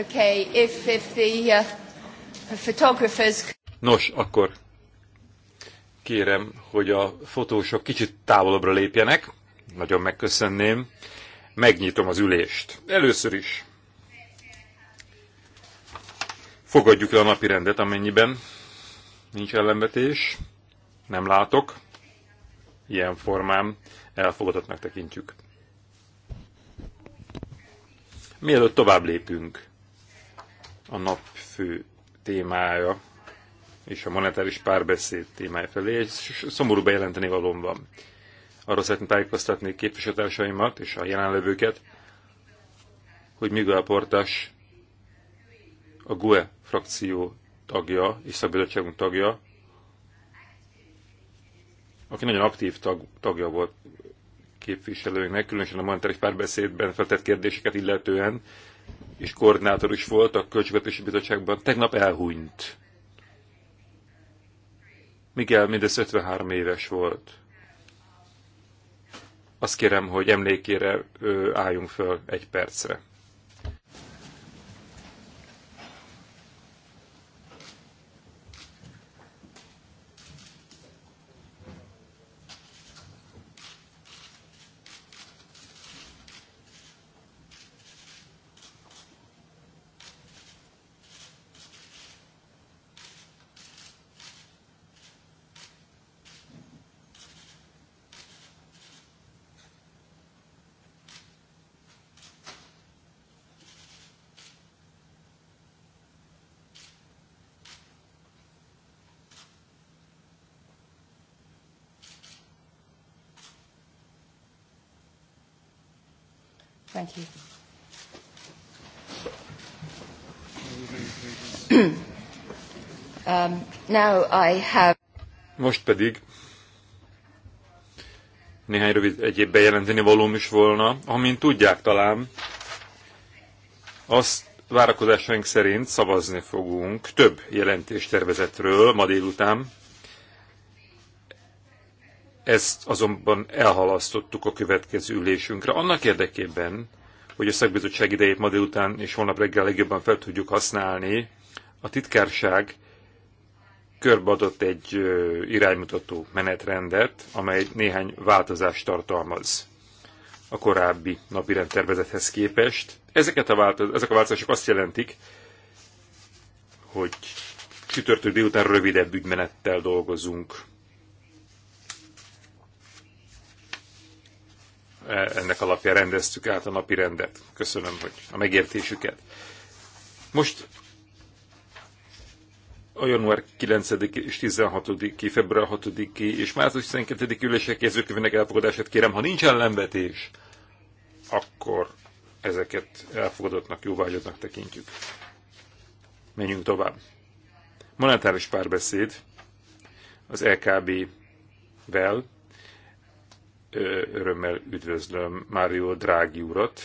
Okay, if, if the uh, photographers... Nos, akkor kérem, hogy a fotósok kicsit távolabbra lépjenek. Nagyon megköszönném. Megnyitom az ülést. Először is fogadjuk le a napi rendet, amennyiben nincs ellenvetés. Nem látok. Ilyen formán elfogadottnak tekintjük. Mielőtt tovább lépünk, a nap fő témája és a monetáris párbeszéd témája felé. Egy szomorú bejelenteni valóm van. Arról szeretném tájékoztatni képviselőtársaimat és a jelenlevőket, hogy Miguel Portás a GUE frakció tagja és szabadságunk tagja, aki nagyon aktív tag, tagja volt képviselőinknek, különösen a monetáris párbeszédben feltett kérdéseket illetően, és koordinátor is volt a Költségvetési Bizottságban, tegnap elhunyt. Miguel mindez 53 éves volt. Azt kérem, hogy emlékére álljunk föl egy percre. Now I have... Most pedig néhány rövid egyéb bejelenteni valóm is volna. Amint tudják talán, azt várakozásaink szerint szavazni fogunk több jelentéstervezetről ma délután. Ezt azonban elhalasztottuk a következő ülésünkre. Annak érdekében, hogy a szakbizottság idejét ma délután és holnap reggel legjobban fel tudjuk használni, a titkárság körbeadott egy iránymutató menetrendet, amely néhány változást tartalmaz a korábbi napirend rendtervezethez képest. Ezeket a változ, ezek a változások azt jelentik, hogy csütörtök délután rövidebb ügymenettel dolgozunk. E, ennek alapján rendeztük át a napi rendet. Köszönöm, hogy a megértésüket. Most a január 9 és 16-i, február 6-i és március 12-i ülések jegyzőkönyvének elfogadását kérem, ha nincs ellenvetés, akkor ezeket elfogadottnak, jóvágyottnak tekintjük. Menjünk tovább. Monetáris párbeszéd az LKB-vel örömmel üdvözlöm Mário Drági urat,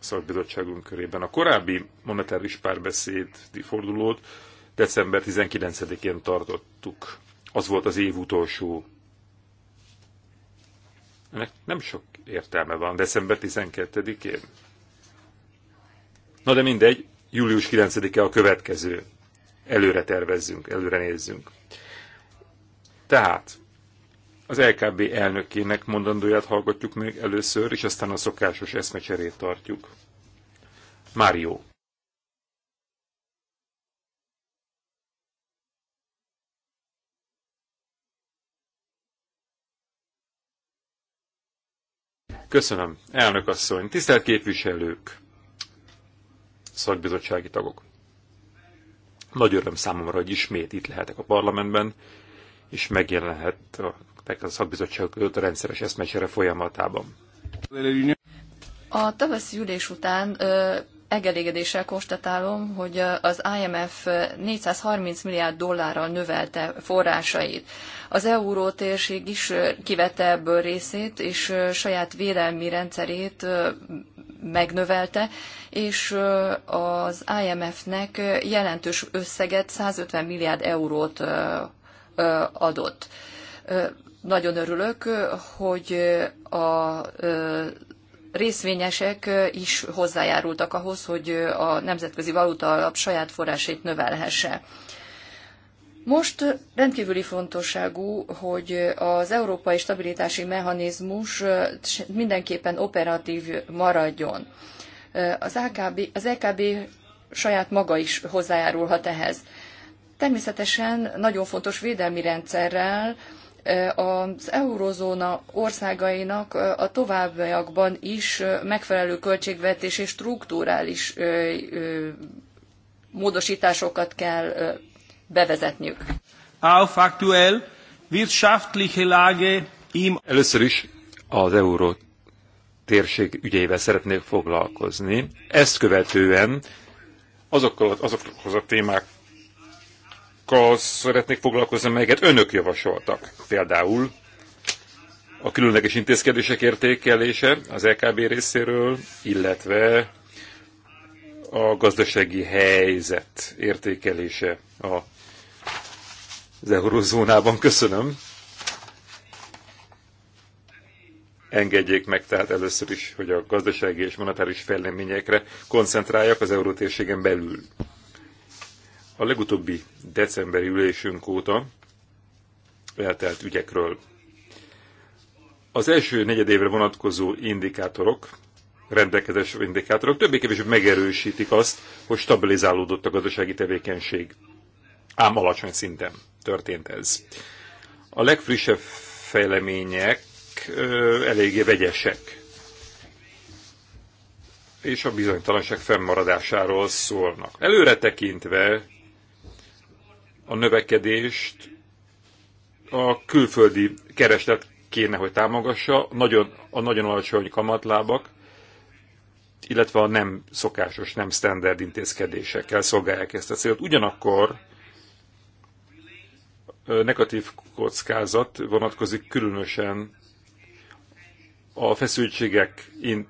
szakbizottságunk körében. A korábbi monetáris párbeszéd fordulót december 19-én tartottuk. Az volt az év utolsó. Ennek nem sok értelme van, december 12-én. Na de mindegy, július 9-e a következő. Előre tervezzünk, előre nézzünk. Tehát az LKB elnökének mondandóját hallgatjuk még először, és aztán a szokásos eszmecserét tartjuk. Mário. Köszönöm, elnök asszony, tisztelt képviselők, szakbizottsági tagok. Nagy öröm számomra, hogy ismét itt lehetek a parlamentben, és megjelenhet a, a szakbizottság között a rendszeres eszmecsere folyamatában. A tavaszi ülés után ö, egelégedéssel konstatálom, hogy az IMF 430 milliárd dollárral növelte forrásait. Az eurótérség is kivette ebből részét, és saját védelmi rendszerét megnövelte, és az IMF-nek jelentős összeget, 150 milliárd eurót adott. Nagyon örülök, hogy a részvényesek is hozzájárultak ahhoz, hogy a Nemzetközi Valuta Alap saját forrásait növelhesse. Most rendkívüli fontosságú, hogy az európai stabilitási mechanizmus mindenképpen operatív maradjon. Az, AKB, az EKB saját maga is hozzájárulhat ehhez. Természetesen nagyon fontos védelmi rendszerrel, az eurozóna országainak a továbbiakban is megfelelő költségvetés és strukturális módosításokat kell bevezetniük. Auf aktuell wirtschaftliche Lage im Először is az euró térség ügyeivel szeretnék foglalkozni. Ezt követően azokkal, azokhoz a témák aspektusokkal szeretnék foglalkozni, melyeket önök javasoltak. Például a különleges intézkedések értékelése az LKB e részéről, illetve a gazdasági helyzet értékelése a, az eurozónában. Köszönöm. Engedjék meg tehát először is, hogy a gazdasági és monetáris fejleményekre koncentráljak az eurótérségen belül. A legutóbbi decemberi ülésünk óta eltelt ügyekről. Az első negyedévre vonatkozó indikátorok, rendelkezés indikátorok többé-kevésbé megerősítik azt, hogy stabilizálódott a gazdasági tevékenység. Ám alacsony szinten történt ez. A legfrissebb fejlemények ö, eléggé vegyesek, és a bizonytalanság fennmaradásáról szólnak. Előre tekintve a növekedést a külföldi kereslet kéne, hogy támogassa, nagyon, a nagyon alacsony kamatlábak, illetve a nem szokásos, nem standard intézkedésekkel szolgálják ezt a célt. Ugyanakkor negatív kockázat vonatkozik különösen a feszültségek in,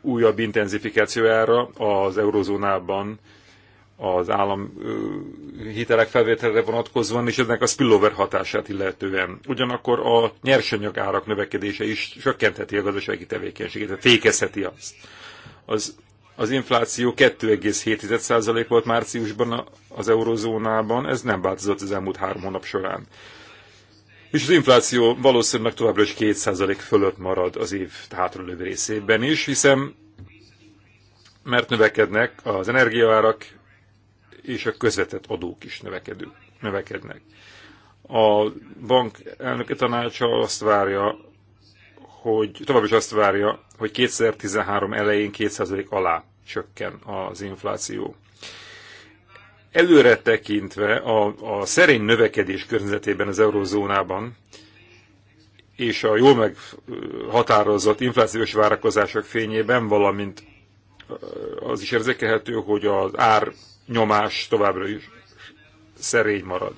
újabb intenzifikációjára az eurozónában az állam hitelek felvételre vonatkozóan, és ennek a spillover hatását illetően. Ugyanakkor a nyersanyag árak növekedése is csökkentheti a gazdasági tevékenységet, fékezheti azt. Az, az infláció 2,7% volt márciusban az eurozónában, ez nem változott az elmúlt három hónap során. És az infláció valószínűleg továbbra is 2% fölött marad az év hátralévő részében is, hiszen mert növekednek az energiaárak, és a közvetett adók is növekedő, növekednek. A bank elnöke tanácsa azt várja, hogy tovább is azt várja, hogy 2013 elején 2% alá csökken az infláció. Előre tekintve a, a szerény növekedés környezetében az eurozónában és a jól meghatározott inflációs várakozások fényében, valamint az is érzékelhető, hogy az ár nyomás továbbra is szerény marad.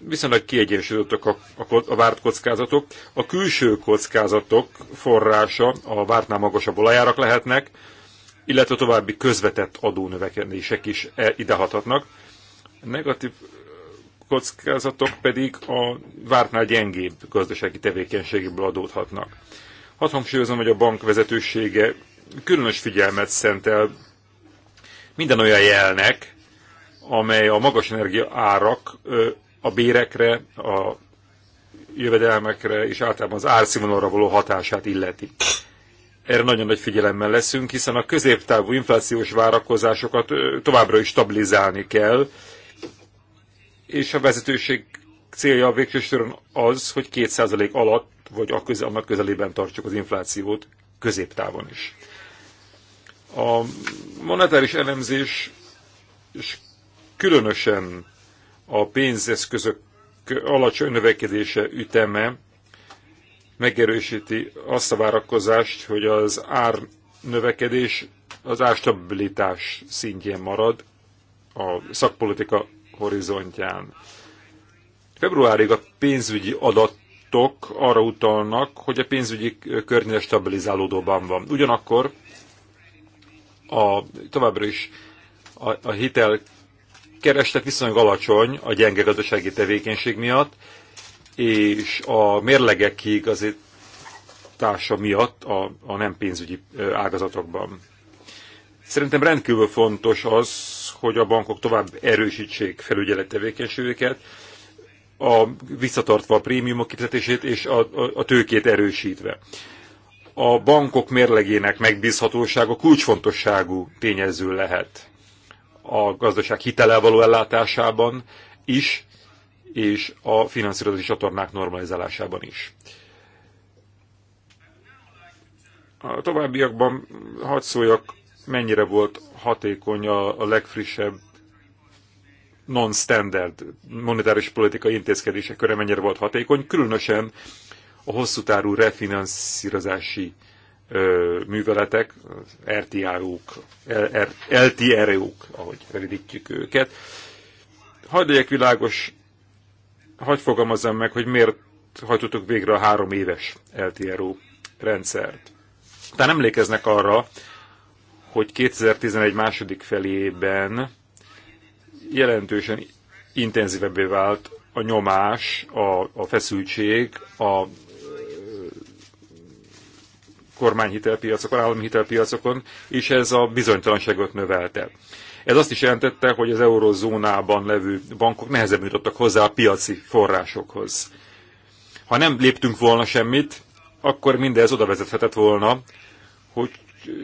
Viszonylag kiegyensúlyozottak a, a, a várt kockázatok. A külső kockázatok forrása a vártnál magasabb olajárak lehetnek, illetve további közvetett adónövekedések is e, idehathatnak. A negatív kockázatok pedig a vártnál gyengébb gazdasági tevékenységből adódhatnak. Hadd hangsúlyozom, hogy a bank vezetősége különös figyelmet szentel minden olyan jelnek, amely a magas energia árak a bérekre, a jövedelmekre és általában az árszínvonalra való hatását illeti. Erre nagyon nagy figyelemmel leszünk, hiszen a középtávú inflációs várakozásokat továbbra is stabilizálni kell, és a vezetőség célja a végsősorban az, hogy 2% alatt, vagy annak közelében tartsuk az inflációt középtávon is. A monetáris elemzés és különösen a pénzeszközök alacsony növekedése üteme megerősíti azt a várakozást, hogy az ár növekedés az árstabilitás szintjén marad a szakpolitika horizontján. Februárig a pénzügyi adatok arra utalnak, hogy a pénzügyi környezet stabilizálódóban van. Ugyanakkor a, továbbra is a, a hitel kereslet viszonylag alacsony a gyenge gazdasági tevékenység miatt, és a mérlegek kiigazítása miatt a, a nem pénzügyi ágazatokban. Szerintem rendkívül fontos az, hogy a bankok tovább erősítsék felügyelet tevékenységüket, a, visszatartva a prémiumok kifizetését és a, a, a tőkét erősítve a bankok mérlegének megbízhatósága kulcsfontosságú tényező lehet a gazdaság hitele való ellátásában is, és a finanszírozási csatornák normalizálásában is. A továbbiakban hadd szóljak, mennyire volt hatékony a, a legfrissebb non-standard monetáris politikai intézkedések köre mennyire volt hatékony, különösen a hosszú tárú refinanszírozási ö, műveletek, az RTR-ok, LTR-ok, ahogy rövidítjük őket. Hadd legyek világos, hadd fogalmazzam meg, hogy miért hajtottuk végre a három éves LTRO rendszert. Tehát emlékeznek arra, hogy 2011 második felében jelentősen intenzívebbé vált a nyomás, a, a feszültség, a kormányhitelpiacokon, állami hitelpiacokon, és ez a bizonytalanságot növelte. Ez azt is jelentette, hogy az eurozónában levő bankok nehezebb jutottak hozzá a piaci forrásokhoz. Ha nem léptünk volna semmit, akkor mindez oda vezethetett volna, hogy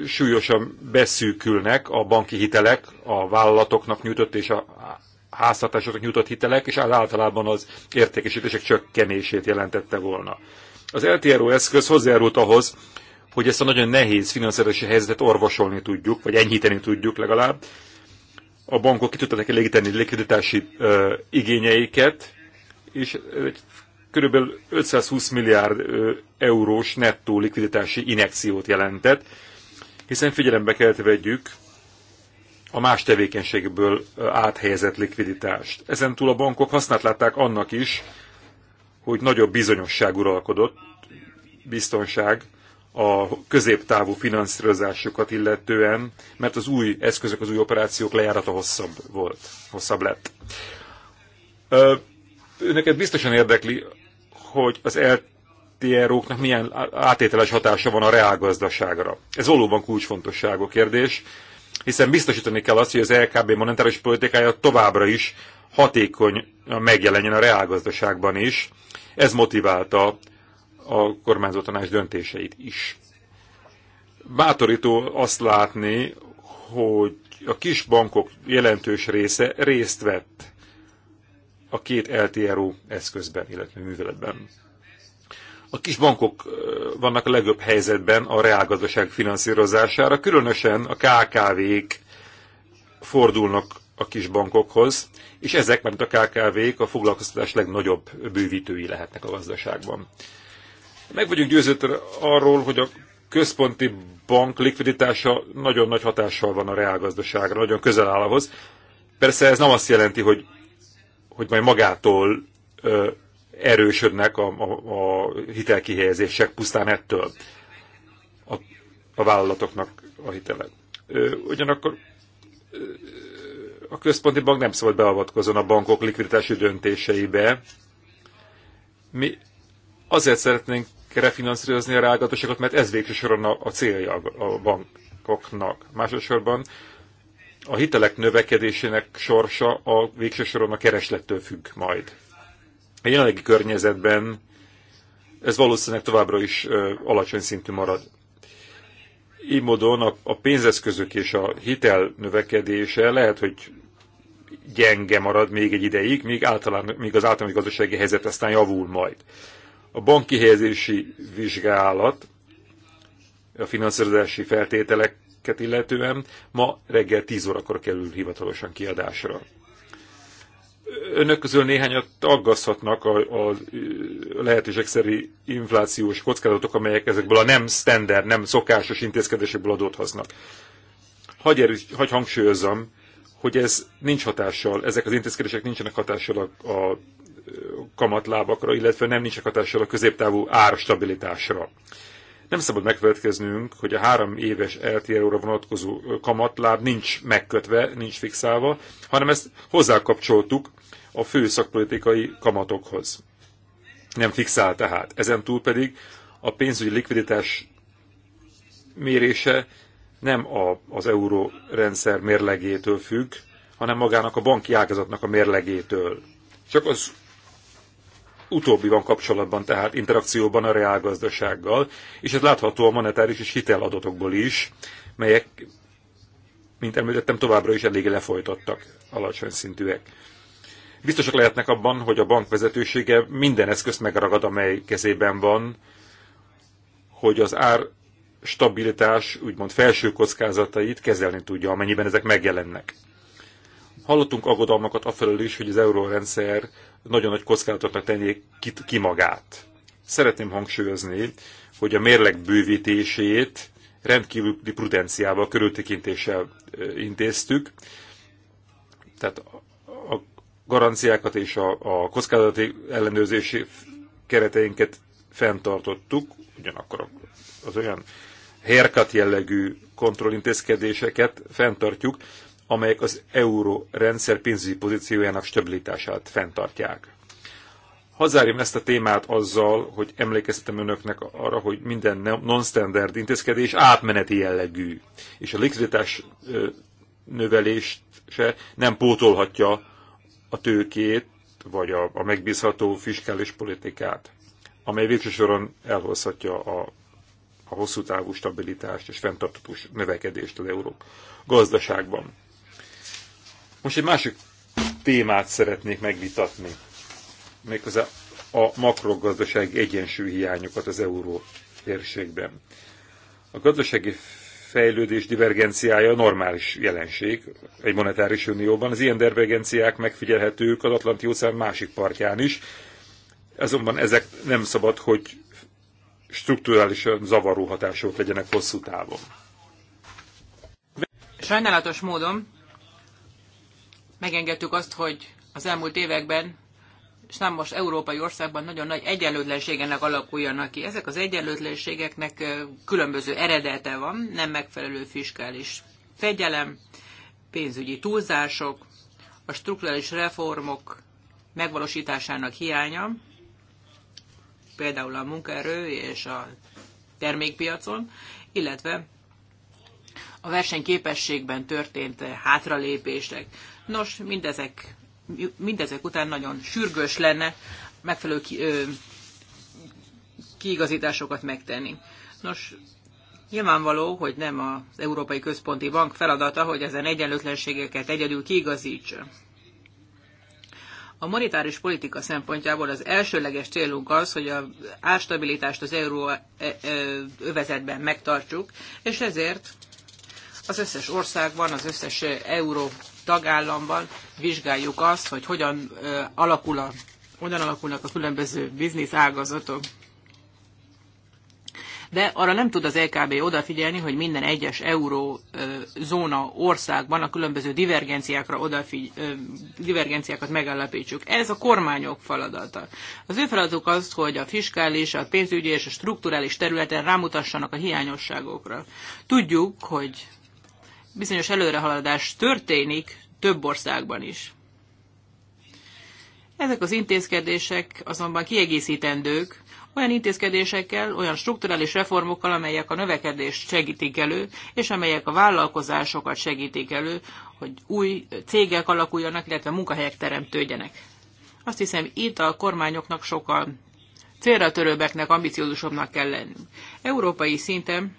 súlyosan beszűkülnek a banki hitelek, a vállalatoknak nyújtott és a háztartásoknak nyújtott hitelek, és általában az értékesítések csökkenését jelentette volna. Az LTRO eszköz hozzájárult ahhoz, hogy ezt a nagyon nehéz finanszírozási helyzetet orvosolni tudjuk, vagy enyhíteni tudjuk legalább. A bankok ki tudták elégíteni likviditási ö, uh, igényeiket, és egy körülbelül 520 milliárd ö, eurós nettó likviditási inekciót jelentett, hiszen figyelembe kell vegyük a más tevékenységből áthelyezett likviditást. Ezen túl a bankok hasznát látták annak is, hogy nagyobb bizonyosság uralkodott, biztonság a középtávú finanszírozásokat illetően, mert az új eszközök, az új operációk lejárata hosszabb volt, hosszabb lett. Ö, önöket biztosan érdekli, hogy az LTRO-knak milyen átételes hatása van a reálgazdaságra. Ez valóban kulcsfontosságú kérdés, hiszen biztosítani kell azt, hogy az LKB monetáris politikája továbbra is hatékony megjelenjen a reálgazdaságban is. Ez motiválta a kormányzó tanács döntéseit is. Bátorító azt látni, hogy a kis bankok jelentős része részt vett a két LTRO eszközben, illetve műveletben. A kis bankok vannak a legjobb helyzetben a reálgazdaság finanszírozására, különösen a KKV-k fordulnak a kis bankokhoz, és ezek, mert a KKV-k a foglalkoztatás legnagyobb bővítői lehetnek a gazdaságban. Meg vagyunk győződve arról, hogy a központi bank likviditása nagyon nagy hatással van a reálgazdaságra, nagyon közel áll ahhoz. Persze ez nem azt jelenti, hogy, hogy majd magától ö, erősödnek a, a, a hitelkihelyezések pusztán ettől a, a vállalatoknak a hitelek. Ö, ugyanakkor ö, a központi bank nem szabad beavatkozon a bankok likviditási döntéseibe. Mi azért szeretnénk kell finanszírozni a rágatosokat, mert ez végső soron a, a célja a bankoknak. Másodszorban a hitelek növekedésének sorsa a végső soron a kereslettől függ majd. A jelenlegi környezetben ez valószínűleg továbbra is ö, alacsony szintű marad. Így módon a, a pénzeszközök és a hitel növekedése lehet, hogy gyenge marad még egy ideig, míg, általán, míg az általános gazdasági helyzet aztán javul majd. A helyezési vizsgálat a finanszírozási feltételeket illetően ma reggel 10 órakor kerül hivatalosan kiadásra. Önök közül néhányat aggaszthatnak a, a lehetőség szeri inflációs kockázatok, amelyek ezekből a nem standard, nem szokásos intézkedésekből adódhatnak. Hagy, erő, hagy hangsúlyozzam, hogy ez nincs hatással, ezek az intézkedések nincsenek hatással a, a kamatlábakra, illetve nem nincs hatással a középtávú árstabilitásra. Nem szabad megfelelkeznünk, hogy a három éves LTR-ra vonatkozó kamatláb nincs megkötve, nincs fixálva, hanem ezt hozzákapcsoltuk a fő szakpolitikai kamatokhoz. Nem fixál tehát. Ezen túl pedig a pénzügyi likviditás mérése nem a, az eurórendszer mérlegétől függ, hanem magának a banki ágazatnak a mérlegétől. Csak az utóbbi van kapcsolatban, tehát interakcióban a reálgazdasággal, és ez látható a monetáris és hiteladatokból is, melyek, mint említettem, továbbra is eléggé lefolytottak, alacsony szintűek. Biztosak lehetnek abban, hogy a bank vezetősége minden eszközt megragad, amely kezében van, hogy az ár stabilitás, úgymond felső kockázatait kezelni tudja, amennyiben ezek megjelennek. Hallottunk aggodalmakat afelől is, hogy az eurórendszer nagyon nagy kockázatoknak tenni ki, ki magát. Szeretném hangsúlyozni, hogy a mérleg bővítését rendkívüli prudenciával, körültekintéssel intéztük, tehát a garanciákat és a, a kockázati ellenőrzési kereteinket fenntartottuk, ugyanakkor az olyan haircut jellegű kontrollintézkedéseket fenntartjuk, amelyek az euró rendszer pénzügyi pozíciójának stabilitását fenntartják. Hazárjam ezt a témát azzal, hogy emlékeztetem önöknek arra, hogy minden non-standard intézkedés átmeneti jellegű, és a likviditás növelést se nem pótolhatja a tőkét, vagy a, a megbízható fiskális politikát, amely végső soron elhozhatja a, a hosszú távú stabilitást és fenntartatós növekedést az euró gazdaságban. Most egy másik témát szeretnék megvitatni, méghozzá a makrogazdasági egyensúlyhiányokat az euró térségben. A gazdasági fejlődés divergenciája normális jelenség egy monetáris unióban. Az ilyen divergenciák megfigyelhetők az Atlanti óceán másik partján is, azonban ezek nem szabad, hogy strukturálisan zavaró hatások legyenek hosszú távon. Sajnálatos módon megengedtük azt, hogy az elmúlt években és nem most európai országban nagyon nagy egyenlőtlenségenek alakuljanak ki. Ezek az egyenlőtlenségeknek különböző eredete van, nem megfelelő fiskális fegyelem, pénzügyi túlzások, a strukturális reformok megvalósításának hiánya, például a munkaerő és a termékpiacon, illetve a versenyképességben történt hátralépések. Nos, mindezek, mindezek után nagyon sürgős lenne megfelelő ki, ö, kiigazításokat megtenni. Nos, nyilvánvaló, hogy nem az Európai Központi Bank feladata, hogy ezen egyenlőtlenségeket egyedül kiigazítsa. A monetáris politika szempontjából az elsőleges célunk az, hogy a árstabilitást az euró övezetben megtartsuk, és ezért az összes országban, az összes euró tagállamban vizsgáljuk azt, hogy hogyan, alakul a, hogyan alakulnak a különböző ágazatok. De arra nem tud az LKB odafigyelni, hogy minden egyes zóna országban a különböző divergenciákra odafigy, divergenciákat megállapítsuk. Ez a kormányok feladata. Az ő feladatuk az, hogy a fiskális, a pénzügyi és a strukturális területen rámutassanak a hiányosságokra. Tudjuk, hogy bizonyos előrehaladás történik több országban is. Ezek az intézkedések azonban kiegészítendők olyan intézkedésekkel, olyan strukturális reformokkal, amelyek a növekedést segítik elő, és amelyek a vállalkozásokat segítik elő, hogy új cégek alakuljanak, illetve munkahelyek teremtődjenek. Azt hiszem, itt a kormányoknak sokkal célra törőbbeknek, ambiciózusabbnak kell lennünk. Európai szinten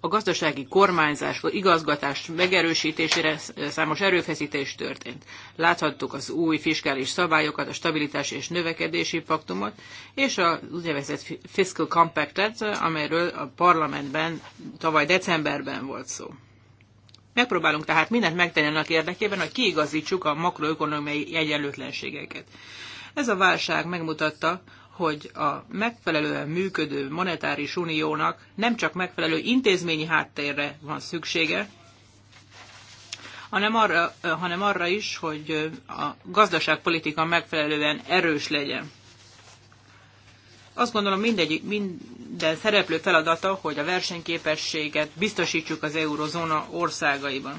a gazdasági kormányzás, vagy igazgatás megerősítésére számos erőfeszítés történt. Láthattuk az új fiskális szabályokat, a stabilitási és növekedési paktumot, és az úgynevezett fiscal compactet, amelyről a parlamentben tavaly decemberben volt szó. Megpróbálunk tehát mindent megtenni annak érdekében, hogy kiigazítsuk a makroökonomiai egyenlőtlenségeket. Ez a válság megmutatta, hogy a megfelelően működő monetáris uniónak nem csak megfelelő intézményi háttérre van szüksége, hanem arra, hanem arra is, hogy a gazdaságpolitika megfelelően erős legyen. Azt gondolom mindegy, minden szereplő feladata, hogy a versenyképességet biztosítsuk az eurozóna országaiban.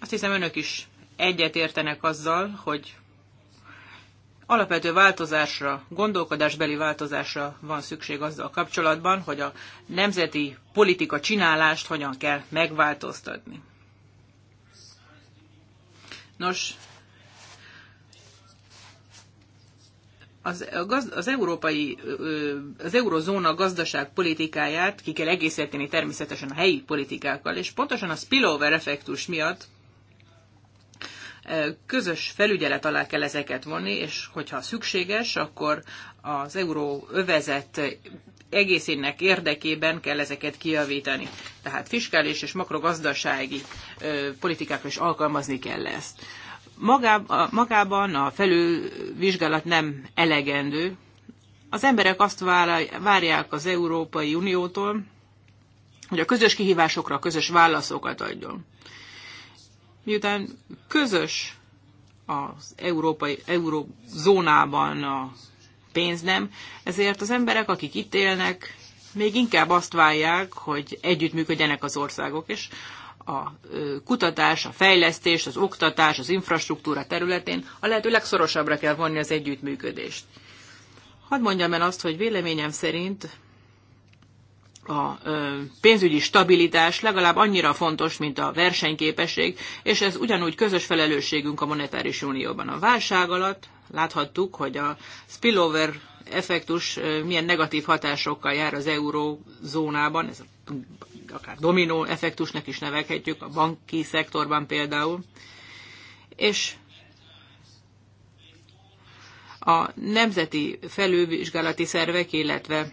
Azt hiszem önök is egyet értenek azzal, hogy alapvető változásra, gondolkodásbeli változásra van szükség azzal a kapcsolatban, hogy a nemzeti politika csinálást hogyan kell megváltoztatni. Nos, az, az európai, az eurozóna gazdaság politikáját ki kell egészíteni természetesen a helyi politikákkal, és pontosan a spillover effektus miatt közös felügyelet alá kell ezeket vonni, és hogyha szükséges, akkor az euróövezet egészének érdekében kell ezeket kijavítani. Tehát fiskális és makrogazdasági politikákra is alkalmazni kell ezt. Magában a felülvizsgálat nem elegendő. Az emberek azt várják az Európai Uniótól, hogy a közös kihívásokra közös válaszokat adjon miután közös az európai eurozónában a pénz nem, ezért az emberek, akik itt élnek, még inkább azt válják, hogy együttműködjenek az országok, és a kutatás, a fejlesztés, az oktatás, az infrastruktúra területén a lehető legszorosabbra kell vonni az együttműködést. Hadd mondjam el azt, hogy véleményem szerint a pénzügyi stabilitás legalább annyira fontos, mint a versenyképesség, és ez ugyanúgy közös felelősségünk a monetáris unióban. A válság alatt láthattuk, hogy a spillover effektus milyen negatív hatásokkal jár az eurózónában, ez akár dominó effektusnak is nevelhetjük, a banki szektorban például, és a nemzeti felülvizsgálati szervek, illetve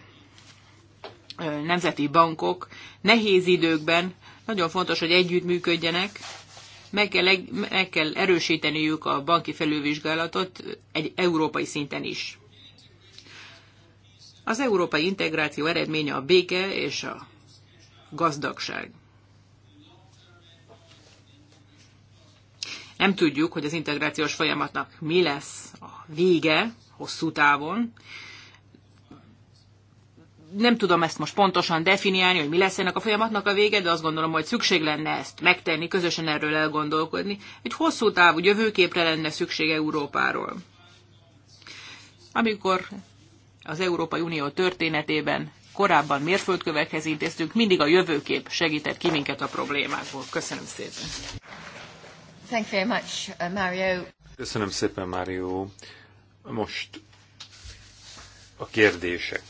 nemzeti bankok nehéz időkben nagyon fontos, hogy együttműködjenek, meg kell, meg kell erősíteniük a banki felülvizsgálatot egy európai szinten is. Az európai integráció eredménye a béke és a gazdagság. Nem tudjuk, hogy az integrációs folyamatnak mi lesz a vége hosszú távon, nem tudom ezt most pontosan definiálni, hogy mi lesz ennek a folyamatnak a vége, de azt gondolom, hogy szükség lenne ezt megtenni, közösen erről elgondolkodni. Egy hosszú távú jövőképre lenne szükség Európáról. Amikor az Európai Unió történetében korábban mérföldkövekhez intéztünk, mindig a jövőkép segített ki minket a problémákból. Köszönöm szépen. Thank you very much, uh, Mario. Köszönöm szépen, Mário. Most a kérdések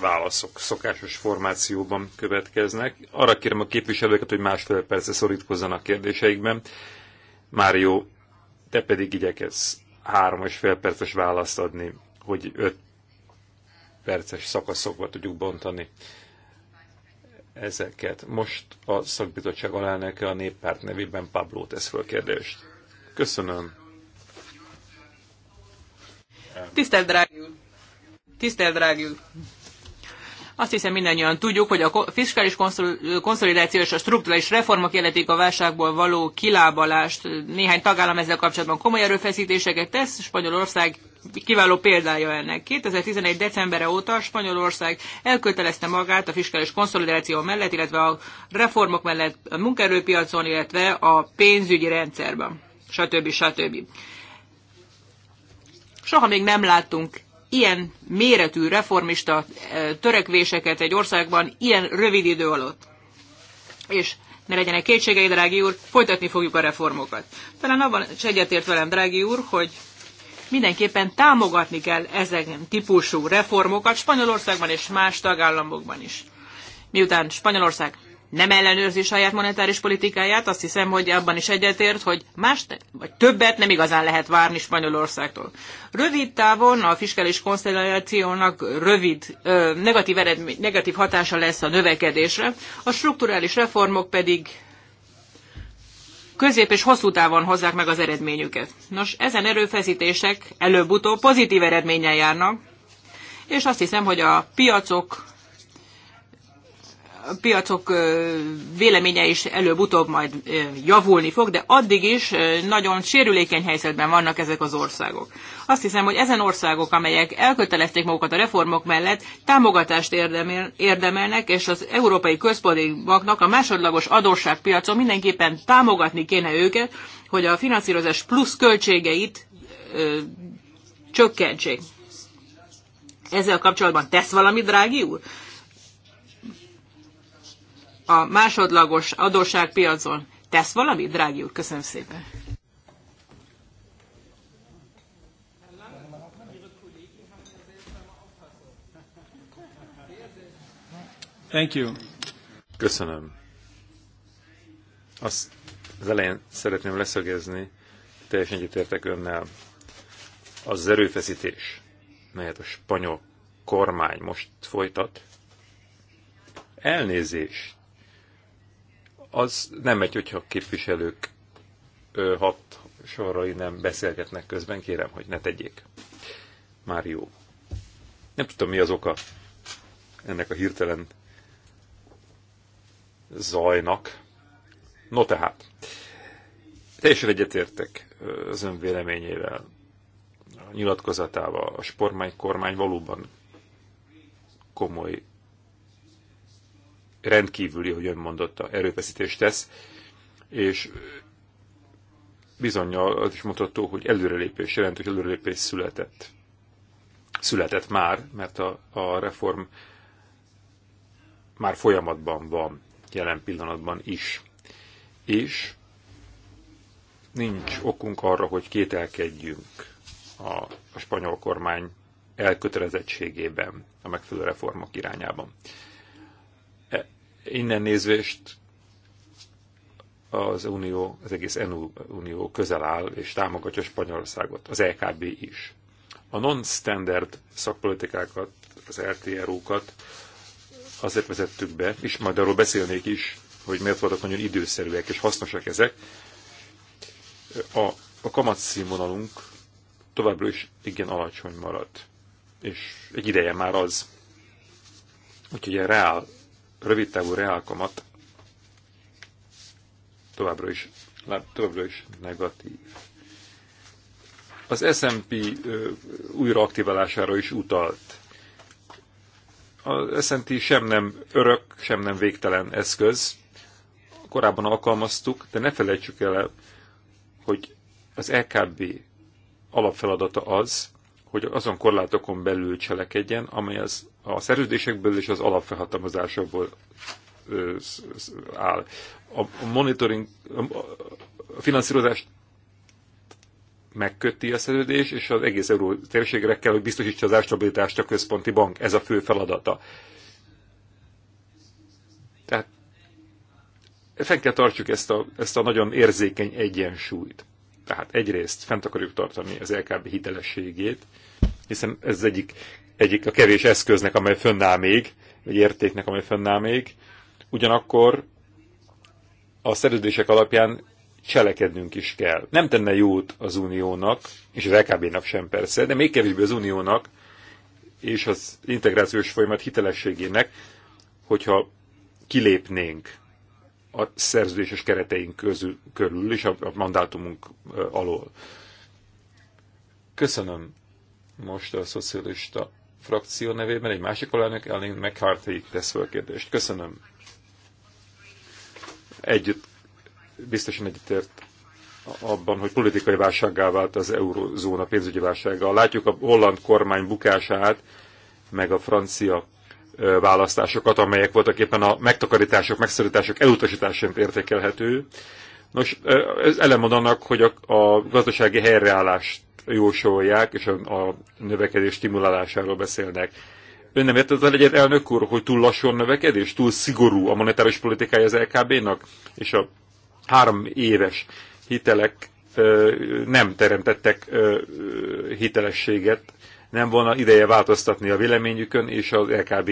válaszok szokásos formációban következnek. Arra kérem a képviselőket, hogy másfél percre szorítkozzanak kérdéseikben. Mário, te pedig igyekezz három és fél perces választ adni, hogy öt perces szakaszokba tudjuk bontani ezeket. Most a szakbizottság alelnöke a néppárt nevében Pablo tesz föl kérdést. Köszönöm. Tisztelt drági Tisztelt drági azt hiszem mindannyian tudjuk, hogy a fiskális konszolidáció és a strukturális reformok jelentik a válságból való kilábalást. Néhány tagállam ezzel kapcsolatban komoly erőfeszítéseket tesz, Spanyolország kiváló példája ennek. 2011. decembere óta Spanyolország elkötelezte magát a fiskális konszolidáció mellett, illetve a reformok mellett a munkaerőpiacon, illetve a pénzügyi rendszerben, stb. stb. Soha még nem láttunk ilyen méretű reformista eh, törekvéseket egy országban ilyen rövid idő alatt. És ne legyenek kétségei, drági úr, folytatni fogjuk a reformokat. Talán abban is egyetért velem, drági úr, hogy mindenképpen támogatni kell ezen típusú reformokat Spanyolországban és más tagállamokban is. Miután Spanyolország nem ellenőrzi saját monetáris politikáját, azt hiszem, hogy abban is egyetért, hogy más vagy többet nem igazán lehet várni Spanyolországtól. Rövid távon a fiskális konstellációnak rövid, ö, negatív, eredmény, negatív hatása lesz a növekedésre, a strukturális reformok pedig közép és hosszú távon hozzák meg az eredményüket. Nos, ezen erőfeszítések előbb-utóbb pozitív eredménnyel járnak, és azt hiszem, hogy a piacok piacok véleménye is előbb-utóbb majd javulni fog, de addig is nagyon sérülékeny helyzetben vannak ezek az országok. Azt hiszem, hogy ezen országok, amelyek elkötelezték magukat a reformok mellett, támogatást érdemel, érdemelnek, és az Európai Központi Banknak a másodlagos adósságpiacon mindenképpen támogatni kéne őket, hogy a finanszírozás plusz költségeit ö, csökkentsék. Ezzel kapcsolatban tesz valami, drági úr? a másodlagos adósságpiacon tesz valamit? Drági úr, köszönöm szépen. Thank you. Köszönöm. Azt az elején szeretném leszögezni, teljesen egyetértek önnel, az erőfeszítés, melyet a spanyol kormány most folytat, elnézést az nem megy, hogyha a képviselők ö, hat sorai nem beszélgetnek közben, kérem, hogy ne tegyék. Már jó. Nem tudom, mi az oka ennek a hirtelen zajnak. No tehát, teljesen egyetértek az ön véleményével, a nyilatkozatával. A sportmány kormány valóban komoly rendkívüli, hogy ön mondotta, erőfeszítést tesz, és bizony az is mondható, hogy előrelépés, hogy előrelépés született. Született már, mert a, a reform már folyamatban van, jelen pillanatban is. És nincs okunk arra, hogy kételkedjünk a, a spanyol kormány elkötelezettségében, a megfelelő reformok irányában innen nézvést az Unió, az egész EU Unió közel áll és támogatja Spanyolországot, az LKB e is. A non-standard szakpolitikákat, az RTRU-kat azért vezettük be, és majd arról beszélnék is, hogy miért voltak nagyon időszerűek és hasznosak ezek. A, a kamatszínvonalunk továbbra is igen alacsony maradt, és egy ideje már az. Úgyhogy a reál rövidtávú reálkamat továbbra is, továbbra is negatív. Az S&P újraaktiválására is utalt. Az S&P sem nem örök, sem nem végtelen eszköz. Korábban alkalmaztuk, de ne felejtsük el, hogy az LKB e alapfeladata az, hogy azon korlátokon belül cselekedjen, amely az, a szerződésekből és az alapfelhatalmazásokból áll. A, a monitoring, a finanszírozást megköti a szerződés, és az egész euró térségre kell, hogy biztosítsa az árstabilitást a központi bank. Ez a fő feladata. Tehát fenn kell tartsuk ezt a, ezt a nagyon érzékeny egyensúlyt. Tehát egyrészt fent akarjuk tartani az LKB hitelességét, hiszen ez az egyik, egyik a kevés eszköznek, amely fönnáll még, vagy értéknek, amely fönnáll még. Ugyanakkor a szerződések alapján cselekednünk is kell. Nem tenne jót az uniónak, és az LKB-nak sem persze, de még kevésbé az uniónak és az integrációs folyamat hitelességének, hogyha kilépnénk a szerződéses kereteink közül, körül és a, a mandátumunk alól. Köszönöm most a szocialista frakció nevében egy másik alelnök, Ellen McCarthy tesz fel kérdést. Köszönöm. Együtt, biztosan egyetért abban, hogy politikai válsággá vált az eurozóna pénzügyi válsága. Látjuk a holland kormány bukását, meg a francia választásokat, amelyek voltak éppen a megtakarítások, megszorítások elutasításként értékelhető. Nos, ez ellenmond annak, hogy a, a gazdasági helyreállást jósolják, és a, a növekedés stimulálásáról beszélnek. Ön nem értett az egyet, elnök úr, hogy túl lassú a növekedés, túl szigorú a monetáris politikája az LKB-nak, és a három éves hitelek nem teremtettek hitelességet nem volna ideje változtatni a véleményükön és az LKB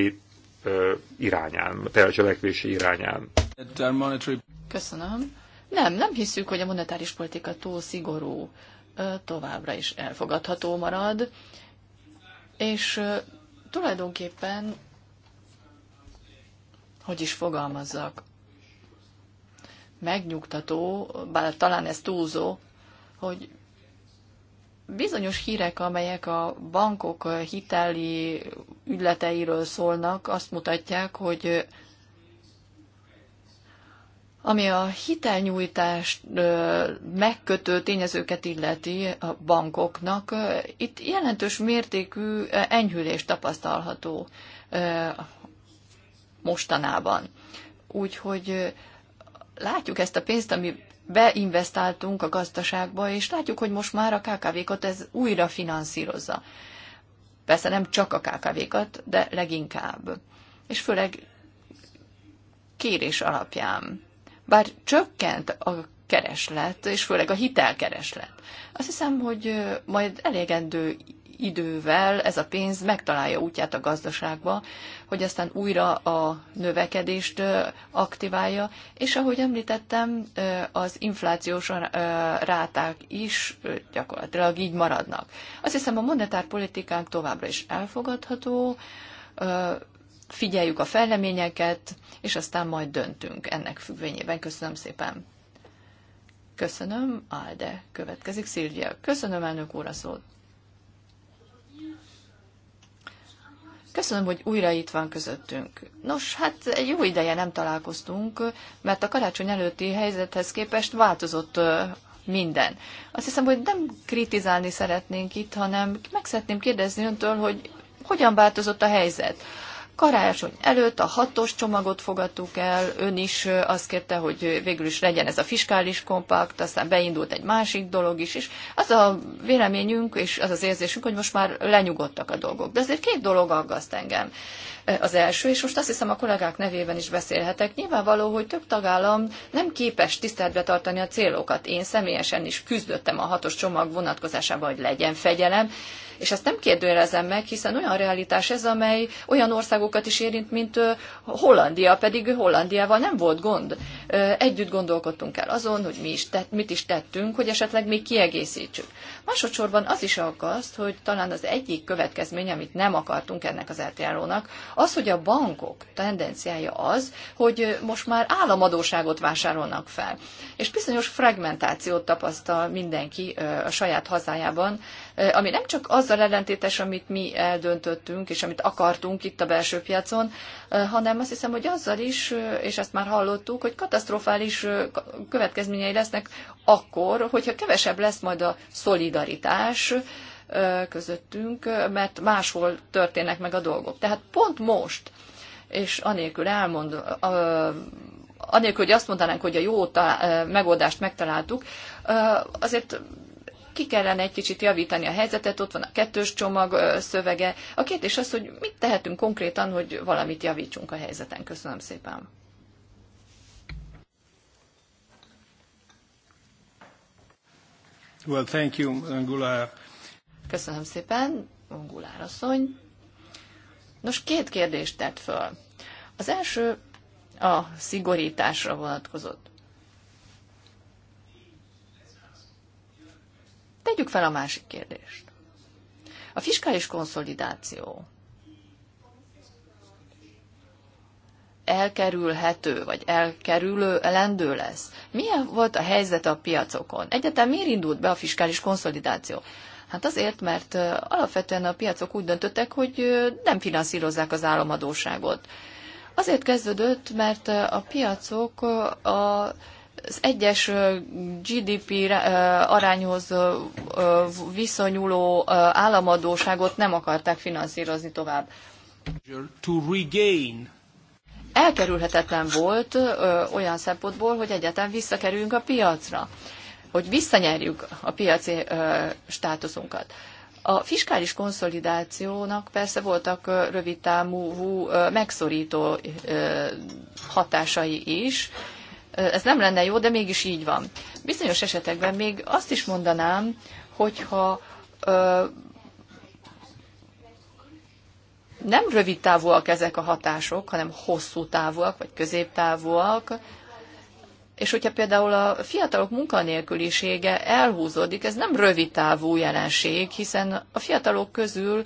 irányán, a tercselekvési irányán. Köszönöm. Nem, nem hiszük, hogy a monetáris politika túl szigorú továbbra is elfogadható marad, és tulajdonképpen, hogy is fogalmazzak, megnyugtató, bár talán ez túlzó, hogy bizonyos hírek, amelyek a bankok hiteli ügyleteiről szólnak, azt mutatják, hogy ami a hitelnyújtást megkötő tényezőket illeti a bankoknak, itt jelentős mértékű enyhülés tapasztalható mostanában. Úgyhogy látjuk ezt a pénzt, ami beinvestáltunk a gazdaságba, és látjuk, hogy most már a KKV-kat ez újra finanszírozza. Persze nem csak a KKV-kat, de leginkább. És főleg kérés alapján. Bár csökkent a kereslet, és főleg a hitelkereslet. Azt hiszem, hogy majd elégendő idővel ez a pénz megtalálja útját a gazdaságba, hogy aztán újra a növekedést aktiválja, és ahogy említettem, az inflációs ráták is gyakorlatilag így maradnak. Azt hiszem a monetárpolitikánk továbbra is elfogadható, figyeljük a fejleményeket, és aztán majd döntünk ennek függvényében. Köszönöm szépen! Köszönöm, Alde. Következik Szilvia. Köszönöm, elnök úr, a szót. Köszönöm, hogy újra itt van közöttünk. Nos, hát egy jó ideje nem találkoztunk, mert a karácsony előtti helyzethez képest változott minden. Azt hiszem, hogy nem kritizálni szeretnénk itt, hanem meg szeretném kérdezni öntől, hogy hogyan változott a helyzet. Karácsony előtt a hatos csomagot fogadtuk el, ön is azt kérte, hogy végül is legyen ez a fiskális kompakt, aztán beindult egy másik dolog is, és az a véleményünk és az az érzésünk, hogy most már lenyugodtak a dolgok. De azért két dolog aggaszt engem. Az első, és most azt hiszem a kollégák nevében is beszélhetek, nyilvánvaló, hogy több tagállam nem képes tiszteletbe tartani a célokat. Én személyesen is küzdöttem a hatos csomag vonatkozásában, hogy legyen fegyelem, és ezt nem kérdőjelezem meg, hiszen olyan realitás ez, amely olyan országokat is érint, mint Hollandia, pedig Hollandiával nem volt gond. Együtt gondolkodtunk el azon, hogy mi is tett, mit is tettünk, hogy esetleg még kiegészítsük. Másodszorban az is aggaszt, hogy talán az egyik következmény, amit nem akartunk ennek az eltjárónak, az, hogy a bankok tendenciája az, hogy most már államadóságot vásárolnak fel. És bizonyos fragmentációt tapasztal mindenki a saját hazájában, ami nem csak azzal ellentétes, amit mi eldöntöttünk, és amit akartunk itt a belső piacon, hanem azt hiszem, hogy azzal is, és ezt már hallottuk, hogy katasztrofális következményei lesznek akkor, hogyha kevesebb lesz majd a szolidaritás, közöttünk, mert máshol történnek meg a dolgok. Tehát pont most, és anélkül elmond, anélkül, hogy azt mondanánk, hogy a jó megoldást megtaláltuk, azért ki kellene egy kicsit javítani a helyzetet, ott van a kettős csomag szövege. A kérdés az, hogy mit tehetünk konkrétan, hogy valamit javítsunk a helyzeten. Köszönöm szépen. Well, thank you, Angulár. Köszönöm szépen, Angulár asszony. Nos, két kérdést tett föl. Az első a szigorításra vonatkozott. Tegyük fel a másik kérdést. A fiskális konszolidáció elkerülhető, vagy elkerülő elendő lesz. Milyen volt a helyzet a piacokon? Egyetem miért indult be a fiskális konszolidáció? Hát azért, mert alapvetően a piacok úgy döntöttek, hogy nem finanszírozzák az államadóságot. Azért kezdődött, mert a piacok a az egyes GDP arányhoz viszonyuló államadóságot nem akarták finanszírozni tovább. Elkerülhetetlen volt olyan szempontból, hogy egyáltalán visszakerüljünk a piacra, hogy visszanyerjük a piaci státuszunkat. A fiskális konszolidációnak persze voltak rövidtávú megszorító hatásai is, ez nem lenne jó, de mégis így van. Bizonyos esetekben még azt is mondanám, hogyha ö, nem rövid távúak ezek a hatások, hanem hosszú távúak, vagy középtávúak, és hogyha például a fiatalok munkanélkülisége elhúzódik, ez nem rövid távú jelenség, hiszen a fiatalok közül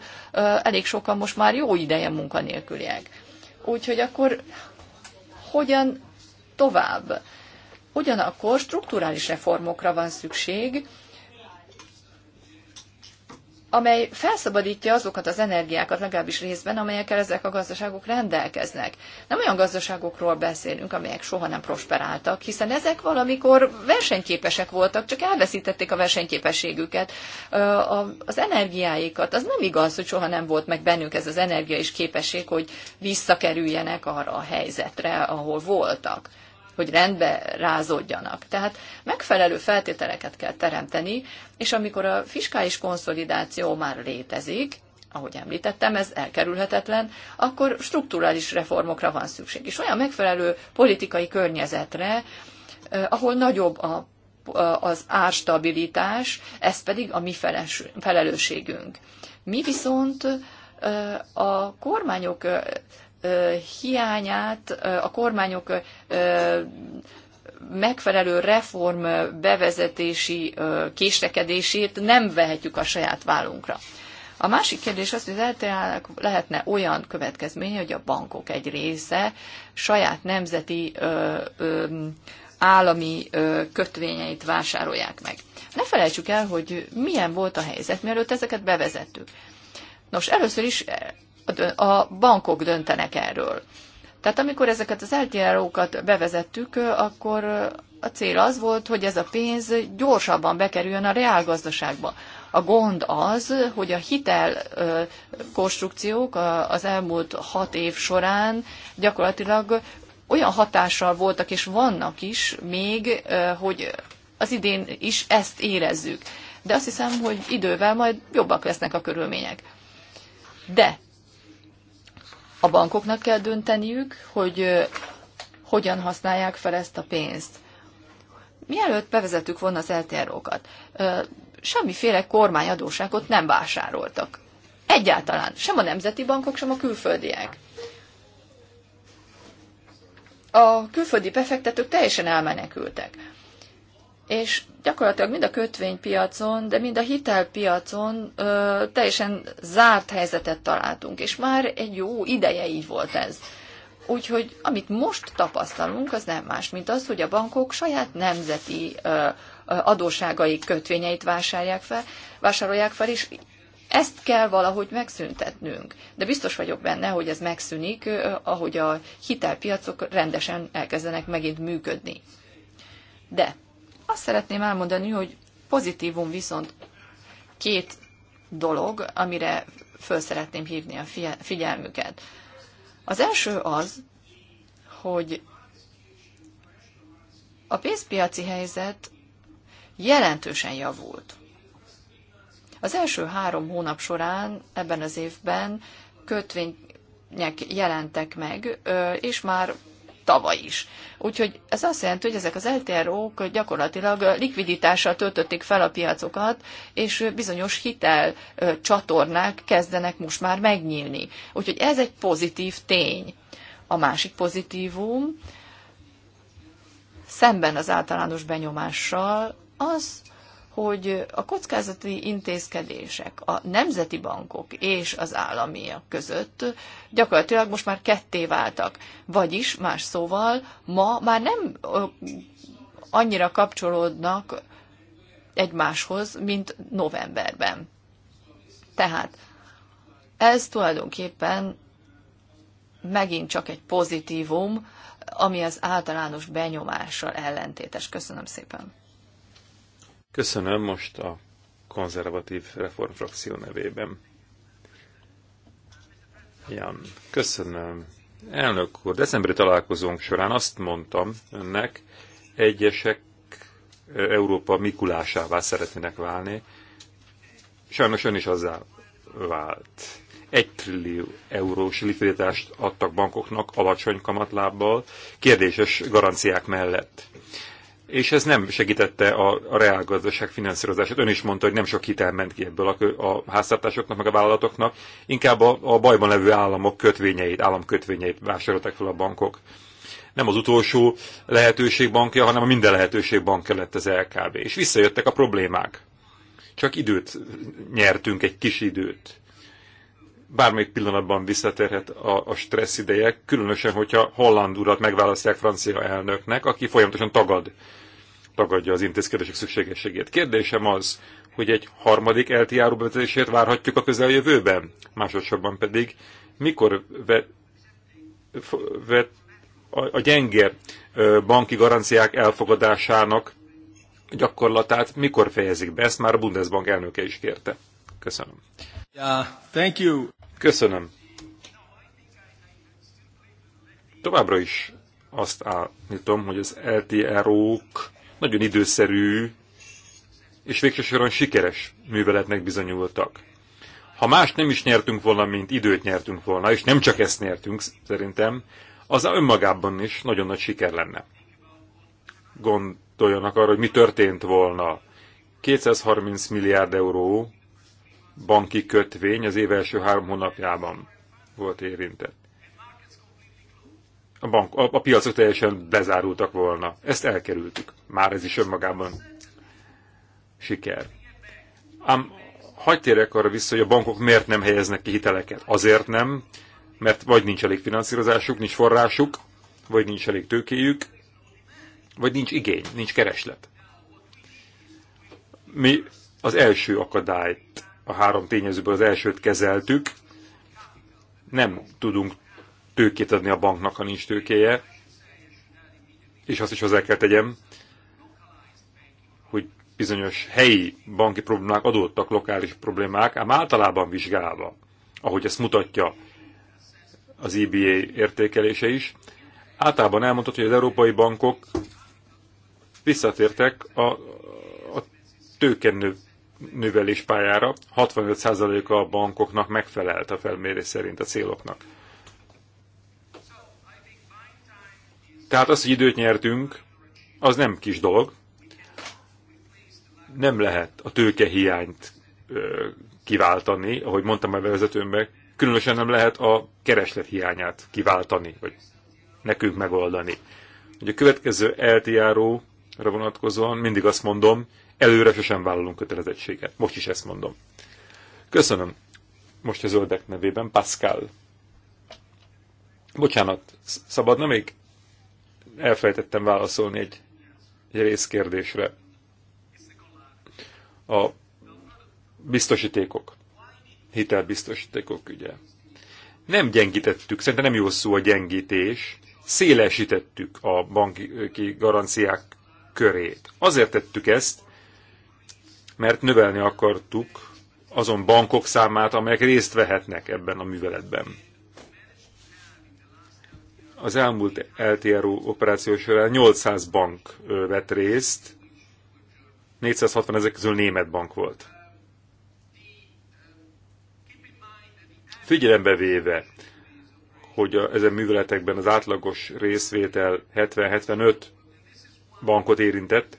elég sokan most már jó ideje munkanélküliek. Úgyhogy akkor hogyan tovább. Ugyanakkor strukturális reformokra van szükség, amely felszabadítja azokat az energiákat, legalábbis részben, amelyekkel ezek a gazdaságok rendelkeznek. Nem olyan gazdaságokról beszélünk, amelyek soha nem prosperáltak, hiszen ezek valamikor versenyképesek voltak, csak elveszítették a versenyképességüket, az energiáikat. Az nem igaz, hogy soha nem volt meg bennünk ez az energia és képesség, hogy visszakerüljenek arra a helyzetre, ahol voltak hogy rendbe rázódjanak. Tehát megfelelő feltételeket kell teremteni, és amikor a fiskális konszolidáció már létezik, ahogy említettem, ez elkerülhetetlen, akkor strukturális reformokra van szükség. És olyan megfelelő politikai környezetre, ahol nagyobb a, az árstabilitás, ez pedig a mi felelősségünk. Mi viszont a kormányok hiányát a kormányok megfelelő reform bevezetési késlekedését nem vehetjük a saját vállunkra. A másik kérdés az, hogy az LTA-nak lehetne olyan következménye, hogy a bankok egy része saját nemzeti ö, ö, állami ö, kötvényeit vásárolják meg. Ne felejtsük el, hogy milyen volt a helyzet, mielőtt ezeket bevezettük. Nos, először is a bankok döntenek erről. Tehát amikor ezeket az LTRO-kat bevezettük, akkor a cél az volt, hogy ez a pénz gyorsabban bekerüljön a reálgazdaságba. A gond az, hogy a hitel konstrukciók az elmúlt hat év során gyakorlatilag olyan hatással voltak, és vannak is még, hogy az idén is ezt érezzük. De azt hiszem, hogy idővel majd jobbak lesznek a körülmények. De a bankoknak kell dönteniük, hogy hogyan használják fel ezt a pénzt. Mielőtt bevezettük volna az LTRO-kat, semmiféle kormányadóságot nem vásároltak. Egyáltalán. Sem a nemzeti bankok, sem a külföldiek. A külföldi befektetők teljesen elmenekültek és gyakorlatilag mind a kötvénypiacon, de mind a hitelpiacon ö, teljesen zárt helyzetet találtunk, és már egy jó ideje így volt ez. Úgyhogy amit most tapasztalunk, az nem más, mint az, hogy a bankok saját nemzeti ö, adóságai kötvényeit vásárolják fel, vásárolják fel, és ezt kell valahogy megszüntetnünk. De biztos vagyok benne, hogy ez megszűnik, ahogy a hitelpiacok rendesen elkezdenek megint működni. De azt szeretném elmondani, hogy pozitívum viszont két dolog, amire föl szeretném hívni a figyelmüket. Az első az, hogy a pénzpiaci helyzet jelentősen javult. Az első három hónap során ebben az évben kötvények jelentek meg, és már tavaly is. Úgyhogy ez azt jelenti, hogy ezek az LTRO-k gyakorlatilag likviditással töltötték fel a piacokat, és bizonyos hitel csatornák kezdenek most már megnyílni. Úgyhogy ez egy pozitív tény. A másik pozitívum, szemben az általános benyomással, az, hogy a kockázati intézkedések a nemzeti bankok és az államiak között gyakorlatilag most már ketté váltak. Vagyis más szóval ma már nem annyira kapcsolódnak egymáshoz, mint novemberben. Tehát ez tulajdonképpen megint csak egy pozitívum, ami az általános benyomással ellentétes. Köszönöm szépen! Köszönöm most a konzervatív reformfrakció nevében. Jan, köszönöm. Elnök úr, decemberi találkozónk során azt mondtam önnek, egyesek Európa Mikulásává szeretnének válni. Sajnos ön is azzá vált. Egy trillió eurós likviditást adtak bankoknak alacsony kamatlábbal, kérdéses garanciák mellett és ez nem segítette a, a reálgazdaság finanszírozását. Ön is mondta, hogy nem sok hitel ment ki ebből a, a háztartásoknak, meg a vállalatoknak, inkább a, a bajban levő államok kötvényeit, államkötvényeit vásárolták fel a bankok. Nem az utolsó lehetőség bankja, hanem a minden lehetőség bankja lett az LKB. És visszajöttek a problémák. Csak időt nyertünk, egy kis időt bármelyik pillanatban visszatérhet a, a stressz ideje, különösen, hogyha Holland urat megválasztják francia elnöknek, aki folyamatosan tagad, tagadja az intézkedések szükségességét. Kérdésem az, hogy egy harmadik LTR bevezetését várhatjuk a közeljövőben, másodszorban pedig mikor vet, vet a, a gyenge banki garanciák elfogadásának gyakorlatát mikor fejezik be, ezt már a Bundesbank elnöke is kérte. Köszönöm. Köszönöm. Továbbra is azt állítom, hogy az LTRO-k nagyon időszerű és végsősoron sikeres műveletnek bizonyultak. Ha más nem is nyertünk volna, mint időt nyertünk volna, és nem csak ezt nyertünk szerintem, az önmagában is nagyon nagy siker lenne. Gondoljanak arra, hogy mi történt volna. 230 milliárd euró banki kötvény az év első három hónapjában volt érintett. A, bank, a, a piacok teljesen bezárultak volna. Ezt elkerültük. Már ez is önmagában siker. Ám hagyd térjek arra vissza, hogy a bankok miért nem helyeznek ki hiteleket. Azért nem, mert vagy nincs elég finanszírozásuk, nincs forrásuk, vagy nincs elég tőkéjük, vagy nincs igény, nincs kereslet. Mi az első akadályt a három tényezőből az elsőt kezeltük, nem tudunk tőkét adni a banknak, ha nincs tőkéje, és azt is hozzá kell tegyem, hogy bizonyos helyi banki problémák adódtak, lokális problémák, ám általában vizsgálva, ahogy ezt mutatja az EBA értékelése is, általában elmondható, hogy az európai bankok visszatértek a, a tőkennő növelés pályára 65%-a a bankoknak megfelelt a felmérés szerint a céloknak. Tehát az, hogy időt nyertünk, az nem kis dolog. Nem lehet a tőkehiányt kiváltani, ahogy mondtam a bevezetőmben, különösen nem lehet a kereslet hiányát kiváltani, vagy nekünk megoldani. a következő eltjáró ra vonatkozóan mindig azt mondom, előre sosem vállalunk kötelezettséget. Most is ezt mondom. Köszönöm. Most a zöldek nevében Pascal. Bocsánat, szabadna még? Elfelejtettem válaszolni egy, egy részkérdésre. A biztosítékok, hitelbiztosítékok ugye. Nem gyengítettük, szerintem nem jó szó a gyengítés, szélesítettük a banki garanciák körét. Azért tettük ezt, mert növelni akartuk azon bankok számát, amelyek részt vehetnek ebben a műveletben. Az elmúlt LTRO operáció során 800 bank vett részt, 460 ezek közül német bank volt. Figyelembe véve, hogy a, ezen műveletekben az átlagos részvétel 70-75 bankot érintett,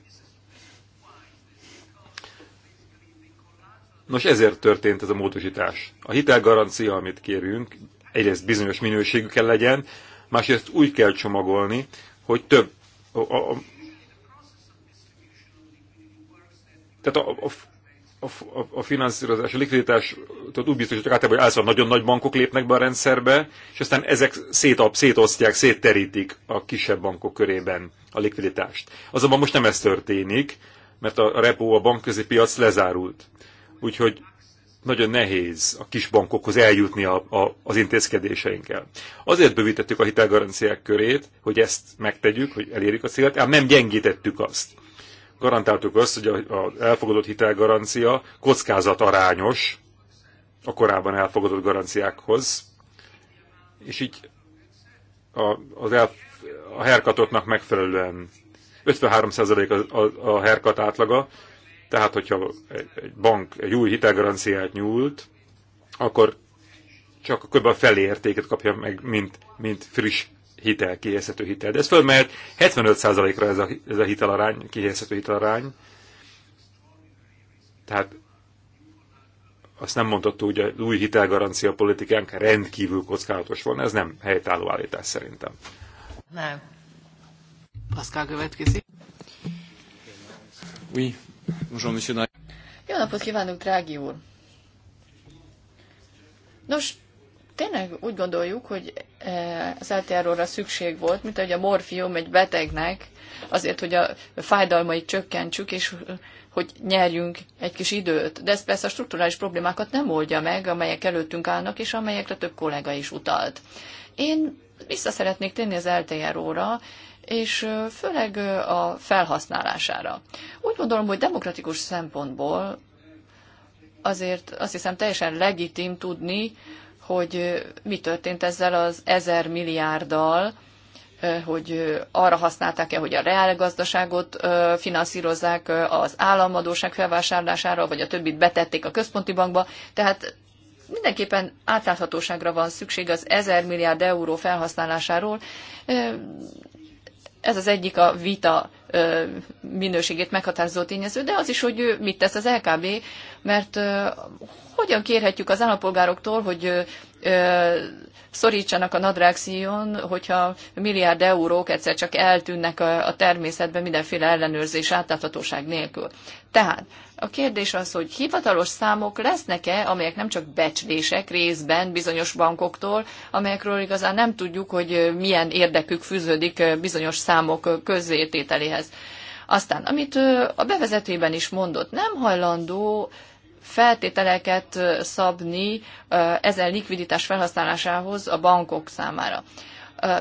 Nos, ezért történt ez a módosítás. A hitelgarancia, amit kérünk, egyrészt bizonyos minőségű kell legyen, másrészt úgy kell csomagolni, hogy több, a, a, tehát a, a, a, a finanszírozás, a likviditás, tehát úgy hogy általában, hogy általában nagyon nagy bankok lépnek be a rendszerbe, és aztán ezek szétap, szétosztják, szétterítik a kisebb bankok körében a likviditást. Azonban most nem ez történik, mert a repo, a bankközi piac lezárult úgyhogy nagyon nehéz a kis bankokhoz eljutni a, a, az intézkedéseinkkel. Azért bővítettük a hitelgaranciák körét, hogy ezt megtegyük, hogy elérjük a célt, ám nem gyengítettük azt. Garantáltuk azt, hogy az elfogadott hitelgarancia kockázat arányos a korábban elfogadott garanciákhoz, és így a, az el, a herkatotnak megfelelően 53% a, a, a herkat átlaga, tehát, hogyha egy bank egy új hitelgaranciát nyújt, akkor csak kb. a felé értéket kapja meg, mint, mint friss hitel, kihelyezhető hitel. De ez fölmehet 75%-ra ez a, ez a hitelarány, kihelyezhető hitelarány. Tehát azt nem mondható, hogy az új hitelgarancia politikánk rendkívül kockázatos volna. Ez nem helytálló állítás szerintem. Nem. Pascal következik. Oui, jó napot kívánunk drági úr! Nos, tényleg úgy gondoljuk, hogy e, az LTR-ra szükség volt, mint ahogy a morfium egy betegnek, azért, hogy a fájdalmait csökkentsük, és hogy nyerjünk egy kis időt. De ez persze a strukturális problémákat nem oldja meg, amelyek előttünk állnak, és amelyekre több kollega is utalt. Én vissza szeretnék tenni az ltr ra és főleg a felhasználására. Úgy gondolom, hogy demokratikus szempontból azért azt hiszem teljesen legitim tudni, hogy mi történt ezzel az ezer milliárddal, hogy arra használták-e, hogy a reálgazdaságot finanszírozzák az államadóság felvásárlására, vagy a többit betették a központi bankba. Tehát mindenképpen átláthatóságra van szükség az ezer milliárd euró felhasználásáról, ez az egyik a vita minőségét meghatározó tényező, de az is, hogy mit tesz az LKB, mert hogyan kérhetjük az állampolgároktól, hogy szorítsanak a nadrágszíjon, hogyha milliárd eurók egyszer csak eltűnnek a természetben mindenféle ellenőrzés átláthatóság nélkül. Tehát a kérdés az, hogy hivatalos számok lesznek-e, amelyek nem csak becslések részben bizonyos bankoktól, amelyekről igazán nem tudjuk, hogy milyen érdekük fűződik bizonyos számok közzétételéhez. Aztán, amit a bevezetőben is mondott, nem hajlandó feltételeket szabni ezen likviditás felhasználásához a bankok számára.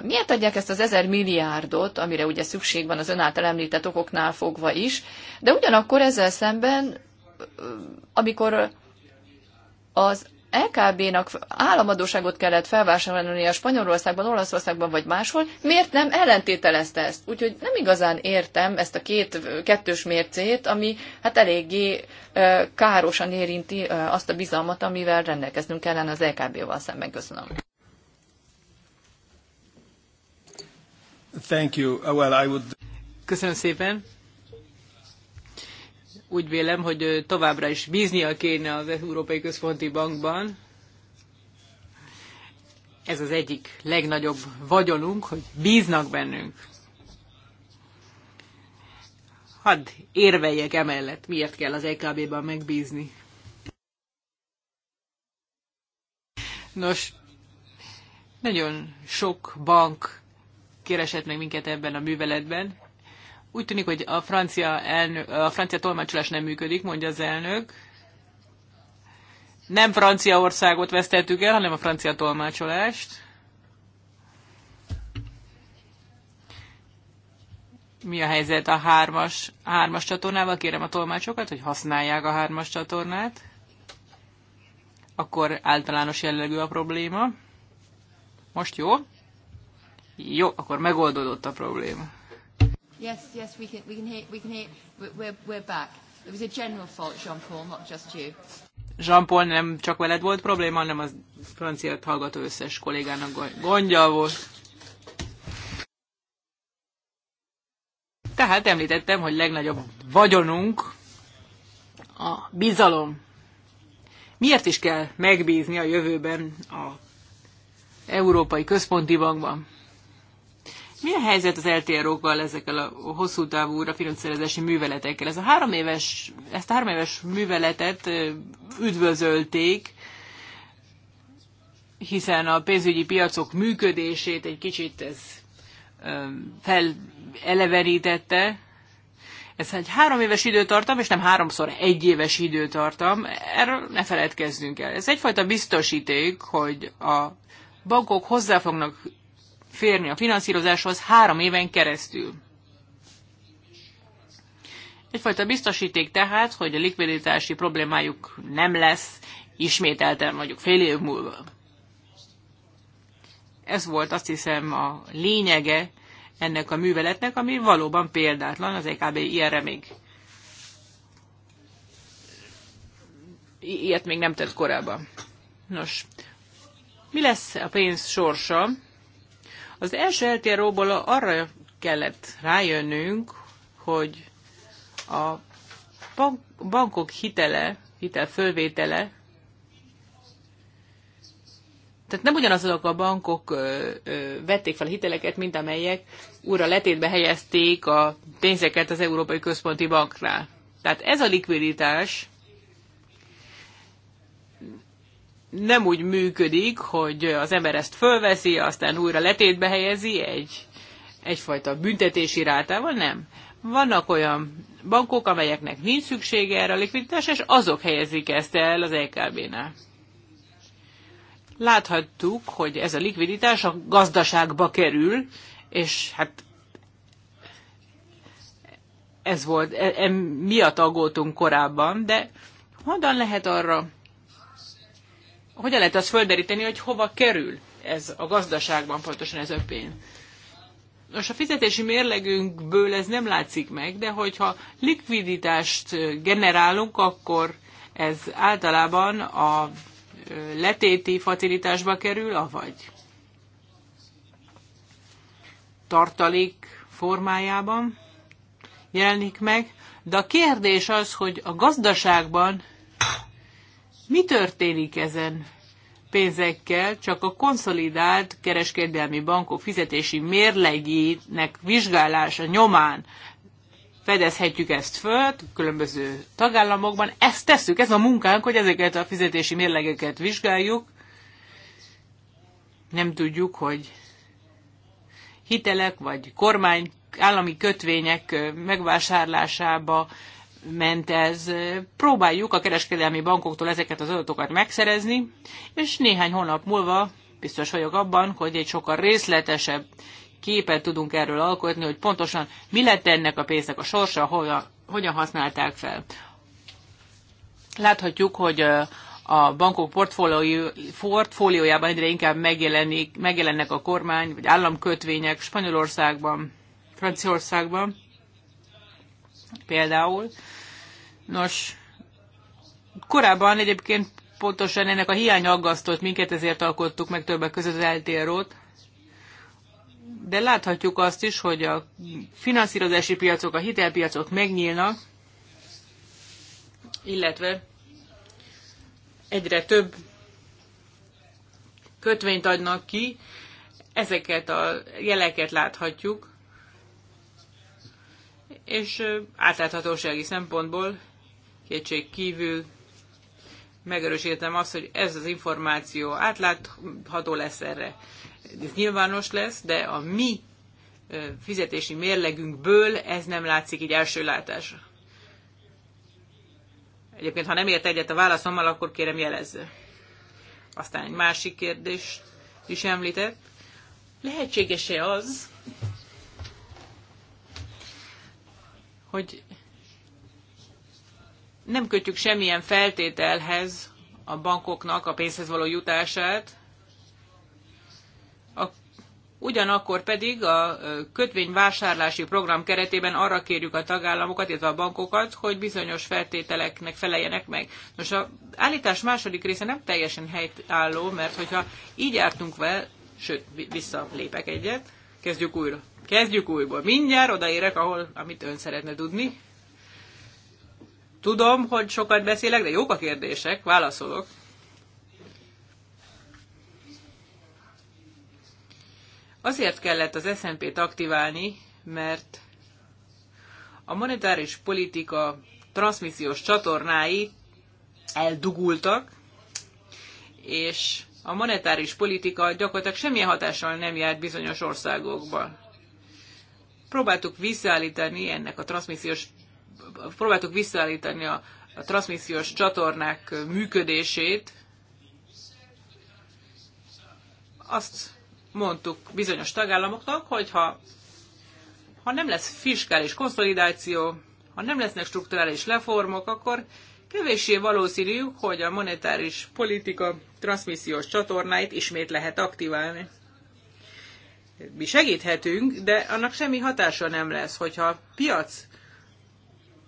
Miért adják ezt az ezer milliárdot, amire ugye szükség van az ön által említett okoknál fogva is, de ugyanakkor ezzel szemben, amikor az LKB-nak államadóságot kellett felvásárolni a Spanyolországban, Olaszországban vagy máshol, miért nem ellentételezte ezt? Úgyhogy nem igazán értem ezt a két kettős mércét, ami hát eléggé károsan érinti azt a bizalmat, amivel rendelkeznünk kellene az LKB-val szemben. Köszönöm. Uh, Köszönöm szépen. Úgy vélem, hogy továbbra is bíznia kéne az Európai Központi Bankban. Ez az egyik legnagyobb vagyonunk, hogy bíznak bennünk. Hadd érveljek emellett, miért kell az EKB-ban megbízni. Nos, nagyon sok bank keresett meg minket ebben a műveletben. Úgy tűnik, hogy a francia, elnök, a francia tolmácsolás nem működik, mondja az elnök. Nem Franciaországot vesztettük el, hanem a francia tolmácsolást. Mi a helyzet a hármas, hármas csatornával? Kérem a tolmácsokat, hogy használják a hármas csatornát. Akkor általános jellegű a probléma. Most jó? Jó, akkor megoldódott a probléma. Yes, yes, we can, we can hear, we can hear, we're, we're back. It was a general fault, Jean-Paul, not just you. Jean-Paul nem csak veled volt probléma, hanem az francia hallgató összes kollégának gondja volt. Tehát említettem, hogy legnagyobb vagyonunk a bizalom. Miért is kell megbízni a jövőben a Európai Központi Bankban? Mi a helyzet az LTRO-kkal, ezekkel a hosszú távú finanszírozási műveletekkel? Ez a három éves, ezt a három éves műveletet üdvözölték, hiszen a pénzügyi piacok működését egy kicsit ez feleleverítette. Ez egy három éves időtartam, és nem háromszor egy éves időtartam. Erről ne feledkezzünk el. Ez egyfajta biztosíték, hogy a bankok hozzá fognak férni a finanszírozáshoz három éven keresztül. Egyfajta biztosíték tehát, hogy a likviditási problémájuk nem lesz ismételten mondjuk fél év múlva. Ez volt azt hiszem a lényege ennek a műveletnek, ami valóban példátlan, az EKB ilyenre még ilyet még nem tett korábban. Nos, mi lesz a pénz sorsa? Az első eltéróból arra kellett rájönnünk, hogy a bankok hitele, hitel fölvétele, tehát nem ugyanazok a bankok ö, ö, vették fel hiteleket, mint amelyek újra letétbe helyezték a pénzeket az Európai Központi Banknál. Tehát ez a likviditás nem úgy működik, hogy az ember ezt fölveszi, aztán újra letétbe helyezi egy, egyfajta büntetési rátával, nem. Vannak olyan bankok, amelyeknek nincs szüksége erre a likviditásra, és azok helyezik ezt el az LKB-nál. E Láthattuk, hogy ez a likviditás a gazdaságba kerül, és hát ez volt, e, e, miatt aggódtunk korábban, de hogyan lehet arra hogyan lehet azt földeríteni, hogy hova kerül ez a gazdaságban pontosan ez a pénz? Nos, a fizetési mérlegünkből ez nem látszik meg, de hogyha likviditást generálunk, akkor ez általában a letéti facilitásba kerül, avagy tartalék formájában jelenik meg. De a kérdés az, hogy a gazdaságban mi történik ezen pénzekkel? Csak a konszolidált kereskedelmi bankok fizetési mérlegének vizsgálása nyomán fedezhetjük ezt föl különböző tagállamokban. Ezt tesszük, ez a munkánk, hogy ezeket a fizetési mérlegeket vizsgáljuk. Nem tudjuk, hogy hitelek vagy kormány állami kötvények megvásárlásába ment ez. Próbáljuk a kereskedelmi bankoktól ezeket az adatokat megszerezni, és néhány hónap múlva biztos vagyok abban, hogy egy sokkal részletesebb képet tudunk erről alkotni, hogy pontosan mi lett ennek a pénznek a sorsa, hogyan, hogyan használták fel. Láthatjuk, hogy a bankok portfóliójában egyre inkább megjelenik, megjelennek a kormány, vagy államkötvények Spanyolországban, Franciaországban például. Nos, korábban egyébként pontosan ennek a hiánya aggasztott minket, ezért alkottuk meg többek között az eltérót. De láthatjuk azt is, hogy a finanszírozási piacok, a hitelpiacok megnyílnak, illetve egyre több kötvényt adnak ki, ezeket a jeleket láthatjuk, és átláthatósági szempontból Kétség kívül megerősítem azt, hogy ez az információ átlátható lesz erre. Ez nyilvános lesz, de a mi fizetési mérlegünkből ez nem látszik így első látásra. Egyébként, ha nem ért egyet a válaszommal, akkor kérem jelezze. Aztán egy másik kérdés is említett. Lehetséges-e az, hogy nem kötjük semmilyen feltételhez a bankoknak a pénzhez való jutását, a, ugyanakkor pedig a kötvényvásárlási program keretében arra kérjük a tagállamokat, illetve a bankokat, hogy bizonyos feltételeknek feleljenek meg. Nos, a állítás második része nem teljesen helytálló, mert hogyha így jártunk vele, sőt, visszalépek egyet, kezdjük újra. Kezdjük újból. Mindjárt odaérek, ahol, amit ön szeretne tudni. Tudom, hogy sokat beszélek, de jók a kérdések, válaszolok. Azért kellett az SNP-t aktiválni, mert a monetáris politika transmissziós csatornái eldugultak, és a monetáris politika gyakorlatilag semmilyen hatással nem járt bizonyos országokban. Próbáltuk visszaállítani ennek a transmissziós próbáltuk visszaállítani a, a transmissziós csatornák működését, azt mondtuk bizonyos tagállamoknak, hogy ha, ha nem lesz fiskális konszolidáció, ha nem lesznek strukturális reformok, akkor kevéssé valószínű, hogy a monetáris politika transmissziós csatornáit ismét lehet aktiválni. Mi segíthetünk, de annak semmi hatása nem lesz, hogyha piac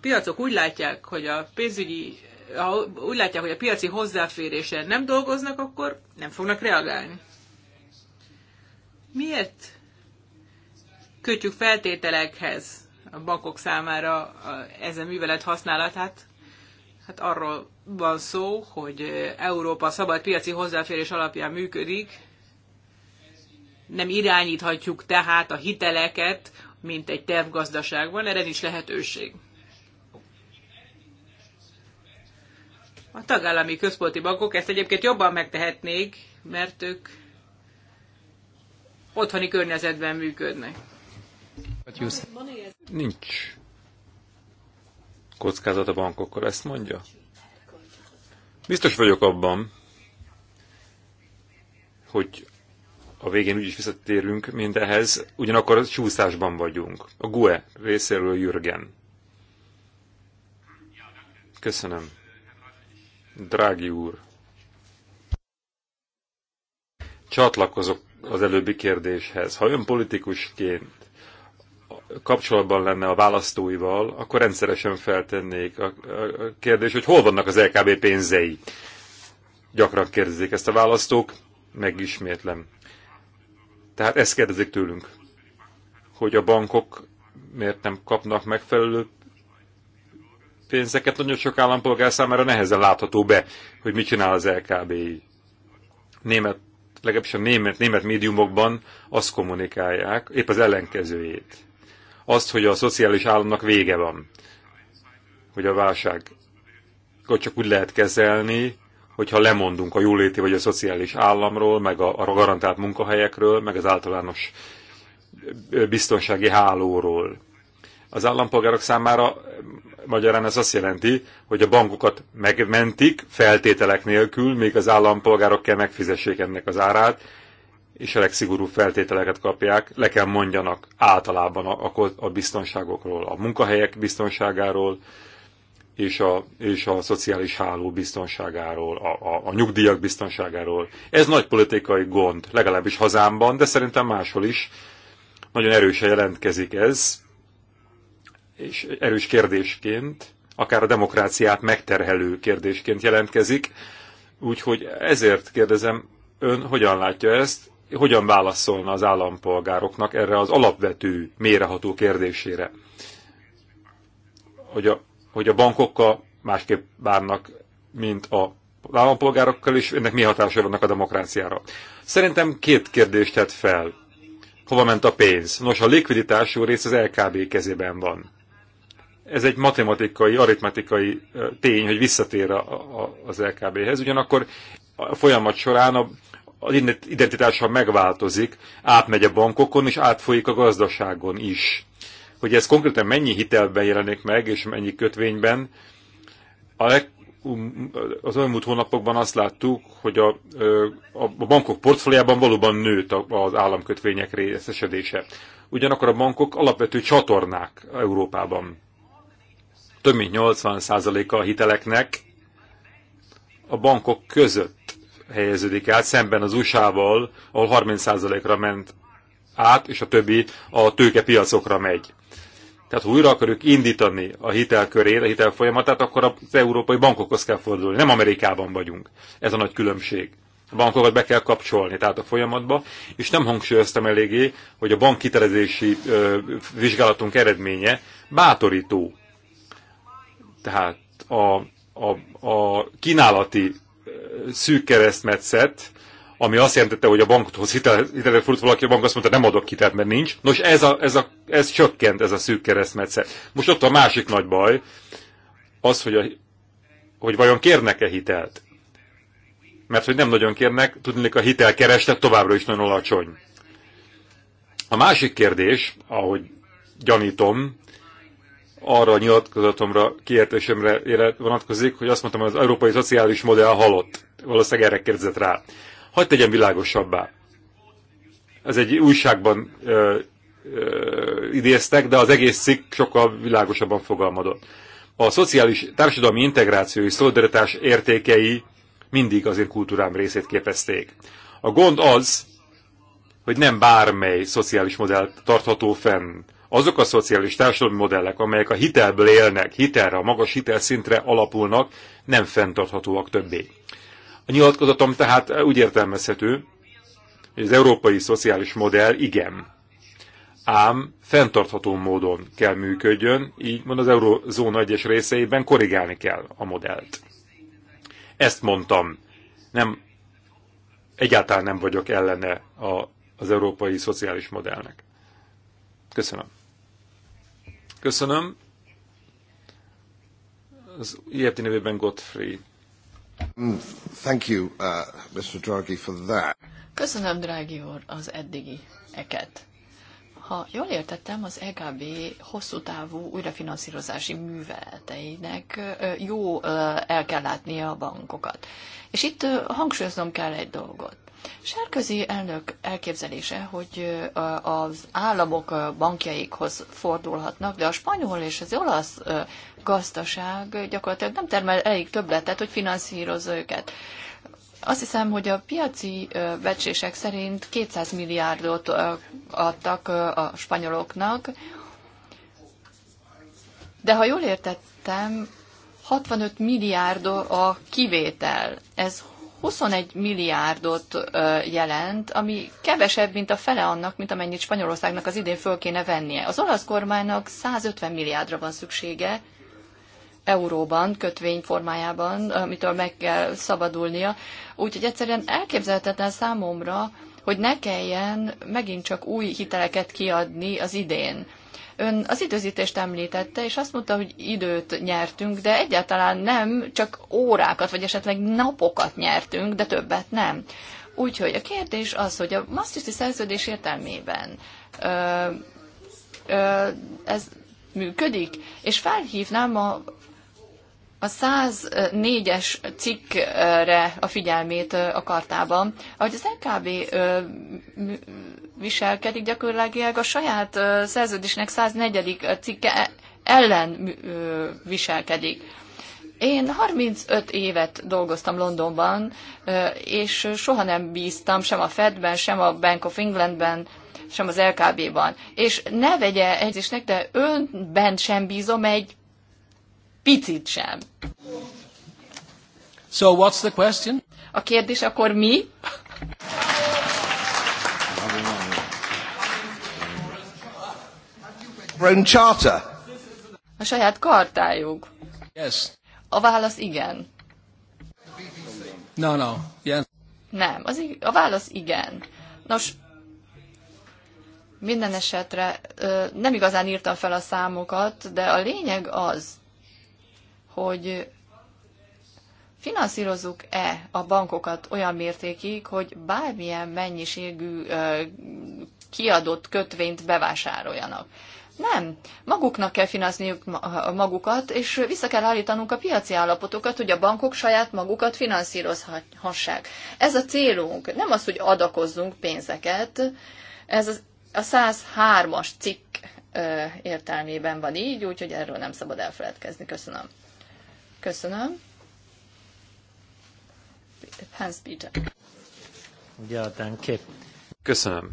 piacok úgy látják, hogy a pénzügyi, ha úgy látják, hogy a piaci hozzáférésen nem dolgoznak, akkor nem fognak reagálni. Miért kötjük feltételekhez a bankok számára ezen művelet használatát? Hát arról van szó, hogy Európa szabad piaci hozzáférés alapján működik, nem irányíthatjuk tehát a hiteleket, mint egy tervgazdaságban, erre is lehetőség. A tagállami központi bankok ezt egyébként jobban megtehetnék, mert ők otthoni környezetben működnek. Nincs kockázat a bankokkal, ezt mondja? Biztos vagyok abban, hogy a végén úgyis visszatérünk mindehhez, ugyanakkor csúszásban vagyunk. A GUE részéről Jürgen. Köszönöm. Drági úr, csatlakozok az előbbi kérdéshez. Ha ön politikusként kapcsolatban lenne a választóival, akkor rendszeresen feltennék a kérdés, hogy hol vannak az LKB pénzei. Gyakran kérdezik ezt a választók, megismétlem. Tehát ezt kérdezik tőlünk, hogy a bankok miért nem kapnak megfelelő pénzeket nagyon sok állampolgár számára nehezen látható be, hogy mit csinál az LKBI. Német, legalábbis a német, német médiumokban azt kommunikálják, épp az ellenkezőjét. Azt, hogy a szociális államnak vége van. Hogy a válság csak úgy lehet kezelni, hogyha lemondunk a jóléti vagy a szociális államról, meg a, a garantált munkahelyekről, meg az általános biztonsági hálóról. Az állampolgárok számára magyarán ez azt jelenti, hogy a bankokat megmentik feltételek nélkül, még az állampolgárok kell megfizessék ennek az árát, és a legszigorúbb feltételeket kapják, le kell mondjanak általában a, a, biztonságokról, a munkahelyek biztonságáról, és a, és a szociális háló biztonságáról, a, a, a nyugdíjak biztonságáról. Ez nagy politikai gond, legalábbis hazámban, de szerintem máshol is. Nagyon erősen jelentkezik ez, és erős kérdésként, akár a demokráciát megterhelő kérdésként jelentkezik. Úgyhogy ezért kérdezem, ön hogyan látja ezt, hogyan válaszolna az állampolgároknak erre az alapvető, méreható kérdésére, hogy a, hogy a bankokkal másképp bánnak, mint a állampolgárokkal, és ennek mi hatása vannak a demokráciára. Szerintem két kérdést tett fel. Hova ment a pénz? Nos, a likviditású rész az LKB kezében van ez egy matematikai, aritmetikai tény, hogy visszatér a, a, az LKB-hez. Ugyanakkor a folyamat során a, az identitása megváltozik, átmegy a bankokon, és átfolyik a gazdaságon is. Hogy ez konkrétan mennyi hitelben jelenik meg, és mennyi kötvényben, a leg, um, az elmúlt hónapokban azt láttuk, hogy a, a bankok portfóliában valóban nőtt az államkötvények részesedése. Ugyanakkor a bankok alapvető csatornák Európában több mint 80%-a a hiteleknek a bankok között helyeződik át, szemben az USA-val, ahol 30%-ra ment át, és a többi a tőkepiacokra megy. Tehát ha újra akarjuk indítani a hitel hitelkörét, a hitel folyamatát, akkor az európai bankokhoz kell fordulni. Nem Amerikában vagyunk. Ez a nagy különbség. A bankokat be kell kapcsolni, tehát a folyamatba, és nem hangsúlyoztam eléggé, hogy a bankkitelezési vizsgálatunk eredménye bátorító tehát a, a, a kínálati szűk keresztmetszet, ami azt jelentette, hogy a bankhoz hitelet, fordult valaki, a bank azt mondta, nem adok hitelt, mert nincs. Nos, ez, a, ez, a, ez csökkent, ez a szűk keresztmetszet. Most ott a másik nagy baj, az, hogy, a, hogy vajon kérnek-e hitelt. Mert hogy nem nagyon kérnek, tudnék a hitelkereslet továbbra is nagyon alacsony. A másik kérdés, ahogy gyanítom, arra a nyilatkozatomra, kiértésemre vonatkozik, hogy azt mondtam, hogy az európai szociális modell halott. Valószínűleg erre kérdezett rá. Hagy tegyen világosabbá. Ez egy újságban ö, ö, idéztek, de az egész cikk sokkal világosabban fogalmadott. A szociális társadalmi integráció és szolidaritás értékei mindig azért kultúrám részét képezték. A gond az, hogy nem bármely szociális modell tartható fenn azok a szociális társadalmi modellek, amelyek a hitelből élnek, hitelre, a magas hitelszintre alapulnak, nem fenntarthatóak többé. A nyilatkozatom tehát úgy értelmezhető, hogy az európai szociális modell igen, ám fenntartható módon kell működjön, így mond az eurozóna egyes részeiben korrigálni kell a modellt. Ezt mondtam, nem, egyáltalán nem vagyok ellene a, az európai szociális modellnek. Köszönöm. Köszönöm. Az ilyeti nevében Godfrey. Thank you, uh, Mr. Draghi, for that. Köszönöm, Draghi úr, az eddigi eket. Ha jól értettem, az EKB hosszú távú újrafinanszírozási műveleteinek jó el kell látnia a bankokat. És itt hangsúlyoznom kell egy dolgot. Sárközi elnök elképzelése, hogy az államok bankjaikhoz fordulhatnak, de a spanyol és az olasz gazdaság gyakorlatilag nem termel elég többletet, hogy finanszírozza őket. Azt hiszem, hogy a piaci becsések szerint 200 milliárdot adtak a spanyoloknak, de ha jól értettem, 65 milliárd a kivétel. Ez 21 milliárdot jelent, ami kevesebb, mint a fele annak, mint amennyit Spanyolországnak az idén föl kéne vennie. Az olasz kormánynak 150 milliárdra van szüksége, euróban, kötvény formájában, amitől meg kell szabadulnia. Úgyhogy egyszerűen elképzelhetetlen számomra, hogy ne kelljen megint csak új hiteleket kiadni az idén. Ön az időzítést említette, és azt mondta, hogy időt nyertünk, de egyáltalán nem, csak órákat, vagy esetleg napokat nyertünk, de többet nem. Úgyhogy a kérdés az, hogy a Maastrichti szerződés értelmében ö, ö, ez működik, és felhívnám a, a 104-es cikkre a figyelmét a kartában, ahogy az LKB viselkedik, gyakorlatilag a saját szerződésnek 104. cikke e- ellen viselkedik. Én 35 évet dolgoztam Londonban, és soha nem bíztam sem a Fedben, sem a Bank of Englandben, sem az LKB-ban. És ne vegye egyzésnek, de önben sem bízom egy picit sem. So what's the question? A kérdés akkor mi? own charter. A saját kartájuk. Yes. A válasz igen. No, no. Yes. Nem, az, a válasz igen. Nos, minden esetre nem igazán írtam fel a számokat, de a lényeg az, hogy finanszírozzuk-e a bankokat olyan mértékig, hogy bármilyen mennyiségű kiadott kötvényt bevásároljanak. Nem. Maguknak kell finanszniuk magukat, és vissza kell állítanunk a piaci állapotokat, hogy a bankok saját magukat finanszírozhassák. Ez a célunk. Nem az, hogy adakozzunk pénzeket. Ez a 103-as cikk értelmében van így, úgyhogy erről nem szabad elfeledkezni. Köszönöm. Köszönöm. Hans Peter. Ja, danke. Köszönöm.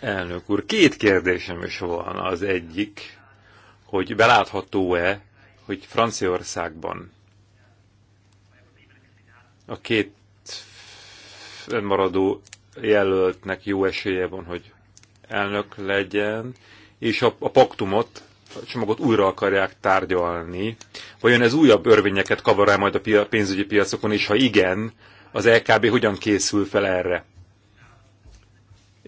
Elnök úr, két kérdésem is van. Az egyik, hogy belátható-e, hogy Franciaországban a két maradó jelöltnek jó esélye van, hogy elnök legyen, és a, a paktumot, a csomagot újra akarják tárgyalni. Vajon ez újabb örvényeket kavar el majd a pia, pénzügyi piacokon, és ha igen, az LKB hogyan készül fel erre?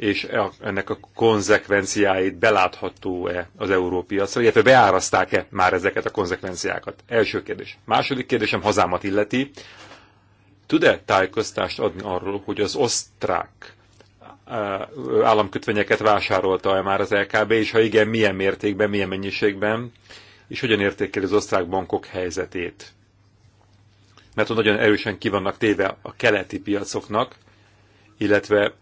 és e- ennek a konzekvenciáit belátható-e az európiacra, illetve beáraszták-e már ezeket a konzekvenciákat? Első kérdés. Második kérdésem hazámat illeti. Tud-e tájékoztást adni arról, hogy az osztrák államkötvényeket vásárolta-e már az LKB, és ha igen, milyen mértékben, milyen mennyiségben, és hogyan értékeli az osztrák bankok helyzetét? Mert nagyon erősen kivannak téve a keleti piacoknak, illetve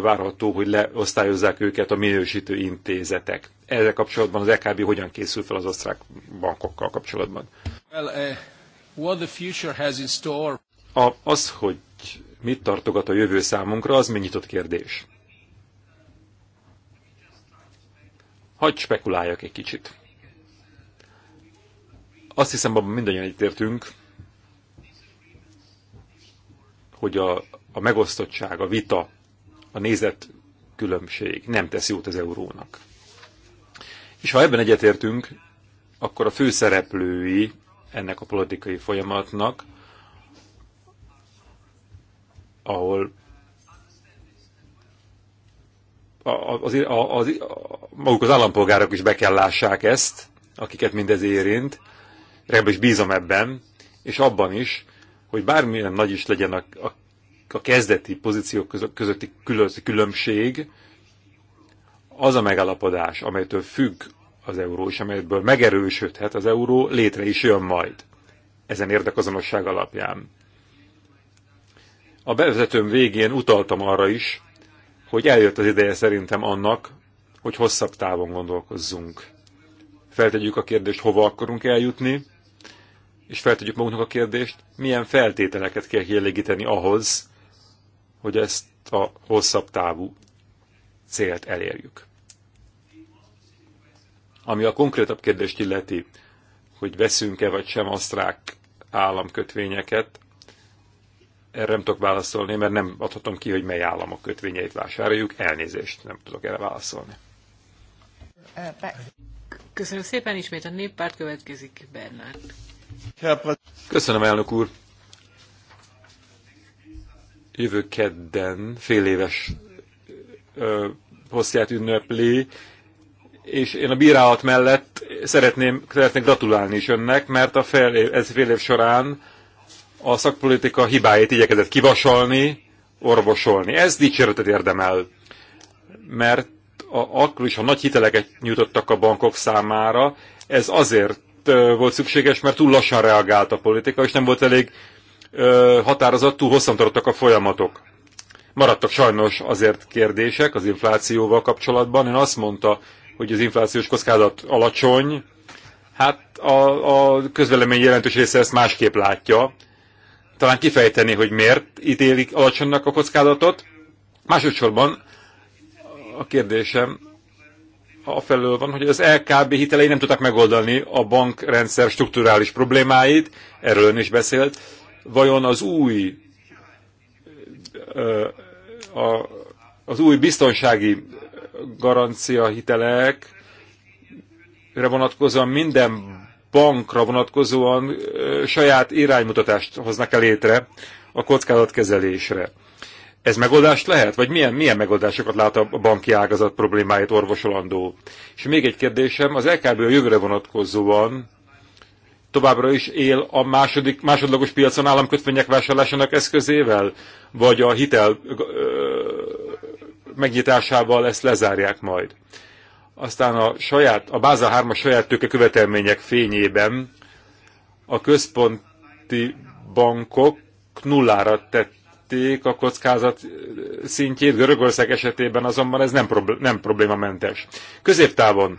várható, hogy leosztályozzák őket a minősítő intézetek. Ezzel kapcsolatban az EKB hogyan készül fel az osztrák bankokkal kapcsolatban? Well, uh, what the future has in store. A, az, hogy mit tartogat a jövő számunkra, az mennyit nyitott kérdés. Hagy spekuláljak egy kicsit. Azt hiszem, abban mindannyian egyetértünk, hogy a, a megosztottság, a vita a nézet különbség nem tesz jót az eurónak. És ha ebben egyetértünk, akkor a főszereplői ennek a politikai folyamatnak, ahol az, az, az, maguk az állampolgárok is be kell lássák ezt, akiket mindez érint, is bízom ebben, és abban is, hogy bármilyen nagy is legyen a, a a kezdeti pozíciók közötti különbség az a megállapodás, amelytől függ az euró, és amelyből megerősödhet az euró, létre is jön majd ezen érdekazonosság alapján. A bevezetőm végén utaltam arra is, hogy eljött az ideje szerintem annak, hogy hosszabb távon gondolkozzunk. Feltegyük a kérdést, hova akarunk eljutni, és feltegyük magunknak a kérdést, milyen feltételeket kell kielégíteni ahhoz, hogy ezt a hosszabb távú célt elérjük. Ami a konkrétabb kérdést illeti, hogy veszünk-e vagy sem osztrák államkötvényeket, erre nem tudok válaszolni, mert nem adhatom ki, hogy mely államok kötvényeit vásároljuk. Elnézést, nem tudok erre válaszolni. Köszönöm szépen, ismét a néppárt következik, Bernard. Köszönöm, elnök úr jövő kedden fél éves hosszját ünnepli, és én a bírálat mellett szeretném, szeretném gratulálni is önnek, mert a fél év, ez fél év során a szakpolitika hibáit igyekezett kivasalni, orvosolni. Ez dicséretet érdemel, mert a, akkor is, ha nagy hiteleket nyújtottak a bankok számára, ez azért volt szükséges, mert túl lassan reagált a politika, és nem volt elég határozat, túl hosszan tartottak a folyamatok. Maradtak sajnos azért kérdések az inflációval kapcsolatban. Ön azt mondta, hogy az inflációs kockázat alacsony. Hát a, a közvelemény jelentős része ezt másképp látja. Talán kifejteni, hogy miért ítélik alacsonynak a kockázatot. Másodszorban a kérdésem felől van, hogy az LKB hitelei nem tudták megoldani a bankrendszer strukturális problémáit, erről ön is beszélt, vajon az új a, az új biztonsági garancia hitelekre vonatkozóan minden bankra vonatkozóan saját iránymutatást hoznak el létre a kockázatkezelésre. Ez megoldást lehet? Vagy milyen, milyen megoldásokat lát a banki ágazat problémáit orvosolandó? És még egy kérdésem, az LKB a jövőre vonatkozóan továbbra is él a második, másodlagos piacon államkötvények vásárlásának eszközével, vagy a hitel ö, megnyitásával ezt lezárják majd. Aztán a, saját, a Báza 3 a saját tőke követelmények fényében a központi bankok nullára tették a kockázat szintjét, Görögország esetében azonban ez nem, probl- nem problémamentes. Középtávon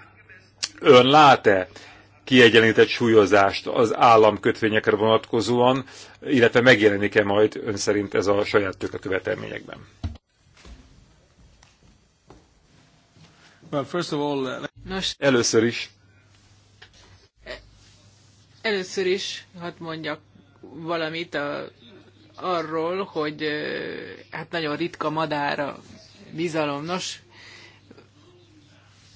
ön lát-e kiegyenlített súlyozást az államkötvényekre vonatkozóan, illetve megjelenik-e majd ön szerint ez a saját követelményekben? Well, first of all, uh, Nos, először is. Először is, hát mondjak valamit a, arról, hogy uh, hát nagyon ritka madár a bizalom. Nos,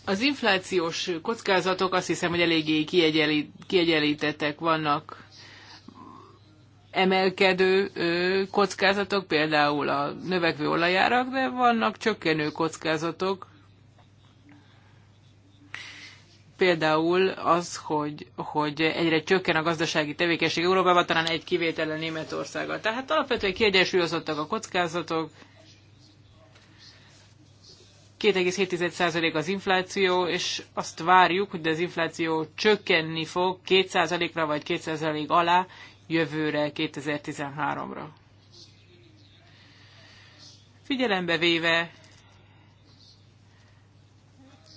az inflációs kockázatok azt hiszem, hogy eléggé kiegyenlítettek vannak emelkedő kockázatok, például a növekvő olajárak, de vannak csökkenő kockázatok, például az, hogy, hogy egyre csökken a gazdasági tevékenység Európában, talán egy a Németországgal. Tehát alapvetően kiegyensúlyozottak a kockázatok, 2,7% az infláció, és azt várjuk, hogy az infláció csökkenni fog 2%-ra vagy 2% alá jövőre, 2013-ra. Figyelembe véve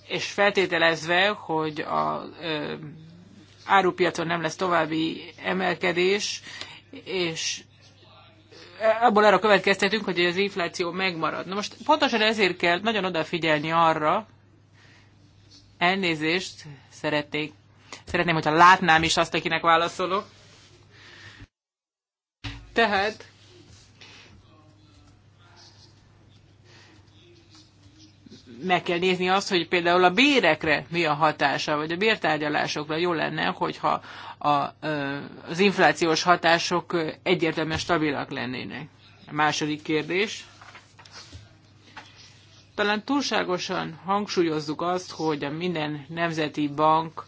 és feltételezve, hogy a ö, árupiacon nem lesz további emelkedés, és abból arra következtetünk, hogy az infláció megmarad. Na most pontosan ezért kell nagyon odafigyelni arra, elnézést szeretnék, szeretném, hogyha látnám is azt, akinek válaszolok. Tehát meg kell nézni azt, hogy például a bérekre mi a hatása, vagy a bértárgyalásokra jó lenne, hogyha a, az inflációs hatások egyértelműen stabilak lennének. A második kérdés. Talán túlságosan hangsúlyozzuk azt, hogy a minden nemzeti bank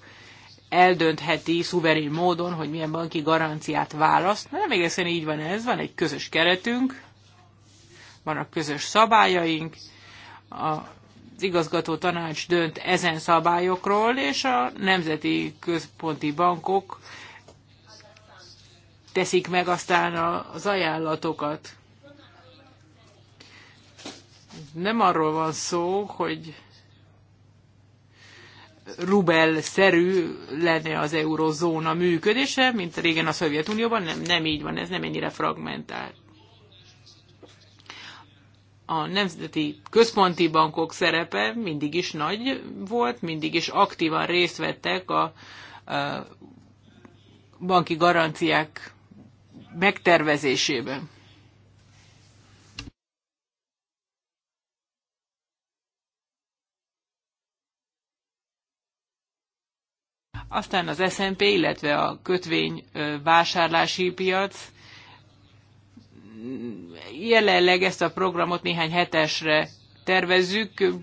eldöntheti szuverén módon, hogy milyen banki garanciát választ. Nem egészen így van ez, van egy közös keretünk, vannak közös szabályaink, a igazgató tanács dönt ezen szabályokról, és a nemzeti központi bankok teszik meg aztán az ajánlatokat. Nem arról van szó, hogy rubel-szerű lenne az eurozóna működése, mint régen a Szovjetunióban, nem, nem így van, ez nem ennyire fragmentált a nemzeti központi bankok szerepe mindig is nagy volt, mindig is aktívan részt vettek a, a banki garanciák megtervezésében. Aztán az S&P, illetve a kötvény vásárlási piac jelenleg ezt a programot néhány hetesre tervezzük,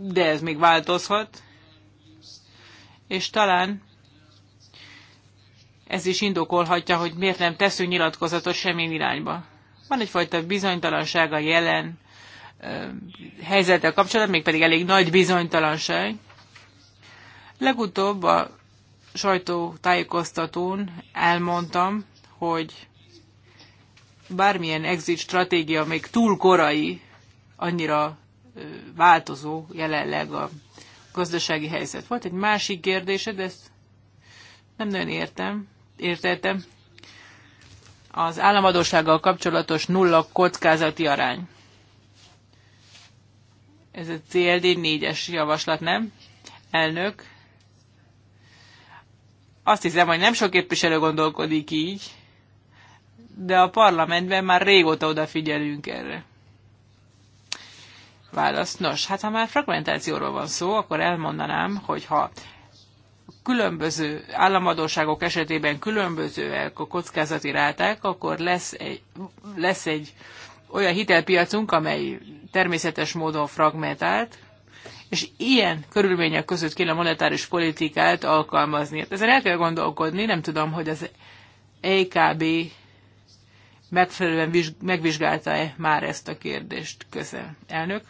de ez még változhat. És talán ez is indokolhatja, hogy miért nem teszünk nyilatkozatot semmilyen irányba. Van egyfajta bizonytalanság a jelen helyzettel kapcsolatban, mégpedig elég nagy bizonytalanság. Legutóbb a sajtótájékoztatón elmondtam, hogy bármilyen exit stratégia még túl korai, annyira változó jelenleg a gazdasági helyzet. Volt egy másik kérdésed, ezt nem nagyon értem, értettem. Az államadósággal kapcsolatos nulla kockázati arány. Ez a CLD 4-es javaslat, nem? Elnök. Azt hiszem, hogy nem sok képviselő gondolkodik így de a parlamentben már régóta odafigyelünk erre. Válasz. Nos, hát ha már fragmentációról van szó, akkor elmondanám, hogy ha különböző államadóságok esetében különbözőek a kockázati ráták, akkor lesz egy, lesz egy olyan hitelpiacunk, amely természetes módon fragmentált, és ilyen körülmények között kéne monetáris politikát alkalmazni. Hát ezen el kell gondolkodni, nem tudom, hogy az EKB megfelelően megvizsgálta-e már ezt a kérdést? közel. Elnök?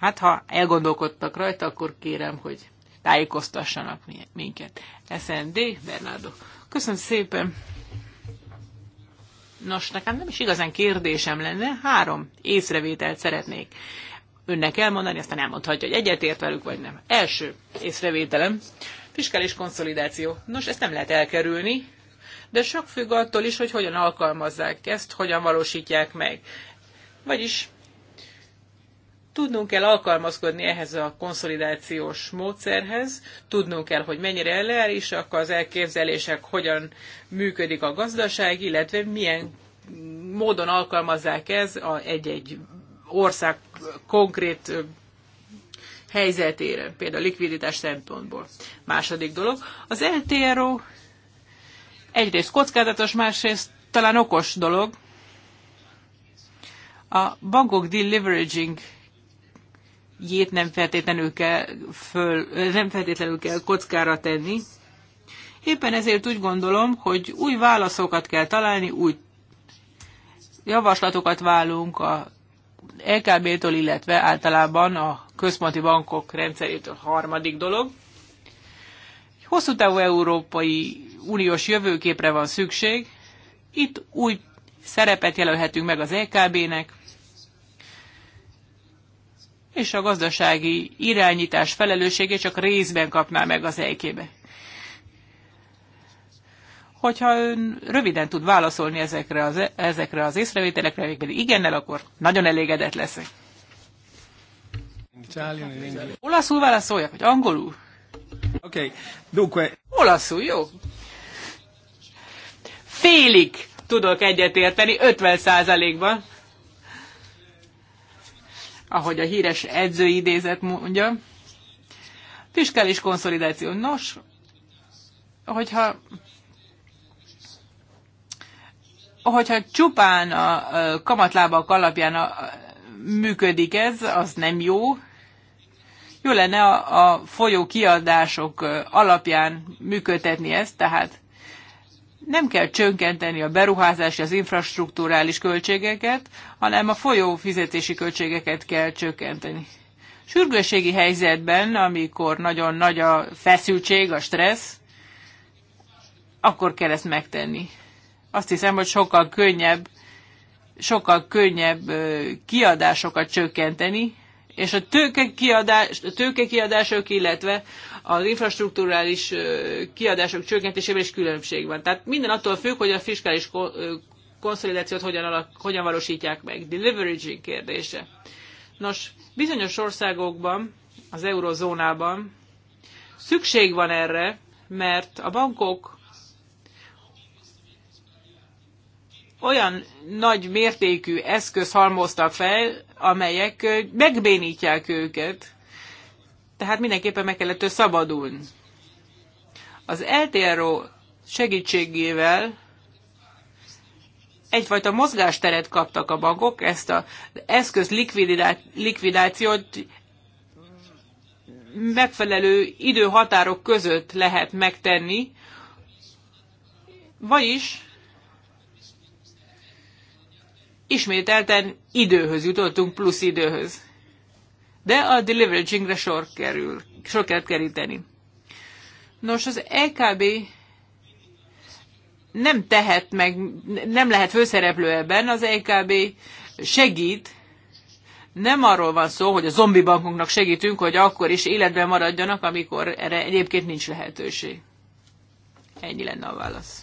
Hát, ha elgondolkodtak rajta, akkor kérem, hogy tájékoztassanak minket. SND, Bernardo. Köszönöm szépen. Nos, nekem nem is igazán kérdésem lenne, három észrevételt szeretnék önnek elmondani, aztán elmondhatja, hogy egyetért velük, vagy nem. Első észrevételem, fiskális konszolidáció. Nos, ezt nem lehet elkerülni, de sok függ attól is, hogy hogyan alkalmazzák ezt, hogyan valósítják meg. Vagyis tudnunk kell alkalmazkodni ehhez a konszolidációs módszerhez, tudnunk kell, hogy mennyire elleállísak az elképzelések, hogyan működik a gazdaság, illetve milyen módon alkalmazzák ez a egy-egy ország konkrét helyzetére, például likviditás szempontból. Második dolog, az LTRO egyrészt kockázatos, másrészt talán okos dolog. A bankok deleveraging jét nem feltétlenül kell, föl, nem feltétlenül kell kockára tenni. Éppen ezért úgy gondolom, hogy új válaszokat kell találni, új javaslatokat válunk a LKB-tól, illetve általában a központi bankok rendszerétől harmadik dolog. Hosszú távú európai uniós jövőképre van szükség. Itt új szerepet jelölhetünk meg az EKB-nek, és a gazdasági irányítás felelőssége csak részben kapná meg az EKB. Hogyha ön röviden tud válaszolni ezekre az, e- ezekre az észrevételekre, még pedig igennel, akkor nagyon elégedett leszek. Olaszul válaszoljak, vagy angolul? Oké, okay. dunque. Olaszul, jó félig tudok egyetérteni, 50%-ban. Ahogy a híres edző idézet mondja. Fiskális konszolidáció. Nos, hogyha hogyha csupán a kamatlábak alapján a, működik ez, az nem jó. Jó lenne a, a folyó kiadások alapján működtetni ezt, tehát nem kell csökkenteni a beruházási, az infrastruktúrális költségeket, hanem a folyó fizetési költségeket kell csökkenteni. Sürgősségi helyzetben, amikor nagyon nagy a feszültség, a stressz, akkor kell ezt megtenni. Azt hiszem, hogy sokkal könnyebb, sokkal könnyebb kiadásokat csökkenteni, és a tőke, a tőke kiadások, illetve az infrastruktúrális kiadások csökkentésében is különbség van. Tehát minden attól függ, hogy a fiskális konszolidációt hogyan, alak, hogyan valósítják meg. Deleveraging kérdése. Nos, bizonyos országokban, az eurozónában szükség van erre, mert a bankok olyan nagy mértékű eszköz halmoztak fel, amelyek megbénítják őket, tehát mindenképpen meg kellett ő szabadulni. Az LTRO segítségével egyfajta mozgásteret kaptak a bankok, ezt az eszköz likvidációt megfelelő időhatárok között lehet megtenni, vagyis ismételten időhöz jutottunk, plusz időhöz de a deleveragingre sor kerül, sor kell keríteni. Nos, az EKB nem tehet meg, nem lehet főszereplő ebben, az EKB segít, nem arról van szó, hogy a zombi bankunknak segítünk, hogy akkor is életben maradjanak, amikor erre egyébként nincs lehetőség. Ennyi lenne a válasz.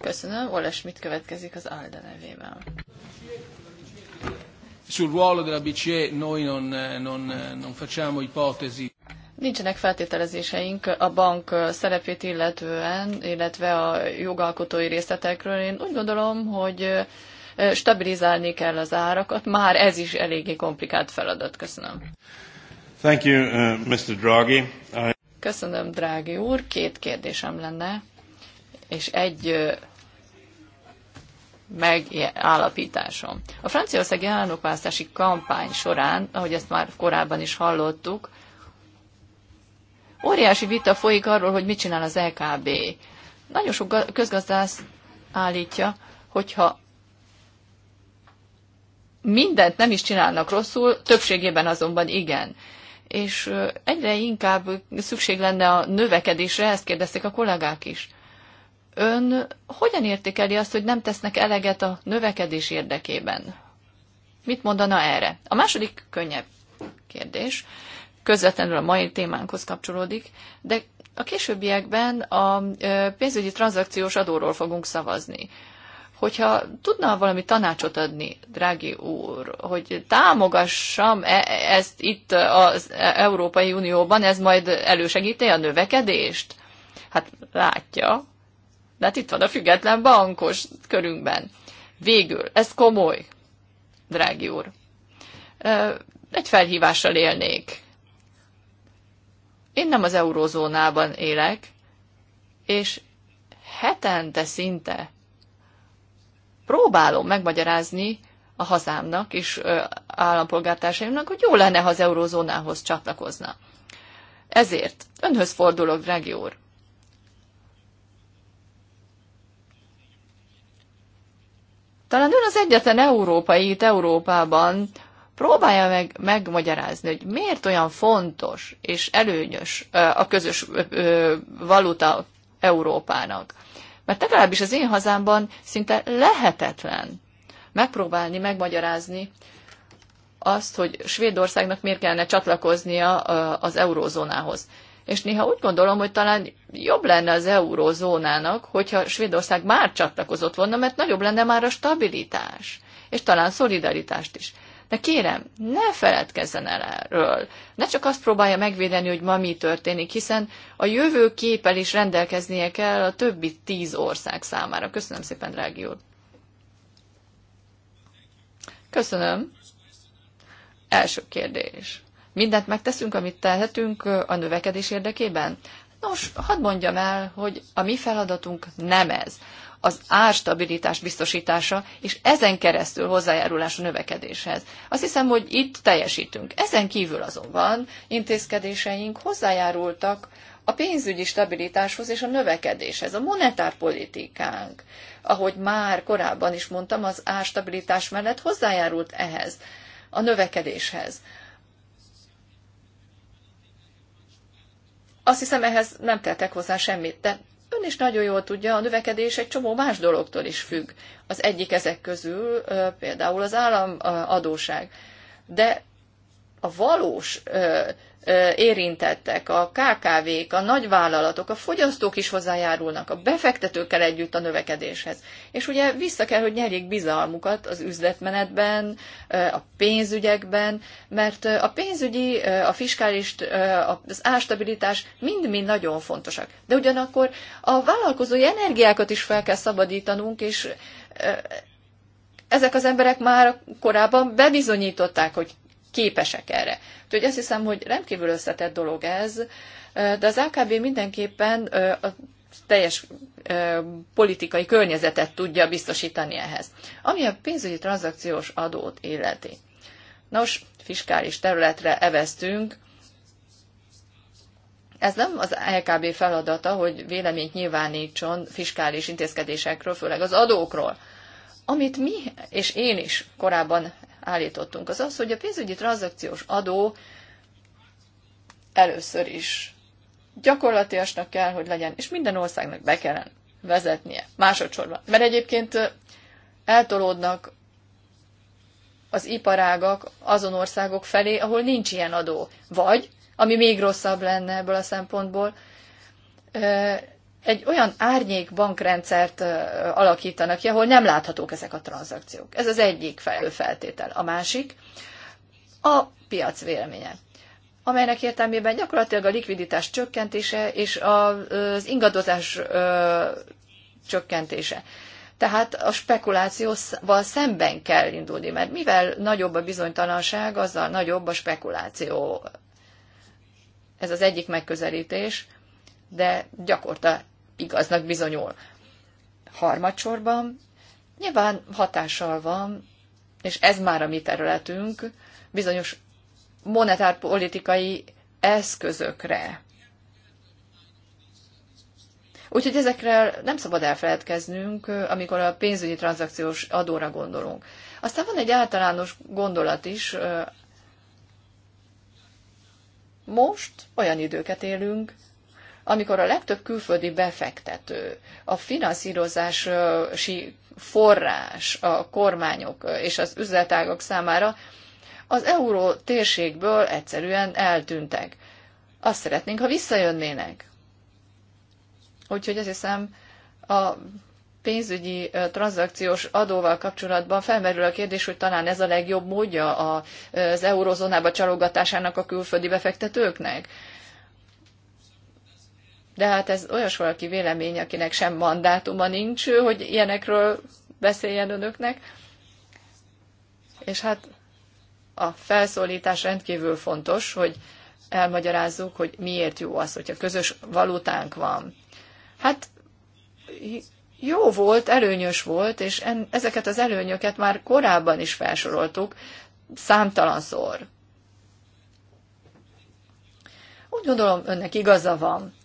Köszönöm, Oles mit következik az Alda nevében. Sul ruolo della BCE noi non, non, non facciamo ipotesi. Nincsenek feltételezéseink a bank szerepét illetően, illetve a jogalkotói részletekről. Én úgy gondolom, hogy stabilizálni kell az árakat. Már ez is eléggé komplikált feladat. Köszönöm. Thank you, uh, Mr. Draghi. I... Köszönöm, Drági úr. Két kérdésem lenne, és egy megállapításom. A franciaországi elnökválasztási kampány során, ahogy ezt már korábban is hallottuk, óriási vita folyik arról, hogy mit csinál az LKB. Nagyon sok közgazdász állítja, hogyha mindent nem is csinálnak rosszul, többségében azonban igen. És egyre inkább szükség lenne a növekedésre, ezt kérdezték a kollégák is. Ön hogyan értékeli azt, hogy nem tesznek eleget a növekedés érdekében? Mit mondana erre? A második könnyebb kérdés közvetlenül a mai témánkhoz kapcsolódik, de a későbbiekben a pénzügyi tranzakciós adóról fogunk szavazni. Hogyha tudna valami tanácsot adni, drági úr, hogy támogassam -e ezt itt az Európai Unióban, ez majd elősegíti a növekedést? Hát látja, de hát itt van a független bankos körünkben. Végül, ez komoly, drági úr. Egy felhívással élnék. Én nem az eurózónában élek, és hetente szinte próbálom megmagyarázni a hazámnak és állampolgártársaimnak, hogy jó lenne, ha az eurózónához csatlakozna. Ezért önhöz fordulok, drági úr. Talán ön az egyetlen európai itt Európában próbálja meg megmagyarázni, hogy miért olyan fontos és előnyös a közös valuta Európának. Mert legalábbis az én hazámban szinte lehetetlen megpróbálni, megmagyarázni azt, hogy Svédországnak miért kellene csatlakoznia az eurózónához és néha úgy gondolom, hogy talán jobb lenne az eurózónának, hogyha Svédország már csatlakozott volna, mert nagyobb lenne már a stabilitás, és talán szolidaritást is. De kérem, ne feledkezzen el erről. Ne csak azt próbálja megvédeni, hogy ma mi történik, hiszen a jövő képpel is rendelkeznie kell a többi tíz ország számára. Köszönöm szépen, drági úr. Köszönöm. Első kérdés. Mindent megteszünk, amit tehetünk a növekedés érdekében? Nos, hadd mondjam el, hogy a mi feladatunk nem ez. Az árstabilitás biztosítása, és ezen keresztül hozzájárulás a növekedéshez. Azt hiszem, hogy itt teljesítünk. Ezen kívül azonban intézkedéseink hozzájárultak a pénzügyi stabilitáshoz és a növekedéshez, a monetárpolitikánk, ahogy már korábban is mondtam, az árstabilitás mellett hozzájárult ehhez, a növekedéshez. Azt hiszem, ehhez nem tettek hozzá semmit, de ön is nagyon jól tudja, a növekedés egy csomó más dologtól is függ. Az egyik ezek közül például az államadóság. De a valós érintettek, a KKV-k, a nagyvállalatok, a fogyasztók is hozzájárulnak, a befektetőkkel együtt a növekedéshez. És ugye vissza kell, hogy nyerjék bizalmukat az üzletmenetben, a pénzügyekben, mert a pénzügyi, a fiskális, az ástabilitás mind-mind nagyon fontosak. De ugyanakkor a vállalkozói energiákat is fel kell szabadítanunk, és ezek az emberek már korábban bebizonyították, hogy képesek erre. Úgyhogy azt hiszem, hogy rendkívül összetett dolog ez, de az AKB mindenképpen a teljes politikai környezetet tudja biztosítani ehhez. Ami a pénzügyi tranzakciós adót illeti. Nos, fiskális területre eveztünk, ez nem az LKB feladata, hogy véleményt nyilvánítson fiskális intézkedésekről, főleg az adókról. Amit mi és én is korábban állítottunk, az az, hogy a pénzügyi tranzakciós adó először is gyakorlatilasnak kell, hogy legyen, és minden országnak be kellene vezetnie másodszorban. Mert egyébként eltolódnak az iparágak azon országok felé, ahol nincs ilyen adó. Vagy, ami még rosszabb lenne ebből a szempontból, egy olyan árnyék bankrendszert alakítanak ki, ahol nem láthatók ezek a tranzakciók. Ez az egyik feltétel. A másik a piac véleménye amelynek értelmében gyakorlatilag a likviditás csökkentése és az ingadozás csökkentése. Tehát a spekulációval szemben kell indulni, mert mivel nagyobb a bizonytalanság, azzal nagyobb a spekuláció. Ez az egyik megközelítés de gyakorta igaznak bizonyul. Harmadsorban nyilván hatással van, és ez már a mi területünk, bizonyos monetárpolitikai eszközökre. Úgyhogy ezekre nem szabad elfeledkeznünk, amikor a pénzügyi tranzakciós adóra gondolunk. Aztán van egy általános gondolat is. Most olyan időket élünk, amikor a legtöbb külföldi befektető, a finanszírozási forrás a kormányok és az üzletágak számára az euró térségből egyszerűen eltűntek. Azt szeretnénk, ha visszajönnének. Úgyhogy azt hiszem, a pénzügyi tranzakciós adóval kapcsolatban felmerül a kérdés, hogy talán ez a legjobb módja az eurozónába csalogatásának a külföldi befektetőknek de hát ez olyas valaki vélemény, akinek sem mandátuma nincs, hogy ilyenekről beszéljen önöknek. És hát a felszólítás rendkívül fontos, hogy elmagyarázzuk, hogy miért jó az, hogyha közös valutánk van. Hát jó volt, előnyös volt, és en, ezeket az előnyöket már korábban is felsoroltuk számtalanszor. Úgy gondolom, önnek igaza van.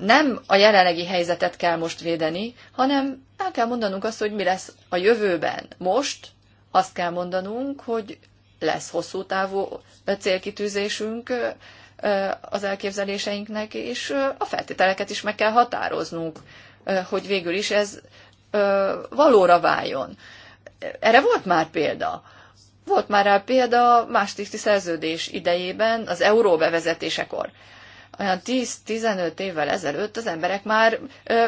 nem a jelenlegi helyzetet kell most védeni, hanem el kell mondanunk azt, hogy mi lesz a jövőben. Most azt kell mondanunk, hogy lesz hosszú távú célkitűzésünk az elképzeléseinknek, és a feltételeket is meg kell határoznunk, hogy végül is ez valóra váljon. Erre volt már példa. Volt már rá példa más tiszti szerződés idejében, az euró bevezetésekor olyan 10-15 évvel ezelőtt az emberek már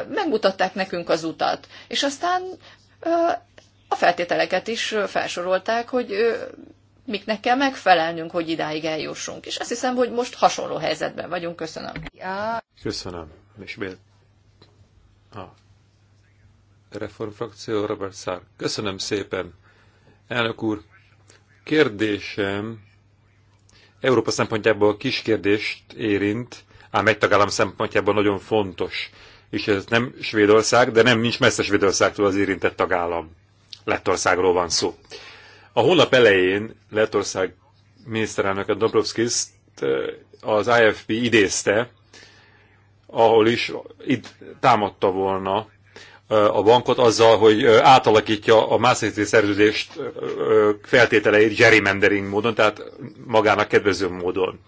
megmutatták nekünk az utat. És aztán a feltételeket is felsorolták, hogy miknek kell megfelelnünk, hogy idáig eljussunk. És azt hiszem, hogy most hasonló helyzetben vagyunk. Köszönöm. Ja. Köszönöm. És bél. A reformfrakció Robert Szár. Köszönöm szépen. Elnök úr, kérdésem Európa szempontjából kis kérdést érint, ám egy tagállam szempontjából nagyon fontos. És ez nem Svédország, de nem nincs messze Svédországtól az érintett tagállam. Lettországról van szó. A hónap elején Lettország miniszterelnöke Dobrovskis eh, az IFP idézte, ahol is itt támadta volna a bankot azzal, hogy átalakítja a Maastrichti szerződést feltételeit gerrymandering módon, tehát magának kedvező módon.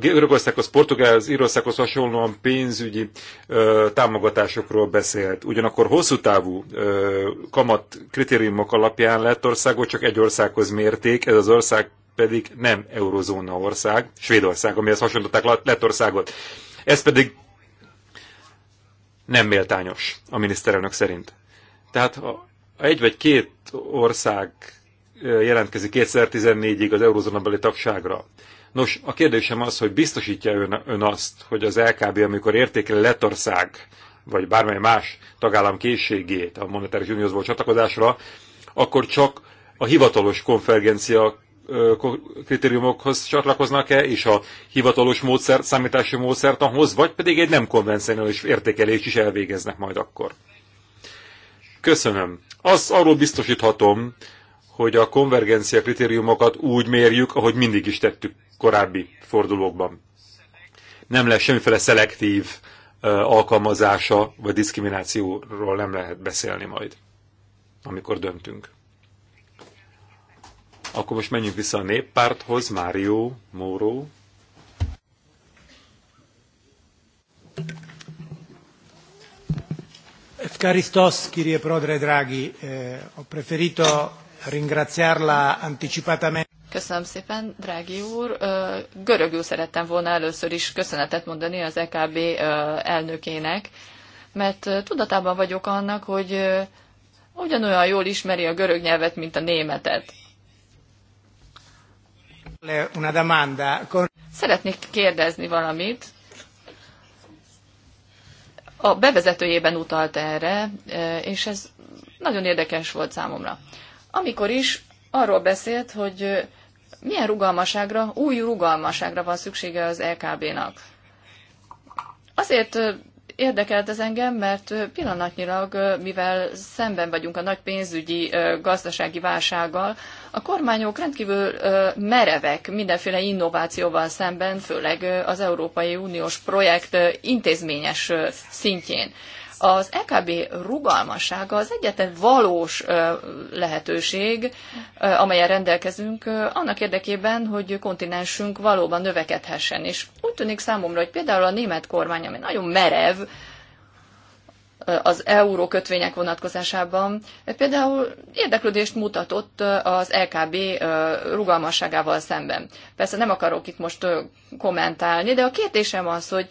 Görögországhoz, az Írországhoz hasonlóan pénzügyi ö, támogatásokról beszélt. Ugyanakkor hosszú távú ö, kamat kritériumok alapján lett országot csak egy országhoz mérték, ez az ország pedig nem eurozóna ország, Svédország, amihez hasonlították Lettországot. Ez pedig nem méltányos a miniszterelnök szerint. Tehát ha egy vagy két ország jelentkezik 2014-ig az eurozónabeli tagságra, Nos, a kérdésem az, hogy biztosítja ön, ön azt, hogy az LKB, amikor értékel Letország, vagy bármely más tagállam készségét a monetáris uniózból csatlakozásra, akkor csak a hivatalos konvergencia kritériumokhoz csatlakoznak-e, és a hivatalos módszer, számítási módszertanhoz, vagy pedig egy nem konvencionális értékelést is elvégeznek majd akkor. Köszönöm. Azt arról biztosíthatom, hogy a konvergencia kritériumokat úgy mérjük, ahogy mindig is tettük korábbi fordulókban. Nem lesz semmiféle szelektív alkalmazása vagy diszkriminációról nem lehet beszélni majd, amikor döntünk. Akkor most menjünk vissza a néppárthoz, Mário Móró. Efkaristos, kirie prodre drági, a eh, preferito ringraziarla anticipatamente. Köszönöm szépen, drági úr. Görögül szerettem volna először is köszönetet mondani az EKB elnökének, mert tudatában vagyok annak, hogy ugyanolyan jól ismeri a görög nyelvet, mint a németet. Una domanda. Szeretnék kérdezni valamit. A bevezetőjében utalt erre, e, és ez nagyon érdekes volt számomra. Amikor is arról beszélt, hogy e, milyen rugalmaságra, új rugalmaságra van szüksége az LKB-nak. Azért e, Érdekelt ez engem, mert pillanatnyilag, mivel szemben vagyunk a nagy pénzügyi gazdasági válsággal, a kormányok rendkívül merevek mindenféle innovációval szemben, főleg az Európai Uniós projekt intézményes szintjén. Az EKB rugalmassága az egyetlen valós lehetőség, amelyen rendelkezünk, annak érdekében, hogy kontinensünk valóban növekedhessen. És úgy tűnik számomra, hogy például a német kormány, ami nagyon merev, az euró kötvények vonatkozásában például érdeklődést mutatott az LKB rugalmasságával szemben. Persze nem akarok itt most kommentálni, de a kérdésem az, hogy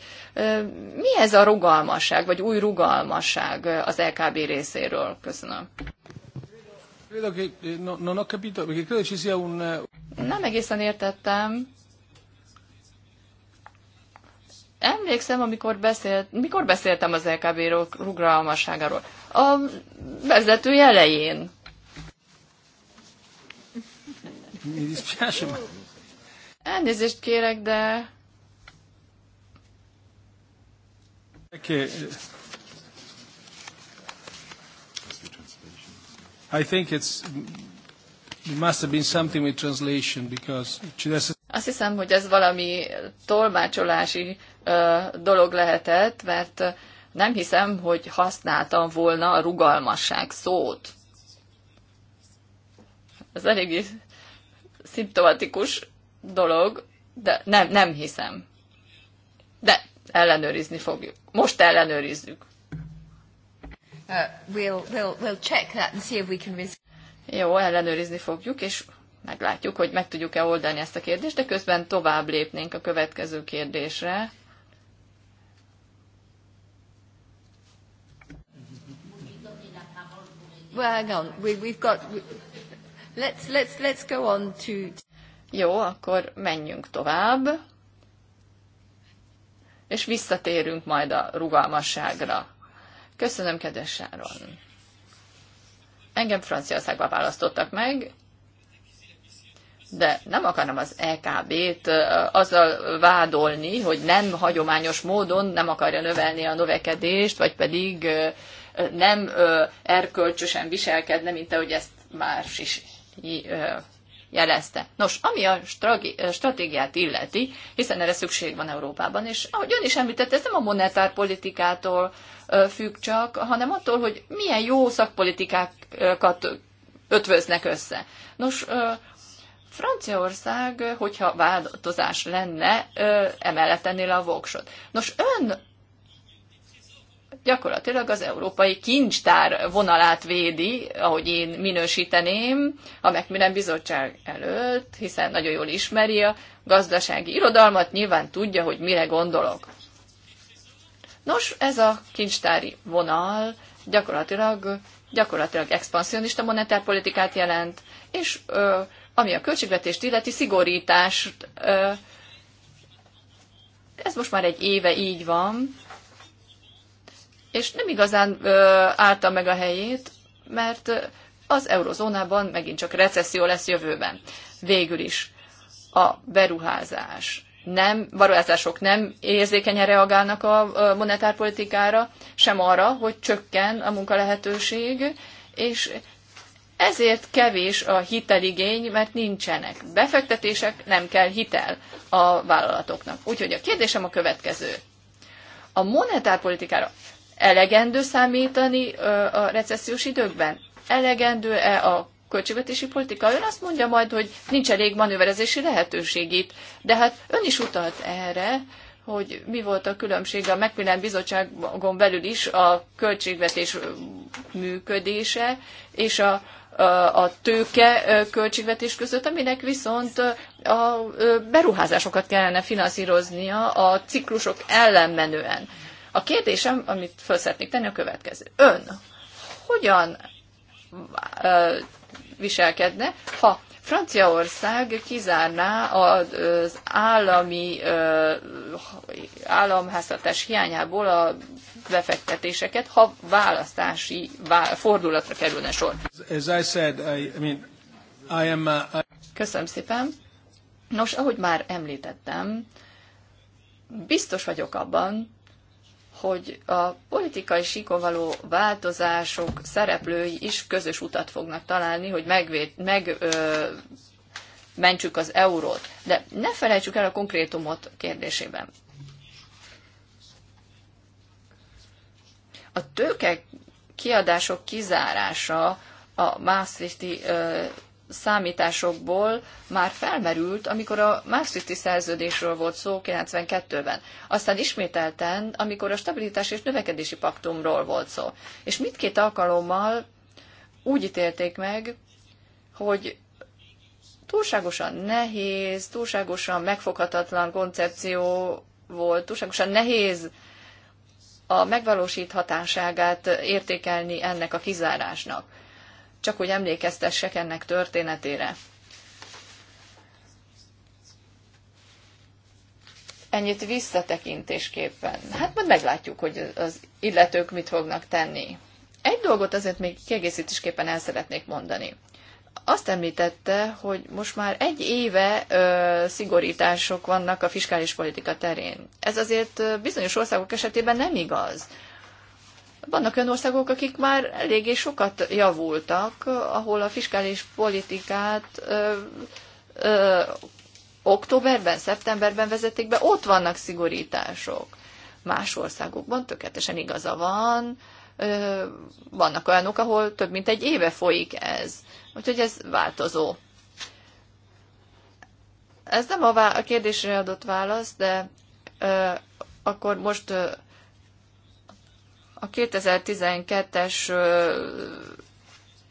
mi ez a rugalmasság, vagy új rugalmasság az LKB részéről? Köszönöm. Nem egészen értettem emlékszem, amikor, beszélt, mikor beszéltem az LKB rugalmasságáról. A vezető elején. Elnézést kérek, de... Okay. I think it's azt hiszem, hogy ez valami tolmácsolási dolog lehetett, mert nem hiszem, hogy használtam volna a rugalmasság szót. Ez eléggé szimptomatikus dolog, de nem, nem hiszem. De ellenőrizni fogjuk. Most ellenőrizzük. Uh, we'll, we'll, we'll check that and see if we can jó, ellenőrizni fogjuk, és meglátjuk, hogy meg tudjuk-e oldani ezt a kérdést, de közben tovább lépnénk a következő kérdésre. Well, we've got. let's let's let's go on to. Jó, akkor menjünk tovább, és visszatérünk majd a rugalmasságra. Köszönöm, kedves Sáron! Engem Franciaországba választottak meg, de nem akarom az EKB-t azzal vádolni, hogy nem hagyományos módon nem akarja növelni a növekedést, vagy pedig nem erkölcsösen viselkedne, mint ahogy ezt már is jelezte. Nos, ami a stratégiát illeti, hiszen erre szükség van Európában, és ahogy ön is említette, ez nem a monetárpolitikától, függ csak, hanem attól, hogy milyen jó szakpolitikákat ötvöznek össze. Nos, Franciaország, hogyha változás lenne, emellett ennél a voksot. Nos, ön gyakorlatilag az európai kincstár vonalát védi, ahogy én minősíteném, a Macmillan bizottság előtt, hiszen nagyon jól ismeri a gazdasági irodalmat, nyilván tudja, hogy mire gondolok. Nos, ez a kincstári vonal gyakorlatilag, gyakorlatilag expansionista monetárpolitikát jelent, és ö, ami a költségvetést illeti szigorítást, ö, ez most már egy éve így van, és nem igazán ö, állta meg a helyét, mert az eurozónában megint csak recesszió lesz jövőben. Végül is a beruházás nem, varolások nem érzékenyen reagálnak a monetárpolitikára, sem arra, hogy csökken a munkalehetőség, és ezért kevés a hiteligény, mert nincsenek befektetések, nem kell hitel a vállalatoknak. Úgyhogy a kérdésem a következő. A monetárpolitikára elegendő számítani a recessziós időkben? Elegendő-e a költségvetési politika. Ön azt mondja majd, hogy nincs elég manőverezési lehetőség itt. De hát ön is utalt erre, hogy mi volt a különbség a Macmillan bizottságon belül is a költségvetés működése és a, a, a tőke költségvetés között, aminek viszont a beruházásokat kellene finanszíroznia a ciklusok ellenmenően. A kérdésem, amit föl szeretnék tenni, a következő. Ön hogyan viselkedne, ha Franciaország kizárná az állami államháztartás hiányából a befektetéseket, ha választási fordulatra kerülne sor. Uh, Köszönöm szépen. Nos, ahogy már említettem, biztos vagyok abban, hogy a politikai síkon való változások szereplői is közös utat fognak találni, hogy megvéd, meg, ö, mentsük az eurót. De ne felejtsük el a konkrétumot kérdésében. A tőke kiadások kizárása a Maastrichti ö, számításokból már felmerült, amikor a Maastrichti szerződésről volt szó 92-ben. Aztán ismételten, amikor a stabilitás és növekedési paktumról volt szó. És mindkét alkalommal úgy ítélték meg, hogy túlságosan nehéz, túlságosan megfoghatatlan koncepció volt, túlságosan nehéz a megvalósíthatáságát értékelni ennek a kizárásnak csak hogy emlékeztessek ennek történetére. Ennyit visszatekintésképpen. Hát majd meglátjuk, hogy az illetők mit fognak tenni. Egy dolgot azért még kiegészítésképpen el szeretnék mondani. Azt említette, hogy most már egy éve ö, szigorítások vannak a fiskális politika terén. Ez azért bizonyos országok esetében nem igaz. Ö, vannak olyan országok, akik már eléggé sokat javultak, ahol a fiskális politikát ö, ö, októberben, szeptemberben vezették be, ott vannak szigorítások. Más országokban tökéletesen igaza van, ö, vannak olyanok, ahol több mint egy éve folyik ez. Úgyhogy ez változó. Ez nem a, vá- a kérdésre adott válasz, de ö, akkor most ö, a 2012-es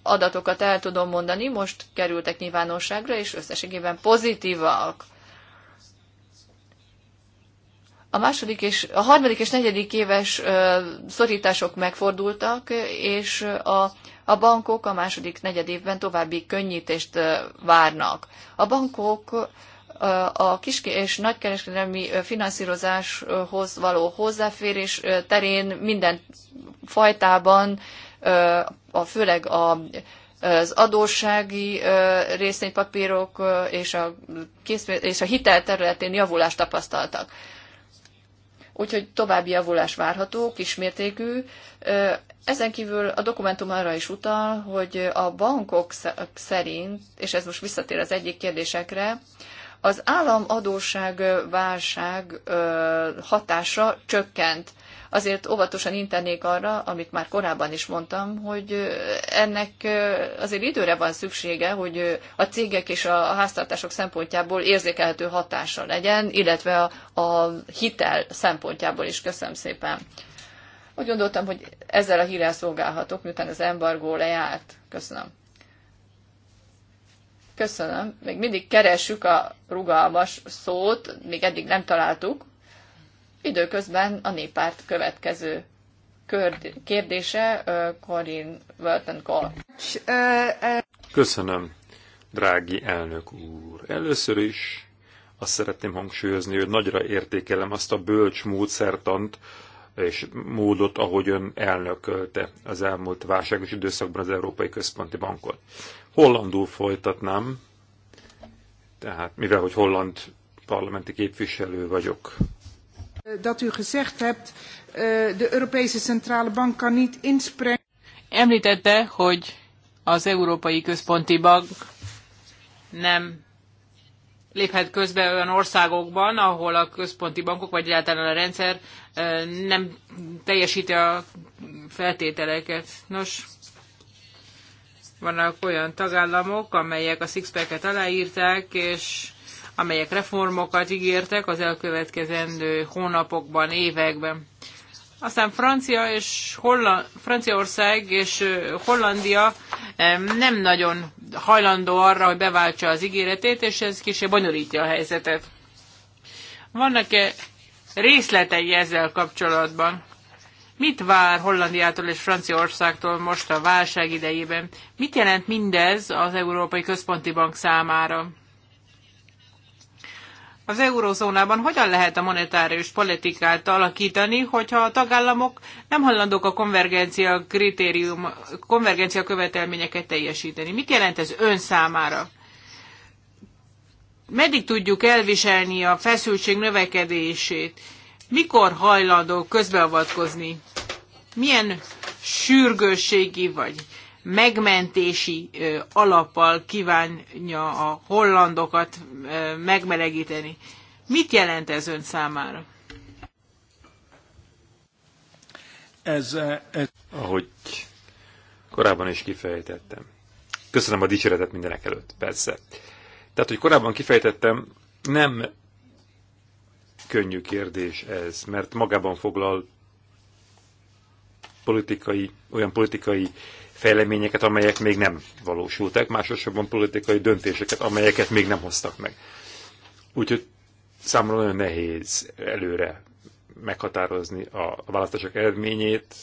adatokat el tudom mondani, most kerültek nyilvánosságra, és összességében pozitívak. A második és a harmadik és negyedik éves szorítások megfordultak, és a, a bankok a második negyed évben további könnyítést várnak. A bankok a kis és nagykereskedelmi finanszírozáshoz való hozzáférés terén minden fajtában, a, főleg a, az adóssági részvénypapírok és a, és a hitel területén javulást tapasztaltak. Úgyhogy további javulás várható, kismértékű. Ezen kívül a dokumentum arra is utal, hogy a bankok szerint, és ez most visszatér az egyik kérdésekre, az államadóság válság hatása csökkent. Azért óvatosan intennék arra, amit már korábban is mondtam, hogy ennek azért időre van szüksége, hogy a cégek és a háztartások szempontjából érzékelhető hatása legyen, illetve a hitel szempontjából is. Köszönöm szépen! Úgy gondoltam, hogy ezzel a hírrel szolgálhatok, miután az embargó lejárt. Köszönöm. Köszönöm. Még mindig keressük a rugalmas szót, még eddig nem találtuk. Időközben a néppárt következő kérdése Corinne Wörtenkol. Köszönöm, drági elnök úr. Először is azt szeretném hangsúlyozni, hogy nagyra értékelem azt a bölcs módszertant és módot, ahogy ön elnökölte az elmúlt válságos időszakban az Európai Központi Bankot. Hollandul folytatnám, tehát mivel, hogy holland parlamenti képviselő vagyok. Dat u gezegd hebt, eh, de Europese Centrale Bank kan niet inspringen. Említette, hogy az Európai Központi Bank nem léphet közbe olyan országokban, ahol a központi bankok, vagy egyáltalán a rendszer eh, nem teljesíti a feltételeket. Nos, vannak olyan tagállamok, amelyek a Sixpacket aláírták, és amelyek reformokat ígértek az elkövetkezendő hónapokban, években. Aztán Francia és Holland, Franciaország és Hollandia nem nagyon hajlandó arra, hogy beváltsa az ígéretét, és ez kicsit bonyolítja a helyzetet. Vannak-e részletei ezzel kapcsolatban? Mit vár Hollandiától és Franciaországtól most a válság idejében? Mit jelent mindez az Európai Központi Bank számára? Az eurózónában hogyan lehet a monetárius politikát alakítani, hogyha a tagállamok nem hajlandók a konvergencia kritérium, konvergencia követelményeket teljesíteni? Mit jelent ez ön számára? Meddig tudjuk elviselni a feszültség növekedését? mikor hajlandó közbeavatkozni? Milyen sürgősségi vagy megmentési alappal kívánja a hollandokat megmelegíteni? Mit jelent ez ön számára? Ez, ez... Ahogy korábban is kifejtettem. Köszönöm a dicséretet mindenek előtt, persze. Tehát, hogy korábban kifejtettem, nem könnyű kérdés ez, mert magában foglal politikai, olyan politikai fejleményeket, amelyek még nem valósultak, másosabban politikai döntéseket, amelyeket még nem hoztak meg. Úgyhogy számomra nagyon nehéz előre meghatározni a választások eredményét,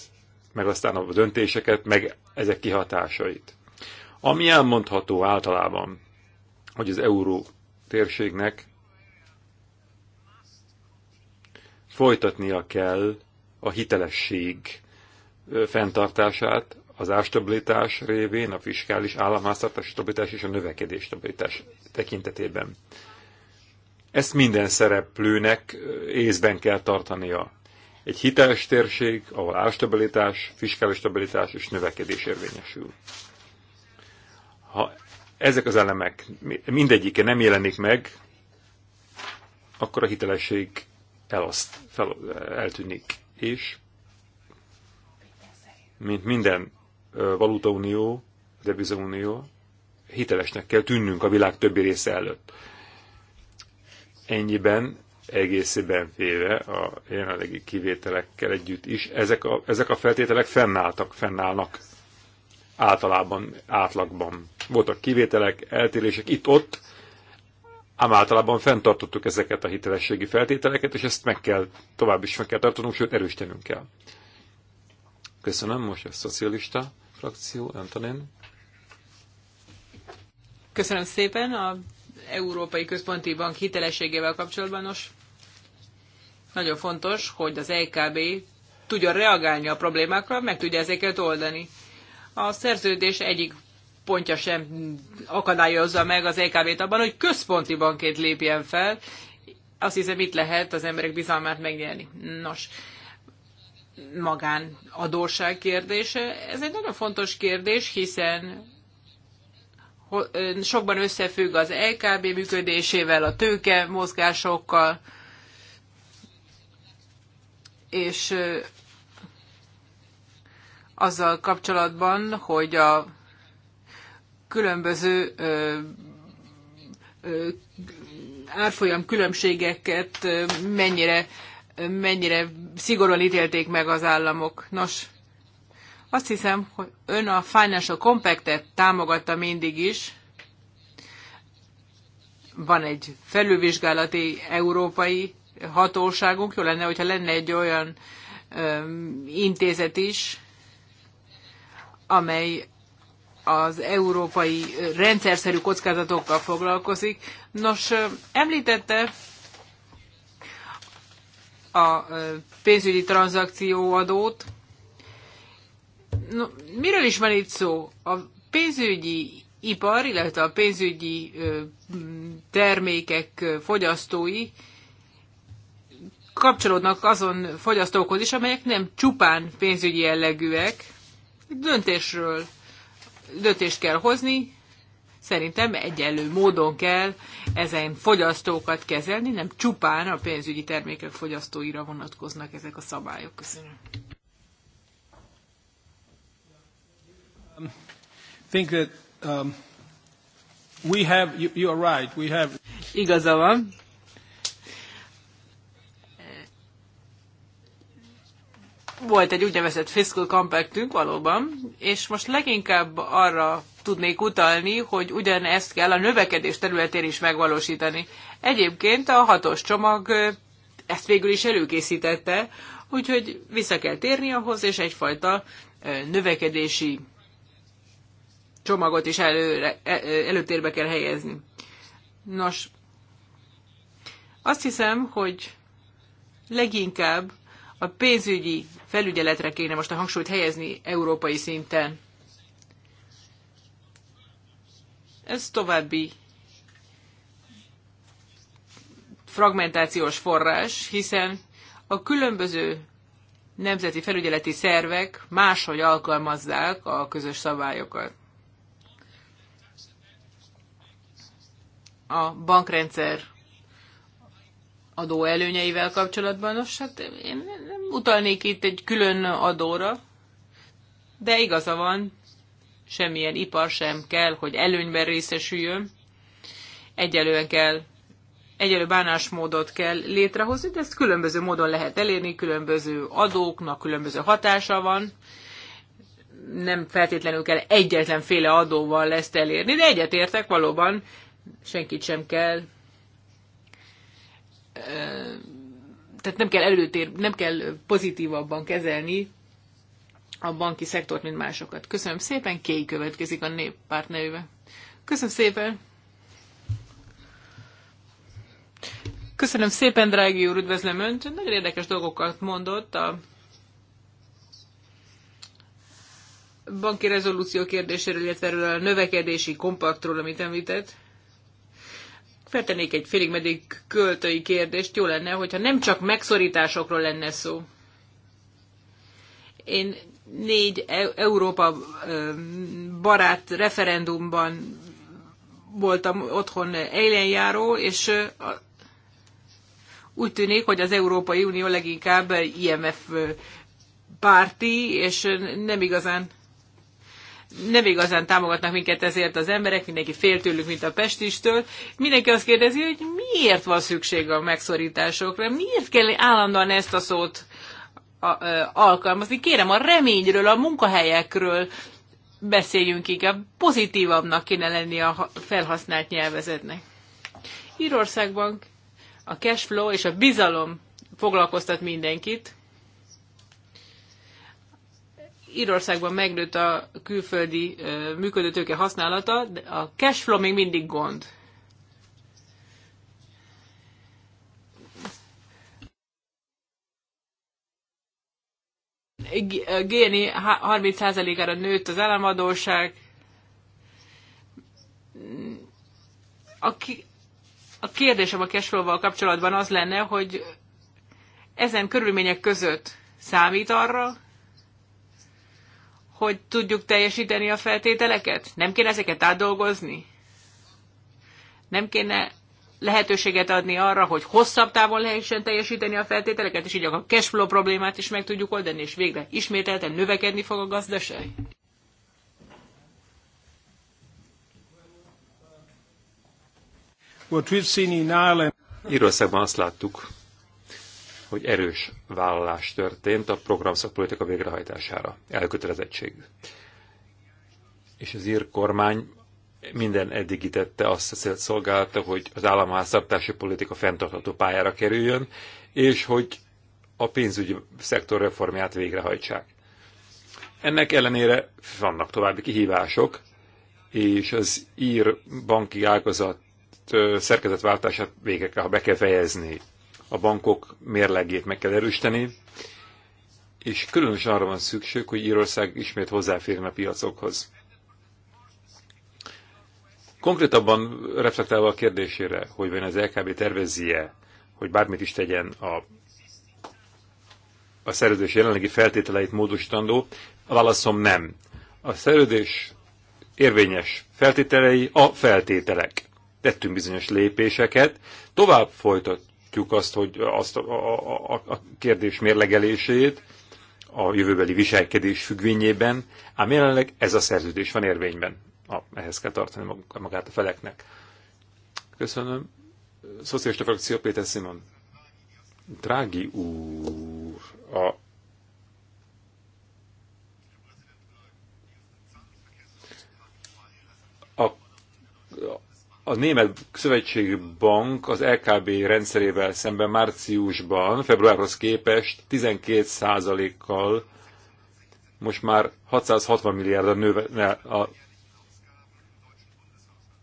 meg aztán a döntéseket, meg ezek kihatásait. Ami elmondható általában, hogy az euró térségnek folytatnia kell a hitelesség fenntartását az árstabilitás révén, a fiskális államháztartási stabilitás és a növekedés stabilitás tekintetében. Ezt minden szereplőnek észben kell tartania. Egy hiteles térség, ahol árstabilitás, fiskális stabilitás és növekedés érvényesül. Ha ezek az elemek mindegyike nem jelenik meg, akkor a hitelesség eloszt, fel, eltűnik. És mint minden valutaunió, devizaunió, hitelesnek kell tűnnünk a világ többi része előtt. Ennyiben egészében véve a jelenlegi kivételekkel együtt is, ezek a, ezek a feltételek fennálltak, fennállnak általában, átlagban. Voltak kivételek, eltérések itt-ott, ám általában fenntartottuk ezeket a hitelességi feltételeket, és ezt meg kell, tovább is meg kell tartanunk, sőt erősítenünk kell. Köszönöm, most a szocialista frakció, Antonin. Köszönöm szépen a Európai Központi Bank hitelességével kapcsolatban. Nos, nagyon fontos, hogy az EKB tudja reagálni a problémákra, meg tudja ezeket oldani. A szerződés egyik pontja sem akadályozza meg az EKB-t abban, hogy központi bankét lépjen fel. Azt hiszem, itt lehet az emberek bizalmát megnyerni. Nos, magán adósság kérdése. Ez egy nagyon fontos kérdés, hiszen sokban összefügg az LKB e működésével, a tőke mozgásokkal, és azzal kapcsolatban, hogy a különböző ö, ö, árfolyam különbségeket mennyire, mennyire szigorúan ítélték meg az államok. Nos, azt hiszem, hogy ön a Financial Compact-et támogatta mindig is. Van egy felülvizsgálati európai hatóságunk. Jó lenne, hogyha lenne egy olyan ö, intézet is, amely az európai rendszerszerű kockázatokkal foglalkozik. Nos, említette a pénzügyi tranzakcióadót. No, miről is van itt szó? A pénzügyi ipar, illetve a pénzügyi termékek fogyasztói kapcsolódnak azon fogyasztókhoz is, amelyek nem csupán pénzügyi jellegűek. Döntésről döntést kell hozni, szerintem egyenlő módon kell ezen fogyasztókat kezelni, nem csupán a pénzügyi termékek fogyasztóira vonatkoznak ezek a szabályok. Köszönöm. think that um, we have, you, you are right, we have... Igaza van. volt egy úgynevezett fiscal compactünk valóban, és most leginkább arra tudnék utalni, hogy ugyanezt kell a növekedés területén is megvalósítani. Egyébként a hatos csomag ezt végül is előkészítette, úgyhogy vissza kell térni ahhoz, és egyfajta növekedési csomagot is előre, e, előtérbe kell helyezni. Nos, azt hiszem, hogy leginkább a pénzügyi felügyeletre kéne most a hangsúlyt helyezni európai szinten. Ez további fragmentációs forrás, hiszen a különböző nemzeti felügyeleti szervek máshogy alkalmazzák a közös szabályokat. A bankrendszer adó előnyeivel kapcsolatban, most hát én nem utalnék itt egy külön adóra, de igaza van, semmilyen ipar sem kell, hogy előnyben részesüljön, egyelően kell egyelő bánásmódot kell létrehozni, de ezt különböző módon lehet elérni, különböző adóknak különböző hatása van. Nem feltétlenül kell egyetlenféle adóval ezt elérni, de egyetértek valóban, senkit sem kell tehát nem kell előtér, nem kell pozitívabban kezelni a banki szektort, mint másokat. Köszönöm szépen, Kéj következik a néppárt nevébe. Köszönöm szépen! Köszönöm szépen, drági úr, üdvözlöm Önt. Nagyon érdekes dolgokat mondott a banki rezolúció kérdéséről, illetve erről a növekedési kompaktról, amit említett. Feltennék egy félig meddig költői kérdést. Jó lenne, hogyha nem csak megszorításokról lenne szó. Én négy Európa barát referendumban voltam otthon élenjáró, és úgy tűnik, hogy az Európai Unió leginkább IMF párti, és nem igazán nem igazán támogatnak minket ezért az emberek, mindenki fél tőlük, mint a pestistől. Mindenki azt kérdezi, hogy miért van szükség a megszorításokra, miért kell állandóan ezt a szót alkalmazni. Kérem, a reményről, a munkahelyekről beszéljünk inkább, pozitívabbnak kéne lenni a felhasznált nyelvezetnek. Írországban a cash flow és a bizalom foglalkoztat mindenkit. Írországban megnőtt a külföldi működőtőke használata, de a cashflow még mindig gond. Géni 30%-ára nőtt az államadóság. A kérdésem a cashflow-val kapcsolatban az lenne, hogy ezen körülmények között számít arra, hogy tudjuk teljesíteni a feltételeket? Nem kéne ezeket átdolgozni? Nem kéne lehetőséget adni arra, hogy hosszabb távon lehessen teljesíteni a feltételeket, és így a cashflow problémát is meg tudjuk oldani, és végre ismételten növekedni fog a gazdaság? Írországban azt láttuk, hogy erős vállalás történt a programszakpolitika végrehajtására, elkötelezettség. És az ír kormány minden eddigi tette azt a célt szolgálta, hogy az államháztartási politika fenntartható pályára kerüljön, és hogy a pénzügyi szektor reformját végrehajtsák. Ennek ellenére vannak további kihívások, és az ír banki ágazat szerkezetváltását végre kell, ha be kell fejezni a bankok mérlegét meg kell erősíteni, és különösen arra van szükség, hogy Írország ismét hozzáférjen a piacokhoz. Konkrétabban reflektálva a kérdésére, hogy vajon az LKB tervezi-e, hogy bármit is tegyen a, a szerződés jelenlegi feltételeit módosítandó, a válaszom nem. A szerződés érvényes feltételei a feltételek. Tettünk bizonyos lépéseket, tovább folytat, látjuk azt, hogy azt a, a, a, a kérdés mérlegelését a jövőbeli viselkedés függvényében, ám jelenleg ez a szerződés van érvényben. A, ehhez kell tartani magát a feleknek. Köszönöm. Szociális frakció Péter Simon. Drági úr, a a Német Szövetségi Bank az LKB rendszerével szemben márciusban, februárhoz képest 12%-kal most már 660 milliárdra nőne a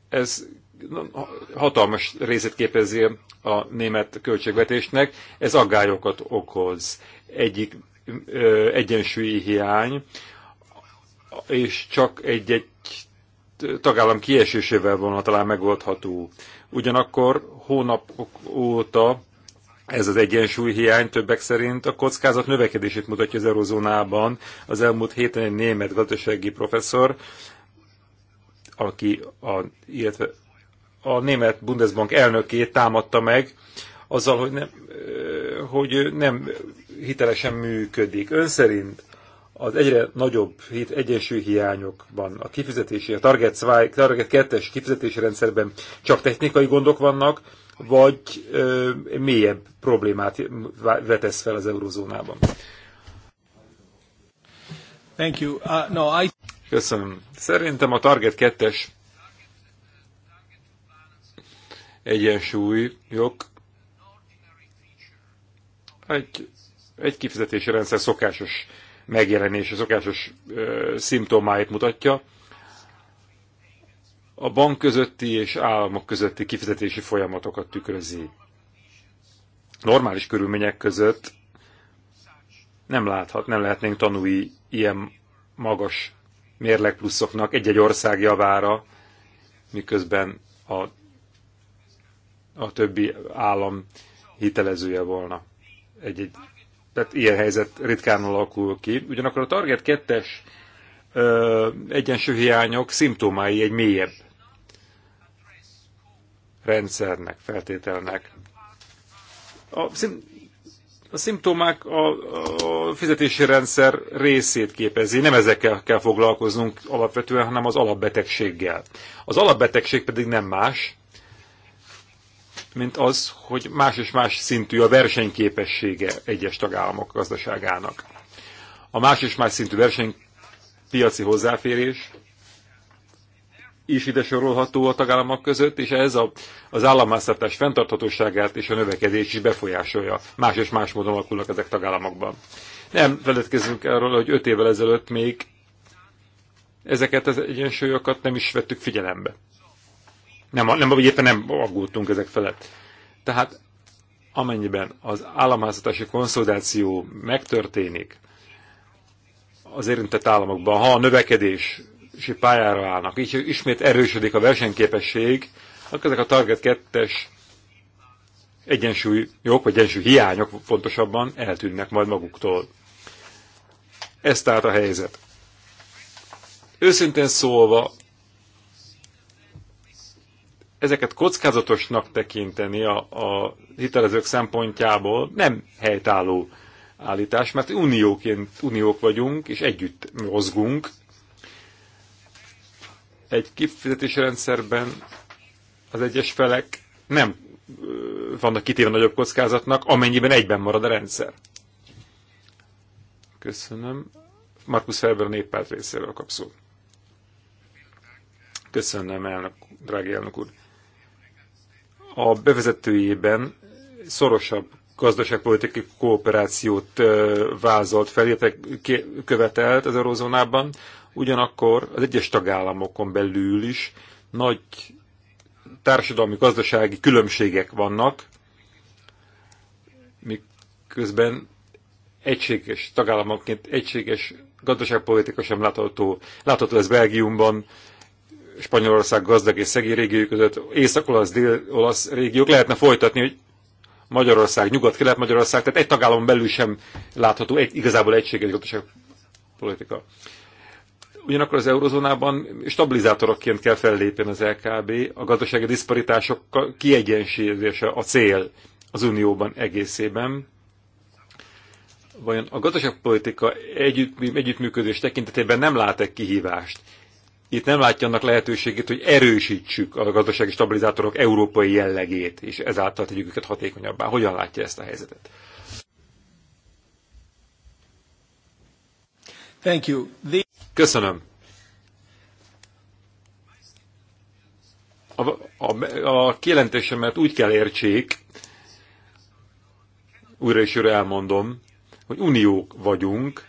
ez hatalmas részét képezi a német költségvetésnek, ez aggályokat okoz. Egyik ö, egyensúlyi hiány, és csak egy-egy tagállam kiesésével volna talán megoldható. Ugyanakkor hónapok óta ez az egyensúlyhiány többek szerint a kockázat növekedését mutatja az eurozónában. Az elmúlt héten egy német gazdasági professzor, aki a, illetve a német Bundesbank elnökét támadta meg, azzal, hogy nem, hogy nem hitelesen működik. Ön szerint az egyre nagyobb egyensúly hiányokban a kifizetési, a Target, 2, Target 2-es kifizetési rendszerben csak technikai gondok vannak, vagy ö, mélyebb problémát vetesz fel az eurozónában. Thank you. Uh, no, I... Köszönöm. Szerintem a Target 2-es egyensúlyok egy, egy kifizetési rendszer szokásos a szokásos ö, szimptomáit mutatja. A bank közötti és államok közötti kifizetési folyamatokat tükrözi. Normális körülmények között nem, láthat, nem lehetnénk tanúi ilyen magas mérleg pluszoknak egy-egy ország javára, miközben a, a többi állam hitelezője volna egy-egy tehát ilyen helyzet ritkán alakul ki. Ugyanakkor a Target 2-es egyensúlyhiányok szimptomái egy mélyebb rendszernek, feltételnek. A, szim, a szimptomák a, a fizetési rendszer részét képezi, nem ezekkel kell foglalkoznunk alapvetően, hanem az alapbetegséggel. Az alapbetegség pedig nem más, mint az, hogy más és más szintű a versenyképessége egyes tagállamok gazdaságának. A más és más szintű versenypiaci hozzáférés is ide sorolható a tagállamok között, és ez a, az államháztartás fenntarthatóságát és a növekedés is befolyásolja. Más és más módon alakulnak ezek tagállamokban. Nem feledkezzünk arról, hogy öt évvel ezelőtt még ezeket az egyensúlyokat nem is vettük figyelembe. Nem, nem, vagy éppen nem aggódtunk ezek felett. Tehát amennyiben az államháztatási konszolidáció megtörténik az érintett államokban, ha a növekedési pályára állnak, így ismét erősödik a versenyképesség, akkor ezek a Target 2-es egyensúlyok, vagy egyensúly hiányok pontosabban eltűnnek majd maguktól. Ez tehát a helyzet. Őszintén szólva, ezeket kockázatosnak tekinteni a, a hitelezők szempontjából nem helytálló állítás, mert unióként uniók vagyunk, és együtt mozgunk. Egy kifizetési rendszerben az egyes felek nem vannak kitéve nagyobb kockázatnak, amennyiben egyben marad a rendszer. Köszönöm. Markus Ferber a néppárt részéről kapszol. Köszönöm, elnök, drági elnök úr a bevezetőjében szorosabb gazdaságpolitikai kooperációt vázolt fel, illetve követelt az eurozónában, ugyanakkor az egyes tagállamokon belül is nagy társadalmi, gazdasági különbségek vannak, miközben egységes tagállamokként egységes gazdaságpolitika sem látható. Látható ez Belgiumban, Spanyolország gazdag és szegény régiói között, észak-olasz, dél-olasz régiók, lehetne folytatni, hogy Magyarország, Nyugat-Kelet-Magyarország, tehát egy tagállamon belül sem látható egy, igazából egységes politika. Ugyanakkor az eurozónában stabilizátorokként kell fellépni az LKB, a gazdasági diszparitások kiegyensúlyozása a cél az unióban egészében. Vajon a gazdaságpolitika együtt, együttműködés tekintetében nem lát egy kihívást? itt nem látja annak lehetőségét, hogy erősítsük a gazdasági stabilizátorok európai jellegét, és ezáltal tegyük őket hatékonyabbá. Hogyan látja ezt a helyzetet? Thank you. The... Köszönöm. A, a, a kielentésemet úgy kell értsék, újra és újra elmondom, hogy uniók vagyunk,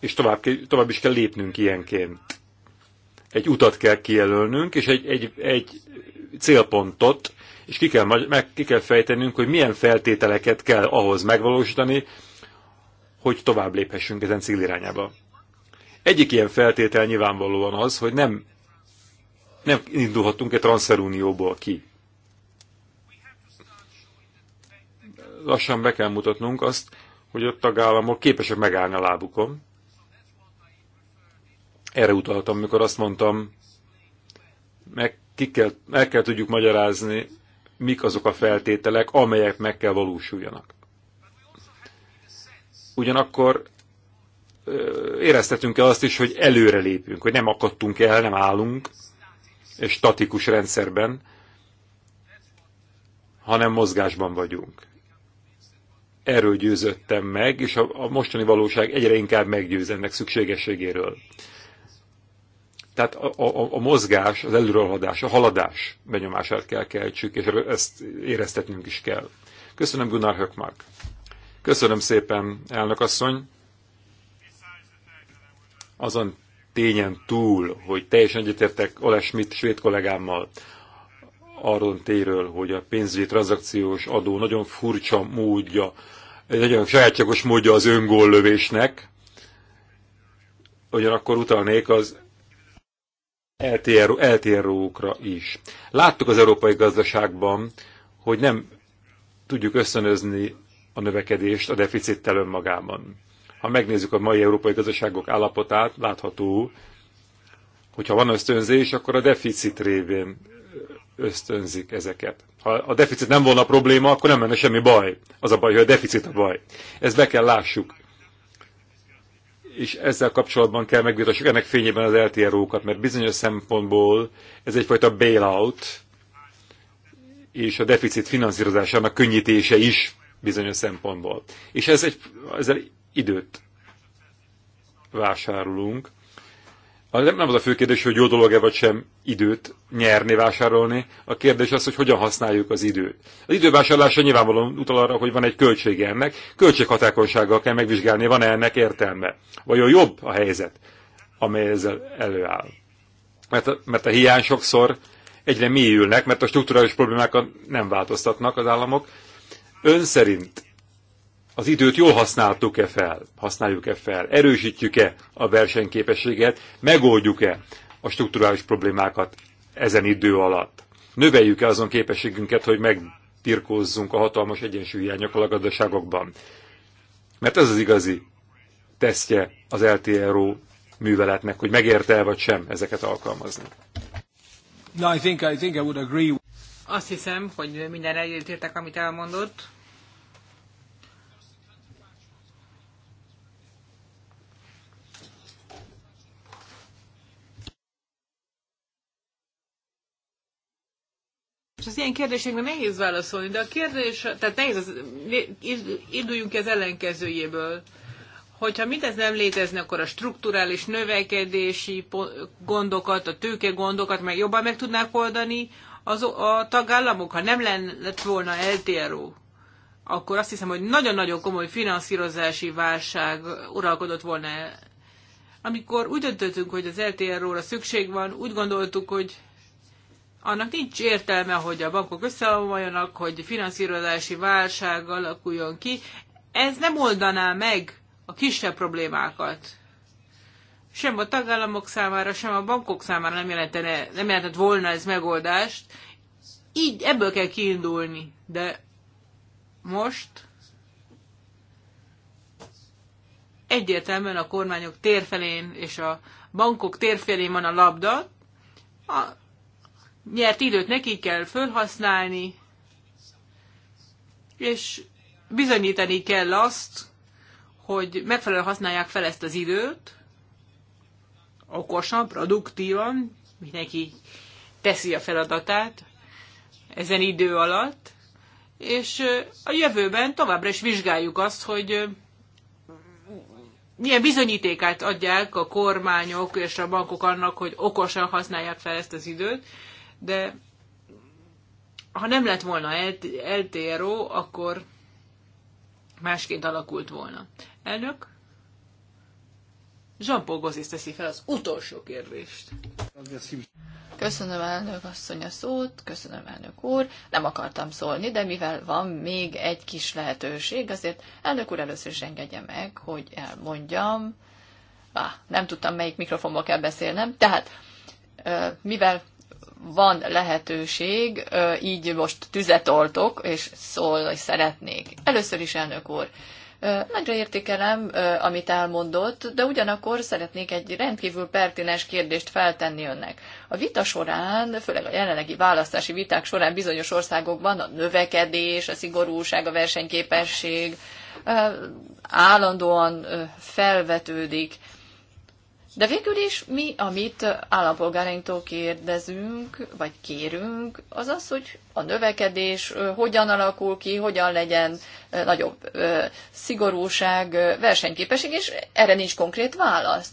és tovább, tovább is kell lépnünk ilyenként egy utat kell kijelölnünk, és egy, egy, egy célpontot, és ki kell, meg, ki kell fejtenünk, hogy milyen feltételeket kell ahhoz megvalósítani, hogy tovább léphessünk ezen irányába. Egyik ilyen feltétel nyilvánvalóan az, hogy nem, nem indulhatunk egy transferunióból ki. Lassan be kell mutatnunk azt, hogy a tagállamok képesek megállni a lábukon, erre utaltam, mikor azt mondtam, meg, ki kell, meg kell tudjuk magyarázni, mik azok a feltételek, amelyek meg kell valósuljanak. Ugyanakkor éreztetünk el azt is, hogy előre lépünk, hogy nem akadtunk el, nem állunk egy statikus rendszerben, hanem mozgásban vagyunk. Erről győzöttem meg, és a mostani valóság egyre inkább meggyőz ennek szükségességéről. Tehát a, a, a mozgás, az előrehaladás, a haladás benyomását kell keltsük, és ezt éreztetnünk is kell. Köszönöm Gunnar Hökmark. Köszönöm szépen, elnök asszony. Azon tényen túl, hogy teljesen egyetértek Ole Schmidt svéd kollégámmal arról téről, hogy a pénzügyi tranzakciós adó nagyon furcsa módja, egy nagyon sajátságos módja az öngóllövésnek, ugyanakkor utalnék az LTR, LTRO-kra is. Láttuk az európai gazdaságban, hogy nem tudjuk összönözni a növekedést a deficittel önmagában. Ha megnézzük a mai európai gazdaságok állapotát, látható, hogyha van ösztönzés, akkor a deficit révén ösztönzik ezeket. Ha a deficit nem volna probléma, akkor nem lenne semmi baj. Az a baj, hogy a deficit a baj. Ezt be kell lássuk és ezzel kapcsolatban kell megvitassuk ennek fényében az LTRO-kat, mert bizonyos szempontból ez egyfajta bailout, és a deficit finanszírozásának könnyítése is bizonyos szempontból. És ez egy, ezzel időt vásárolunk, nem az a fő kérdés, hogy jó dolog-e vagy sem időt nyerni, vásárolni. A kérdés az, hogy hogyan használjuk az időt. Az idővásárlása nyilvánvalóan utal arra, hogy van egy költsége ennek. Költséghatákonysággal kell megvizsgálni, van-e ennek értelme. Vajon jobb a helyzet, amely ezzel előáll. Mert a, mert a hiány sokszor egyre mélyülnek, mert a strukturális problémákat nem változtatnak az államok. Ön szerint az időt jól használtuk-e fel, használjuk-e fel, erősítjük-e a versenyképességet, megoldjuk-e a strukturális problémákat ezen idő alatt. Növeljük-e azon képességünket, hogy megbirkózzunk a hatalmas egyensúlyhiányokkal a gazdaságokban. Mert ez az igazi tesztje az LTRO műveletnek, hogy megérte el vagy sem ezeket alkalmazni. No, I think, I think I would agree. Azt hiszem, hogy minden egyetértek, amit elmondott. és az ilyen kérdésekre nehéz válaszolni, de a kérdés, tehát nehéz, az, induljunk ki az ellenkezőjéből. Hogyha mindez nem létezne, akkor a strukturális növekedési gondokat, a tőke gondokat meg jobban meg tudnák oldani az, a tagállamok. Ha nem lett volna LTRO, akkor azt hiszem, hogy nagyon-nagyon komoly finanszírozási válság uralkodott volna. Amikor úgy döntöttünk, hogy az LTRO-ra szükség van, úgy gondoltuk, hogy annak nincs értelme, hogy a bankok összeomoljanak, hogy finanszírozási válság alakuljon ki. Ez nem oldaná meg a kisebb problémákat. Sem a tagállamok számára, sem a bankok számára nem, jelentene, nem jelentett volna ez megoldást. Így ebből kell kiindulni. De most egyértelműen a kormányok térfelén és a bankok térfelén van a labda, a nyert időt neki kell fölhasználni, és bizonyítani kell azt, hogy megfelelően használják fel ezt az időt, okosan, produktívan, mindenki teszi a feladatát ezen idő alatt, és a jövőben továbbra is vizsgáljuk azt, hogy milyen bizonyítékát adják a kormányok és a bankok annak, hogy okosan használják fel ezt az időt, de ha nem lett volna LTRO, akkor másként alakult volna. Elnök, Jean-Paul Gossis teszi fel az utolsó kérdést. Köszönöm elnök asszony a szót, köszönöm elnök úr. Nem akartam szólni, de mivel van még egy kis lehetőség, azért elnök úr először is engedje meg, hogy elmondjam. Ah, nem tudtam, melyik mikrofonba kell beszélnem. Tehát, mivel van lehetőség, így most tüzet oltok, és hogy szeretnék. Először is, elnök úr, nagyra értékelem, amit elmondott, de ugyanakkor szeretnék egy rendkívül pertinens kérdést feltenni önnek. A vita során, főleg a jelenlegi választási viták során bizonyos országokban a növekedés, a szigorúság, a versenyképesség állandóan felvetődik. De végül is mi, amit állampolgárainktól kérdezünk, vagy kérünk, az az, hogy a növekedés hogyan alakul ki, hogyan legyen nagyobb szigorúság, versenyképesség, és erre nincs konkrét válasz.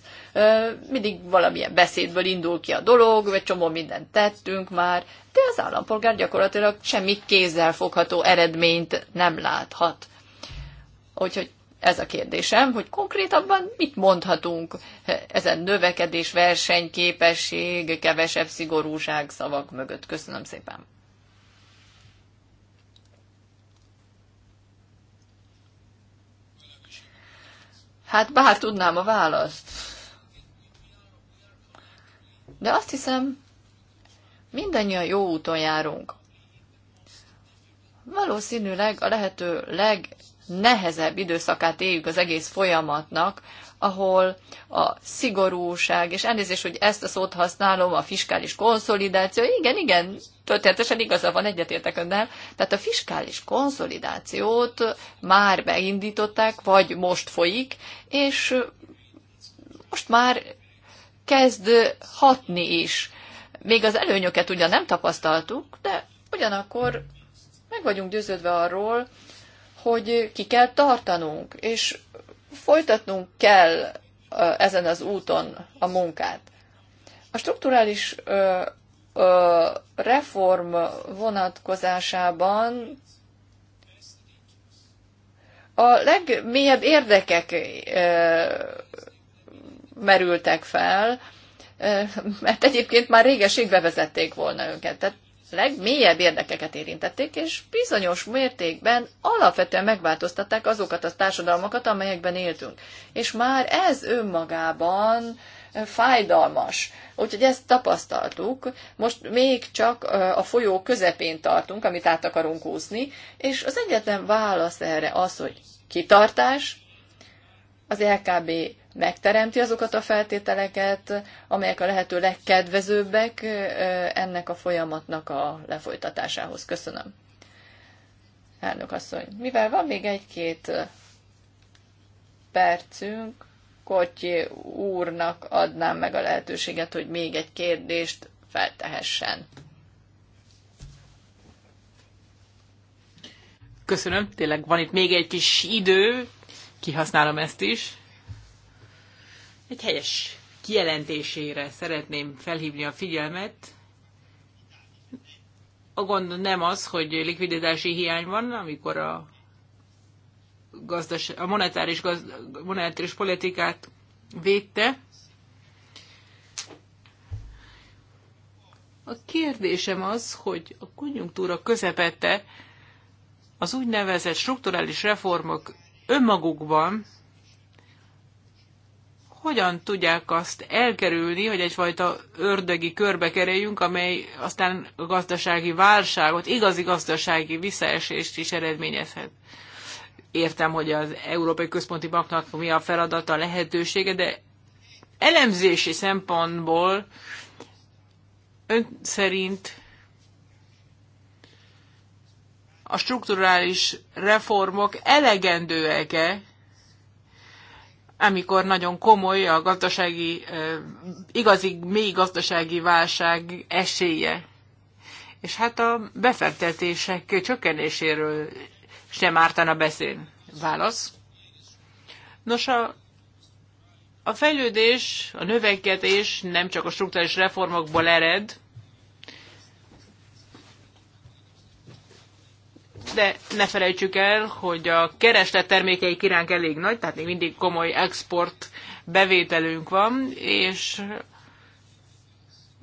Mindig valamilyen beszédből indul ki a dolog, vagy csomó mindent tettünk már, de az állampolgár gyakorlatilag semmi kézzel fogható eredményt nem láthat. Úgyhogy ez a kérdésem, hogy konkrétabban mit mondhatunk ezen növekedés, versenyképesség, kevesebb szigorúság szavak mögött. Köszönöm szépen. Hát bár tudnám a választ. De azt hiszem, mindannyian jó úton járunk. Valószínűleg a lehető leg nehezebb időszakát éljük az egész folyamatnak, ahol a szigorúság, és elnézést, hogy ezt a szót használom, a fiskális konszolidáció, igen, igen, történetesen igaza van, egyetértek önnel, tehát a fiskális konszolidációt már beindították, vagy most folyik, és most már kezd hatni is. Még az előnyöket ugyan nem tapasztaltuk, de ugyanakkor meg vagyunk győződve arról, hogy ki kell tartanunk, és folytatnunk kell ezen az úton a munkát. A strukturális reform vonatkozásában a legmélyebb érdekek merültek fel, mert egyébként már réges bevezették volna őket. Tehát legmélyebb érdekeket érintették, és bizonyos mértékben alapvetően megváltoztatták azokat a társadalmakat, amelyekben éltünk. És már ez önmagában eh, fájdalmas. Úgyhogy ezt tapasztaltuk. Most még csak eh, a folyó közepén tartunk, amit át akarunk úszni, és az egyetlen válasz erre az, hogy kitartás, az LKB megteremti azokat a feltételeket, amelyek a lehető legkedvezőbbek ennek a folyamatnak a lefolytatásához. Köszönöm. Elnök asszony, mivel van még egy-két percünk, Kotyi úrnak adnám meg a lehetőséget, hogy még egy kérdést feltehessen. Köszönöm, tényleg van itt még egy kis idő, kihasználom ezt is egy helyes kijelentésére szeretném felhívni a figyelmet. A gond nem az, hogy likviditási hiány van, amikor a, gazdas, a monetáris, gaz, monetáris politikát védte. A kérdésem az, hogy a konjunktúra közepette az úgynevezett strukturális reformok önmagukban hogyan tudják azt elkerülni, hogy egyfajta ördögi körbe kerüljünk, amely aztán gazdasági válságot, igazi gazdasági visszaesést is eredményezhet. Értem, hogy az Európai Központi Banknak mi a feladata, a lehetősége, de elemzési szempontból ön szerint a strukturális reformok elegendőek-e amikor nagyon komoly a gazdasági, igazi, mély gazdasági válság esélye. És hát a befektetések csökkenéséről sem ártana beszélni. Válasz. Nos, a, a fejlődés, a növekedés nem csak a struktúrális reformokból ered, de ne felejtsük el, hogy a kereslet termékei iránk elég nagy, tehát még mindig komoly export bevételünk van, és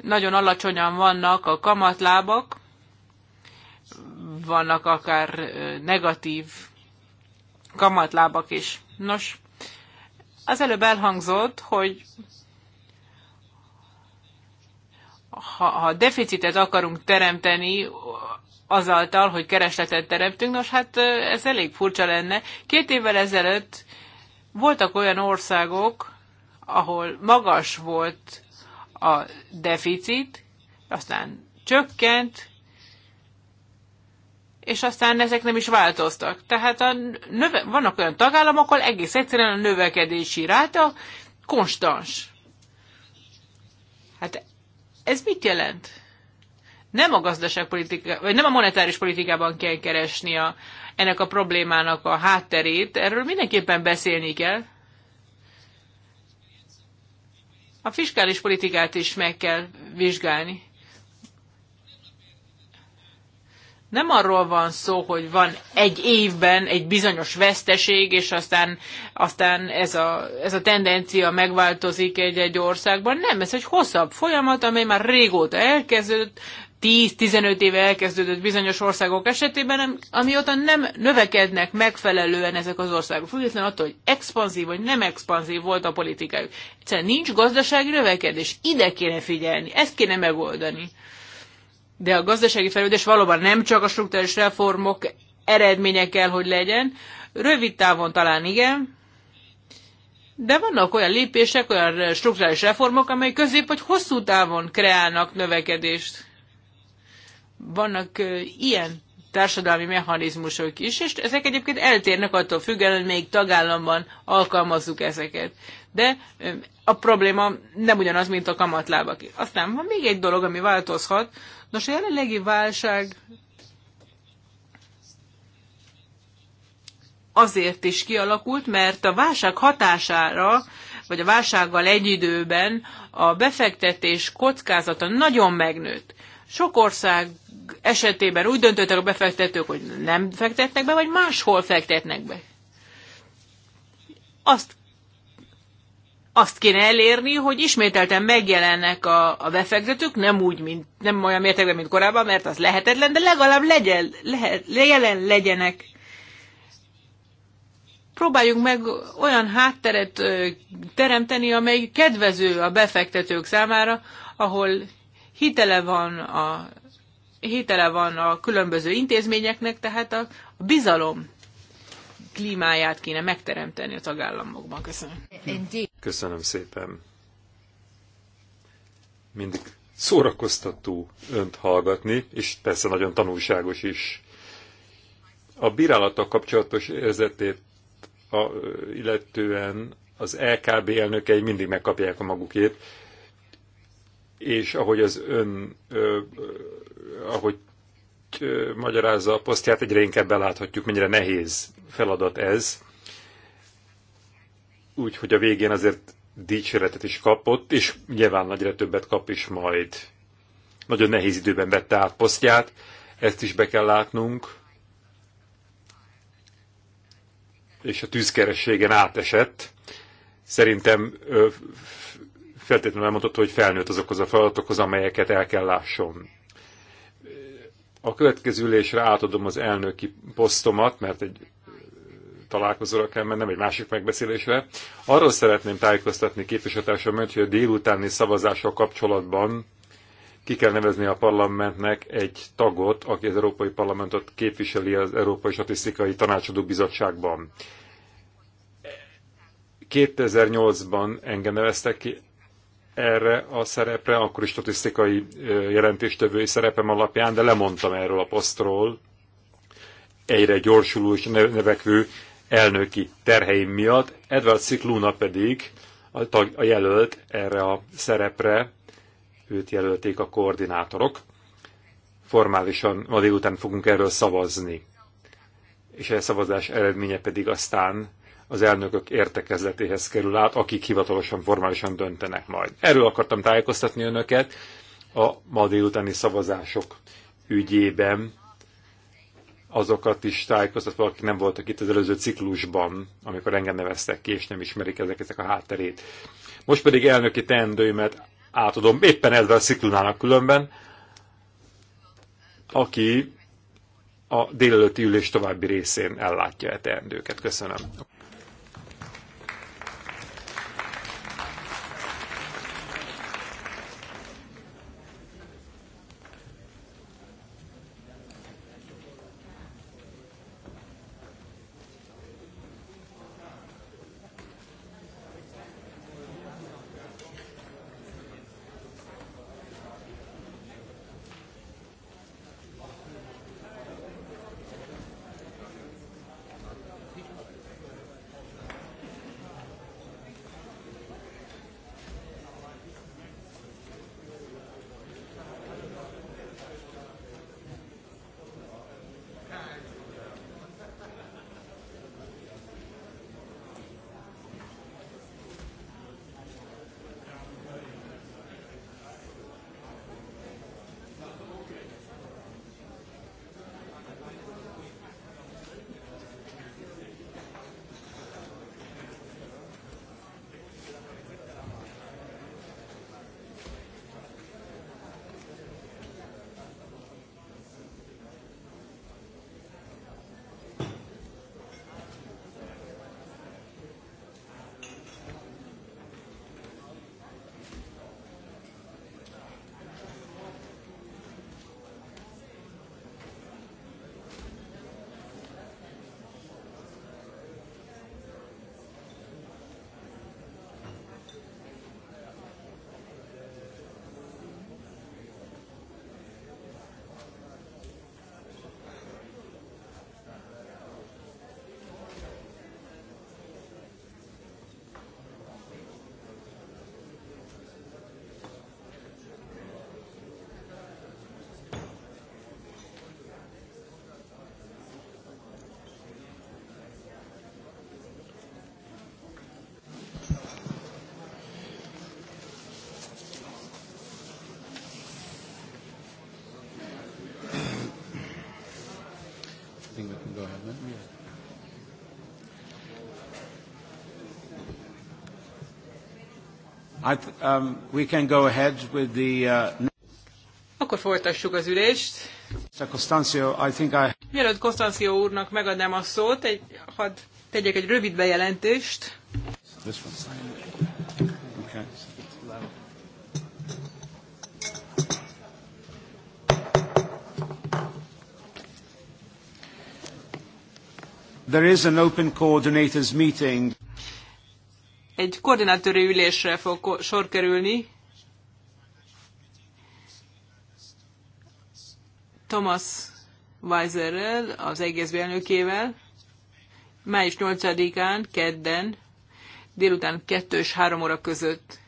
nagyon alacsonyan vannak a kamatlábak, vannak akár negatív kamatlábak is. Nos, az előbb elhangzott, hogy ha, ha deficitet akarunk teremteni azáltal, hogy keresletet teremtünk. Nos, hát ez elég furcsa lenne. Két évvel ezelőtt voltak olyan országok, ahol magas volt a deficit, aztán csökkent, és aztán ezek nem is változtak. Tehát a növe- vannak olyan tagállamok, ahol egész egyszerűen a növekedési ráta konstans. Hát ez mit jelent? nem a gazdaságpolitika, vagy nem a monetáris politikában kell keresni a, ennek a problémának a hátterét, erről mindenképpen beszélni kell. A fiskális politikát is meg kell vizsgálni. Nem arról van szó, hogy van egy évben egy bizonyos veszteség, és aztán, aztán ez, a, ez a tendencia megváltozik egy-egy országban. Nem, ez egy hosszabb folyamat, amely már régóta elkezdődött, 10-15 éve elkezdődött bizonyos országok esetében, amióta nem növekednek megfelelően ezek az országok, függetlenül attól, hogy expanzív vagy nem expanzív volt a politikájuk. Egyszerűen nincs gazdasági növekedés, ide kéne figyelni, ezt kéne megoldani. De a gazdasági fejlődés valóban nem csak a struktúrális reformok eredménye kell, hogy legyen. Rövid távon talán igen, de vannak olyan lépések, olyan struktúrális reformok, amely közép vagy hosszú távon kreálnak növekedést vannak ilyen társadalmi mechanizmusok is, és ezek egyébként eltérnek attól függően, hogy melyik tagállamban alkalmazzuk ezeket. De a probléma nem ugyanaz, mint a kamatlábak. Aztán van még egy dolog, ami változhat. Nos, a jelenlegi válság azért is kialakult, mert a válság hatására, vagy a válsággal egy időben a befektetés kockázata nagyon megnőtt. Sok ország esetében úgy döntöttek a befektetők, hogy nem fektetnek be, vagy máshol fektetnek be. Azt, azt kéne elérni, hogy ismételten megjelennek a, a befektetők, nem úgy, mint, nem olyan mértékben, mint korábban, mert az lehetetlen, de legalább legyen, lehet, jelen legyenek próbáljunk meg olyan hátteret teremteni, amely kedvező a befektetők számára, ahol hitele van a hitele van a különböző intézményeknek, tehát a bizalom klímáját kéne megteremteni a tagállamokban. Köszönöm. Köszönöm szépen. Mindig szórakoztató önt hallgatni, és persze nagyon tanulságos is. A bírálattal kapcsolatos érzetét a, illetően az LKB elnökei mindig megkapják a magukét, és ahogy az ön ö, ö, ahogy magyarázza a posztját, egyre inkább beláthatjuk, mennyire nehéz feladat ez. Úgyhogy a végén azért dicséretet is kapott, és nyilván nagyra többet kap is majd. Nagyon nehéz időben vette át posztját, ezt is be kell látnunk. És a tűzkerességen átesett. Szerintem feltétlenül elmondott, hogy felnőtt azokhoz a feladatokhoz, amelyeket el kell lásson a következő ülésre átadom az elnöki posztomat, mert egy találkozóra kell mennem, egy másik megbeszélésre. Arról szeretném tájékoztatni képviselőtársamat, hogy a délutáni szavazással kapcsolatban ki kell nevezni a parlamentnek egy tagot, aki az Európai Parlamentot képviseli az Európai Statisztikai Tanácsadó Bizottságban. 2008-ban engem neveztek ki erre a szerepre, akkor is statisztikai jelentéstevői szerepem alapján, de lemondtam erről a posztról egyre gyorsuló és növekvő elnöki terheim miatt. Edward C. Luna pedig a, tag, a jelölt erre a szerepre, őt jelölték a koordinátorok. Formálisan ma délután fogunk erről szavazni. És a szavazás eredménye pedig aztán az elnökök értekezletéhez kerül át, akik hivatalosan, formálisan döntenek majd. Erről akartam tájékoztatni önöket a ma délutáni szavazások ügyében, azokat is tájékoztatva, akik nem voltak itt az előző ciklusban, amikor engem neveztek ki, és nem ismerik ezek, ezek a hátterét. Most pedig elnöki teendőimet átadom éppen ezzel a ciklunának különben, aki a délelőtti ülés további részén ellátja a teendőket. Köszönöm. Um, uh, Akkor folytassuk az ülést. I think I... Mielőtt Costancio úrnak megadnám a szót, egy, hadd tegyek egy rövid bejelentést. This one. There is an open coordinators meeting egy koordinátori ülésre fog sor kerülni. Thomas Weiserrel, az egész elnökével, május 8-án, kedden, délután 2 és 3 óra között.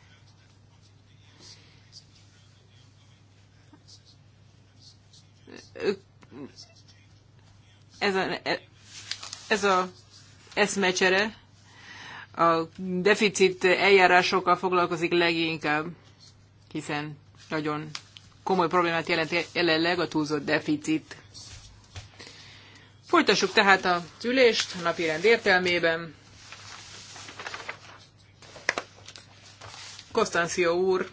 Ez a, e, ez a eszmecsere a deficit eljárásokkal foglalkozik leginkább, hiszen nagyon komoly problémát jelent jelenleg a túlzott deficit. Folytassuk tehát a ülést a rend értelmében. Kostancio úr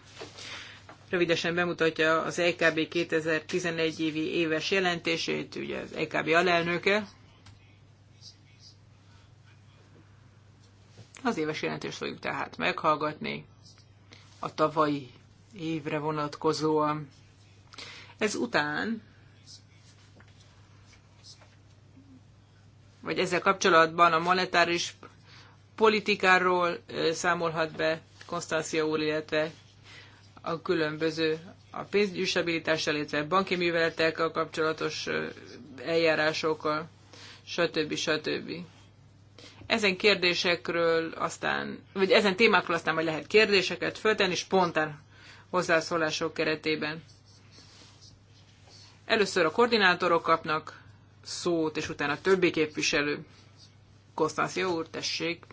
rövidesen bemutatja az EKB 2011 évi éves jelentését, ugye az EKB alelnöke. Az éves jelentést fogjuk tehát meghallgatni a tavalyi évre vonatkozóan. Ez után, vagy ezzel kapcsolatban a monetáris politikáról számolhat be Konstancia úr, illetve a különböző a pénzügyi stabilitással, illetve banki műveletekkel kapcsolatos eljárásokkal, stb. stb. Ezen kérdésekről aztán, vagy ezen témákról aztán majd lehet kérdéseket föltenni, spontán hozzászólások keretében. Először a koordinátorok kapnak szót, és utána a többi képviselő. Konstanció úr, tessék,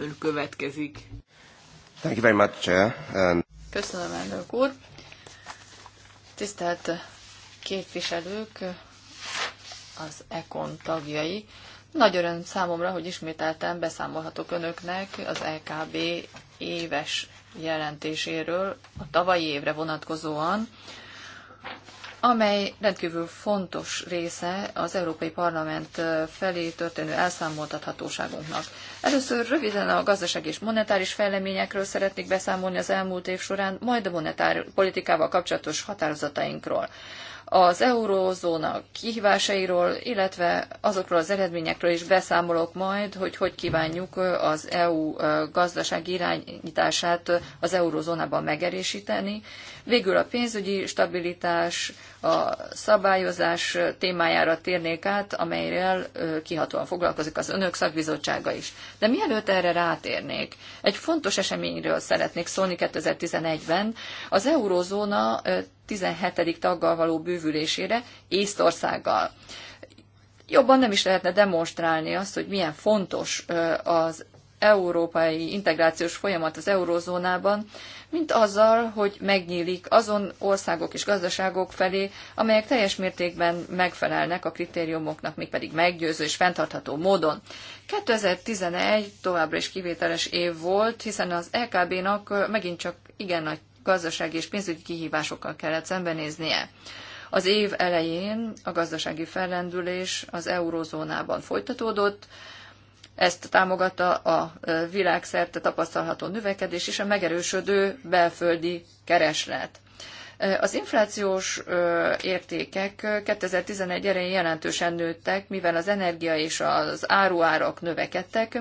ön következik. Thank you very much, and... Köszönöm, elnök úr. Tisztelt képviselők, az ECON tagjai. Nagy öröm számomra, hogy ismételten beszámolhatok önöknek az LKB éves jelentéséről a tavalyi évre vonatkozóan, amely rendkívül fontos része az Európai Parlament felé történő elszámoltathatóságunknak. Először röviden a gazdaság és monetáris fejleményekről szeretnék beszámolni az elmúlt év során, majd a monetár politikával kapcsolatos határozatainkról az eurózóna kihívásairól, illetve azokról az eredményekről is beszámolok majd, hogy hogy kívánjuk az EU gazdaság irányítását az eurózónában megerősíteni, Végül a pénzügyi stabilitás, a szabályozás témájára térnék át, amelyről kihatóan foglalkozik az önök szakbizottsága is. De mielőtt erre rátérnék, egy fontos eseményről szeretnék szólni 2011-ben, az eurozóna 17. taggal való bővülésére Észtországgal jobban nem is lehetne demonstrálni azt, hogy milyen fontos az európai integrációs folyamat az eurozónában, mint azzal, hogy megnyílik azon országok és gazdaságok felé, amelyek teljes mértékben megfelelnek a kritériumoknak, mégpedig meggyőző és fenntartható módon. 2011 továbbra is kivételes év volt, hiszen az LKB-nak e megint csak igen nagy gazdasági és pénzügyi kihívásokkal kellett szembenéznie. Az év elején a gazdasági fellendülés az eurozónában folytatódott, ezt támogatta a világszerte tapasztalható növekedés és a megerősödő belföldi kereslet. Az inflációs értékek 2011 erején jelentősen nőttek, mivel az energia és az áruárak növekedtek,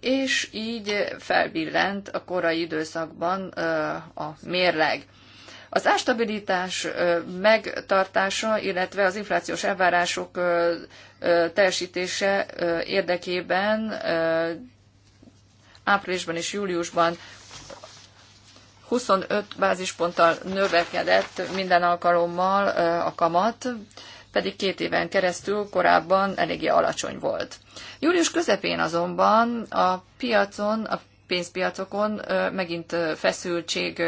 és így felbillent a korai időszakban a mérleg. Az ástabilitás megtartása, illetve az inflációs elvárások teljesítése érdekében áprilisban és júliusban 25 bázisponttal növekedett minden alkalommal a kamat, pedig két éven keresztül korábban eléggé alacsony volt. Július közepén azonban a piacon a pénzpiacokon megint feszültség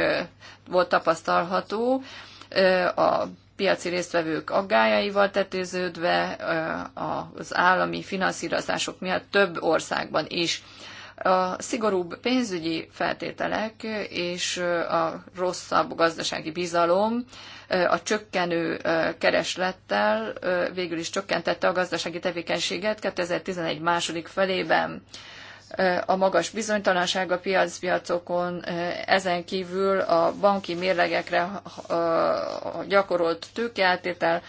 volt tapasztalható, a piaci résztvevők aggájaival tetőződve az állami finanszírozások miatt több országban is. A szigorúbb pénzügyi feltételek és a rosszabb gazdasági bizalom a csökkenő kereslettel végül is csökkentette a gazdasági tevékenységet 2011 második felében a magas bizonytalanság a piacpiacokon, ezen kívül a banki mérlegekre gyakorolt tőkeáltétel,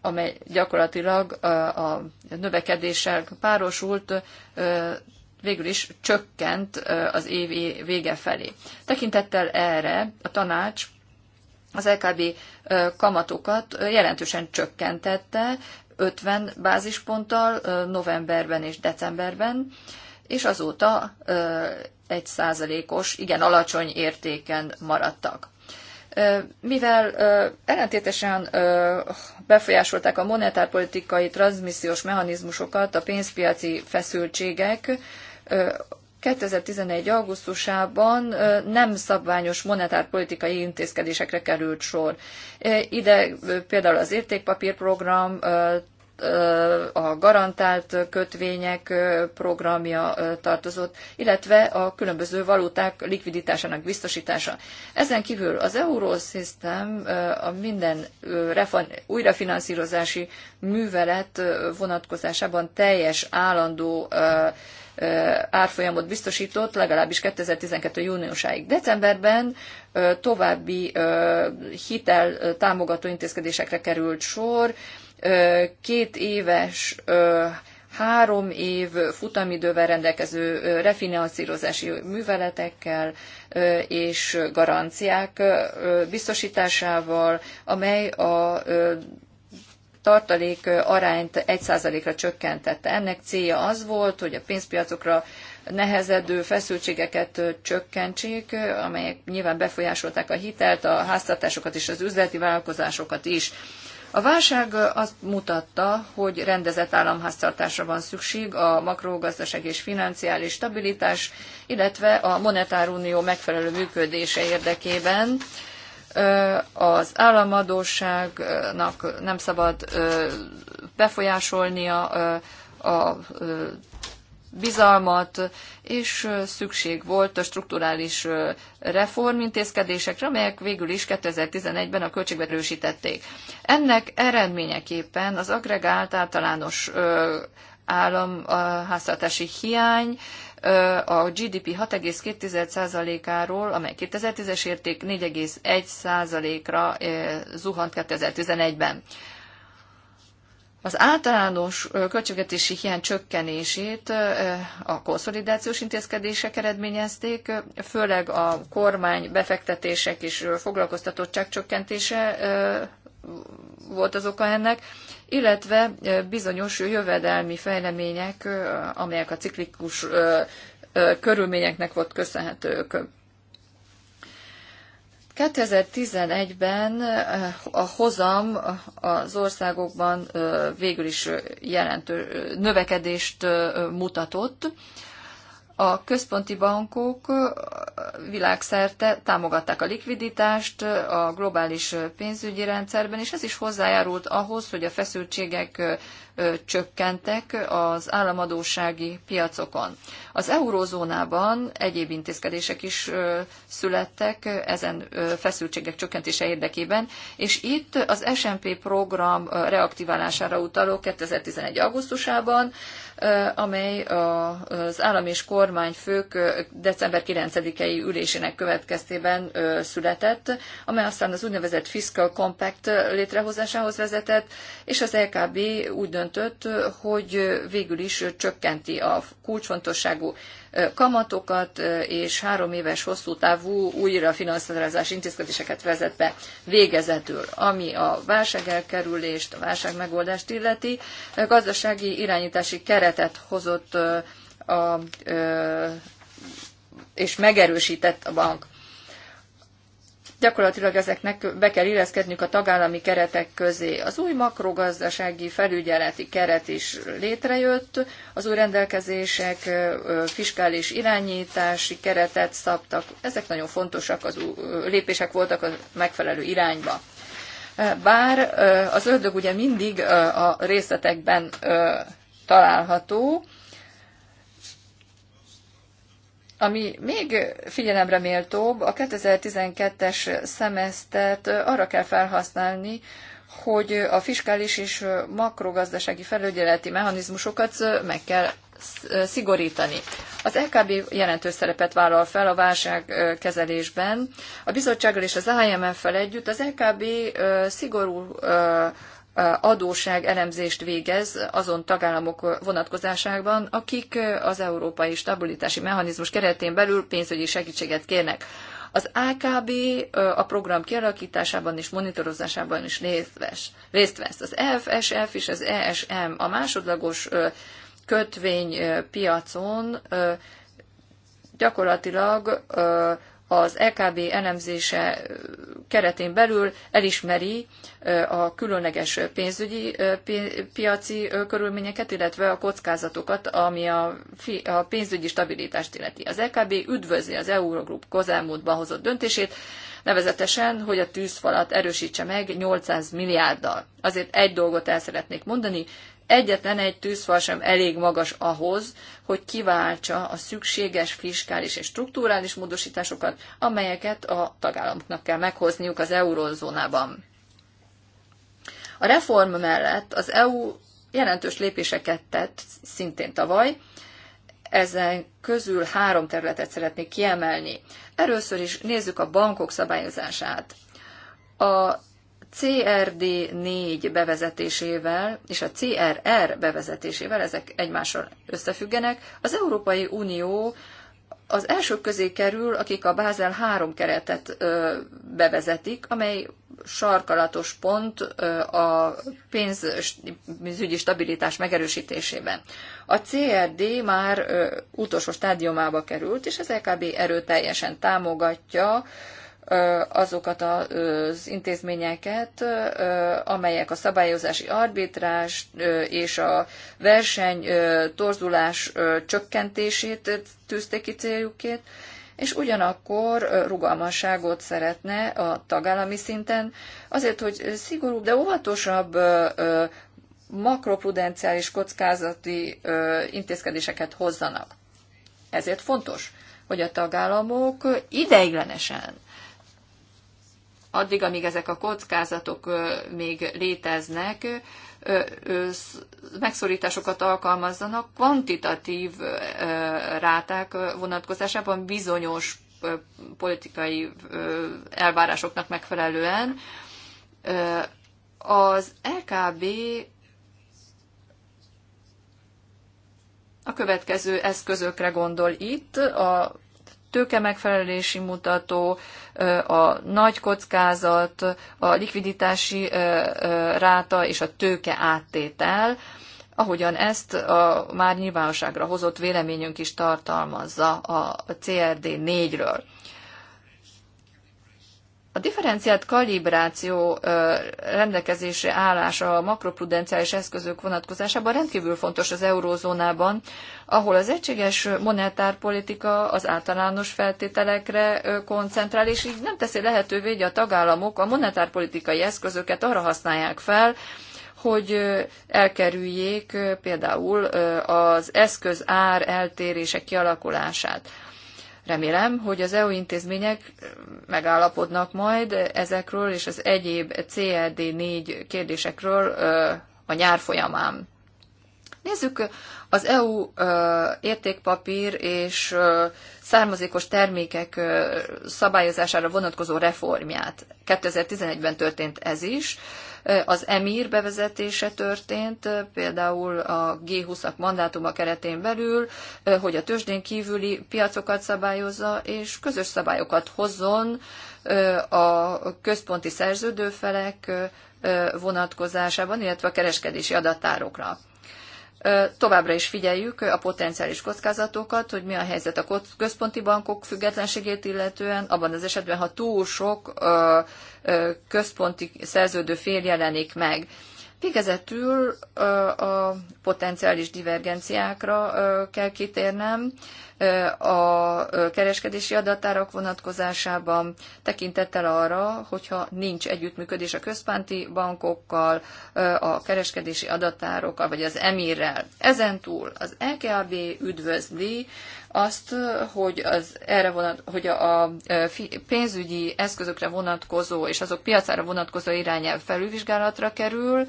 amely gyakorlatilag a növekedéssel párosult, végül is csökkent az év vége felé. Tekintettel erre a tanács az LKB kamatokat jelentősen csökkentette, 50 bázisponttal novemberben és decemberben, és azóta egy százalékos, igen alacsony értéken maradtak. Mivel ellentétesen befolyásolták a monetárpolitikai transmissziós mechanizmusokat a pénzpiaci feszültségek, 2011. augusztusában nem szabványos monetárpolitikai intézkedésekre került sor. Ide például az értékpapírprogram a garantált kötvények programja tartozott, illetve a különböző valuták likviditásának biztosítása. Ezen kívül az Eurosystem a minden újrafinanszírozási művelet vonatkozásában teljes állandó árfolyamot biztosított, legalábbis 2012. júniusáig. Decemberben további hitel támogató intézkedésekre került sor, két éves, három év futamidővel rendelkező refinanszírozási műveletekkel és garanciák biztosításával, amely a tartalék arányt 1%-ra csökkentette. Ennek célja az volt, hogy a pénzpiacokra nehezedő feszültségeket csökkentsék, amelyek nyilván befolyásolták a hitelt, a háztartásokat és az üzleti vállalkozásokat is. A válság azt mutatta, hogy rendezett államháztartásra van szükség a makrogazdaság és financiális stabilitás, illetve a monetárunió megfelelő működése érdekében. Az államadóságnak nem szabad befolyásolnia a bizalmat, és szükség volt a strukturális reformintézkedésekre, amelyek végül is 2011-ben a erősítették. Ennek eredményeképpen az agregált általános államháztartási hiány a GDP 6,2%-áról, amely 2010-es érték 4,1%-ra zuhant 2011-ben. Az általános költségvetési hiány csökkenését a konszolidációs intézkedések eredményezték, főleg a kormány befektetések és foglalkoztatottság csökkentése volt az oka ennek, illetve bizonyos jövedelmi fejlemények, amelyek a ciklikus körülményeknek volt köszönhetők. 2011-ben eh, a hozam az országokban eh, végül is eh, jelentő növekedést mutatott, a központi bankok világszerte támogatták a likviditást a globális pénzügyi rendszerben, és ez is hozzájárult ahhoz, hogy a feszültségek csökkentek az államadósági piacokon. Az eurózónában egyéb intézkedések is születtek ezen feszültségek csökkentése érdekében, és itt az SMP program reaktiválására utaló 2011. augusztusában amely az állam és kormányfők december 9-i ülésének következtében született, amely aztán az úgynevezett Fiscal Compact létrehozásához vezetett, és az LKB úgy döntött, hogy végül is csökkenti a kulcsfontosságú kamatokat és három éves hosszú távú újrafinanszírozási intézkedéseket vezet be végezetül, ami a válságelkerülést, a válságmegoldást illeti. gazdasági irányítási keretet hozott a, és megerősített a bank gyakorlatilag ezeknek be kell illeszkedniük a tagállami keretek közé. Az új makrogazdasági felügyeleti keret is létrejött, az új rendelkezések fiskális irányítási keretet szabtak, ezek nagyon fontosak, az lépések voltak a megfelelő irányba. Bár az ördög ugye mindig a részletekben található, ami még figyelemre méltóbb, a 2012-es szemesztet arra kell felhasználni, hogy a fiskális és makrogazdasági felügyeleti mechanizmusokat meg kell szigorítani. Az LKB e jelentős szerepet vállal fel a válságkezelésben. A bizottsággal és az IMF-fel együtt az LKB e szigorú adóság elemzést végez azon tagállamok vonatkozásában, akik az európai stabilitási mechanizmus keretén belül pénzügyi segítséget kérnek. Az AKB a program kialakításában és monitorozásában is részt vesz. Az EFSF és az ESM a másodlagos kötvénypiacon gyakorlatilag az EKB elemzése keretén belül elismeri a különleges pénzügyi piaci körülményeket, illetve a kockázatokat, ami a pénzügyi stabilitást illeti. Az EKB üdvözli az Eurogroup közelmúltban hozott döntését, nevezetesen, hogy a tűzfalat erősítse meg 800 milliárddal. Azért egy dolgot el szeretnék mondani, egyetlen egy tűzfal sem elég magas ahhoz, hogy kiváltsa a szükséges fiskális és strukturális módosításokat, amelyeket a tagállamoknak kell meghozniuk az eurózónában. A reform mellett az EU jelentős lépéseket tett szintén tavaly, ezen közül három területet szeretnék kiemelni. Először is nézzük a bankok szabályozását. A CRD4 bevezetésével és a CRR bevezetésével, ezek egymással összefüggenek, az Európai Unió az elsők közé kerül, akik a Bázel 3 keretet bevezetik, amely sarkalatos pont a pénzügyi stabilitás megerősítésében. A CRD már utolsó stádiumába került, és az LKB erőteljesen támogatja azokat az intézményeket, amelyek a szabályozási arbitrás és a verseny torzulás csökkentését tűzték ki céljuként, és ugyanakkor rugalmasságot szeretne a tagállami szinten, azért, hogy szigorúbb, de óvatosabb makroprudenciális kockázati intézkedéseket hozzanak. Ezért fontos, hogy a tagállamok ideiglenesen addig, amíg ezek a kockázatok még léteznek, megszorításokat alkalmazzanak kvantitatív ráták vonatkozásában bizonyos politikai elvárásoknak megfelelően. Az LKB a következő eszközökre gondol itt, a tőke megfelelési mutató, a nagy kockázat, a likviditási ráta és a tőke áttétel, ahogyan ezt a már nyilvánosságra hozott véleményünk is tartalmazza a CRD 4-ről. A differenciált kalibráció rendelkezésre állása a makroprudenciális eszközök vonatkozásában rendkívül fontos az eurózónában, ahol az egységes monetárpolitika az általános feltételekre koncentrál, és így nem teszi lehetővé, hogy a tagállamok a monetárpolitikai eszközöket arra használják fel, hogy elkerüljék például az eszköz ár eltérések kialakulását. Remélem, hogy az EU intézmények megállapodnak majd ezekről és az egyéb CLD4 e kérdésekről a nyár folyamán. Nézzük az EU értékpapír és származékos termékek szabályozására vonatkozó reformját. 2011-ben történt ez is. Az emír bevezetése történt, például a G20-ak mandátuma keretén belül, hogy a tőzsdén kívüli piacokat szabályozza, és közös szabályokat hozzon a központi szerződőfelek vonatkozásában, illetve a kereskedési adattárokra. Továbbra is figyeljük a potenciális kockázatokat, hogy mi a helyzet a központi bankok függetlenségét illetően, abban az esetben, ha túl sok központi szerződő fél jelenik meg. Végezetül a potenciális divergenciákra kell kitérnem a kereskedési adatárak vonatkozásában tekintettel arra, hogyha nincs együttműködés a központi bankokkal, a kereskedési adatárokkal, vagy az emir EMIR-rel. Ezen túl az EKAB üdvözli azt, hogy az erre vonat, hogy a e, pénzügyi eszközökre vonatkozó és azok piacára vonatkozó irányelv felülvizsgálatra kerül.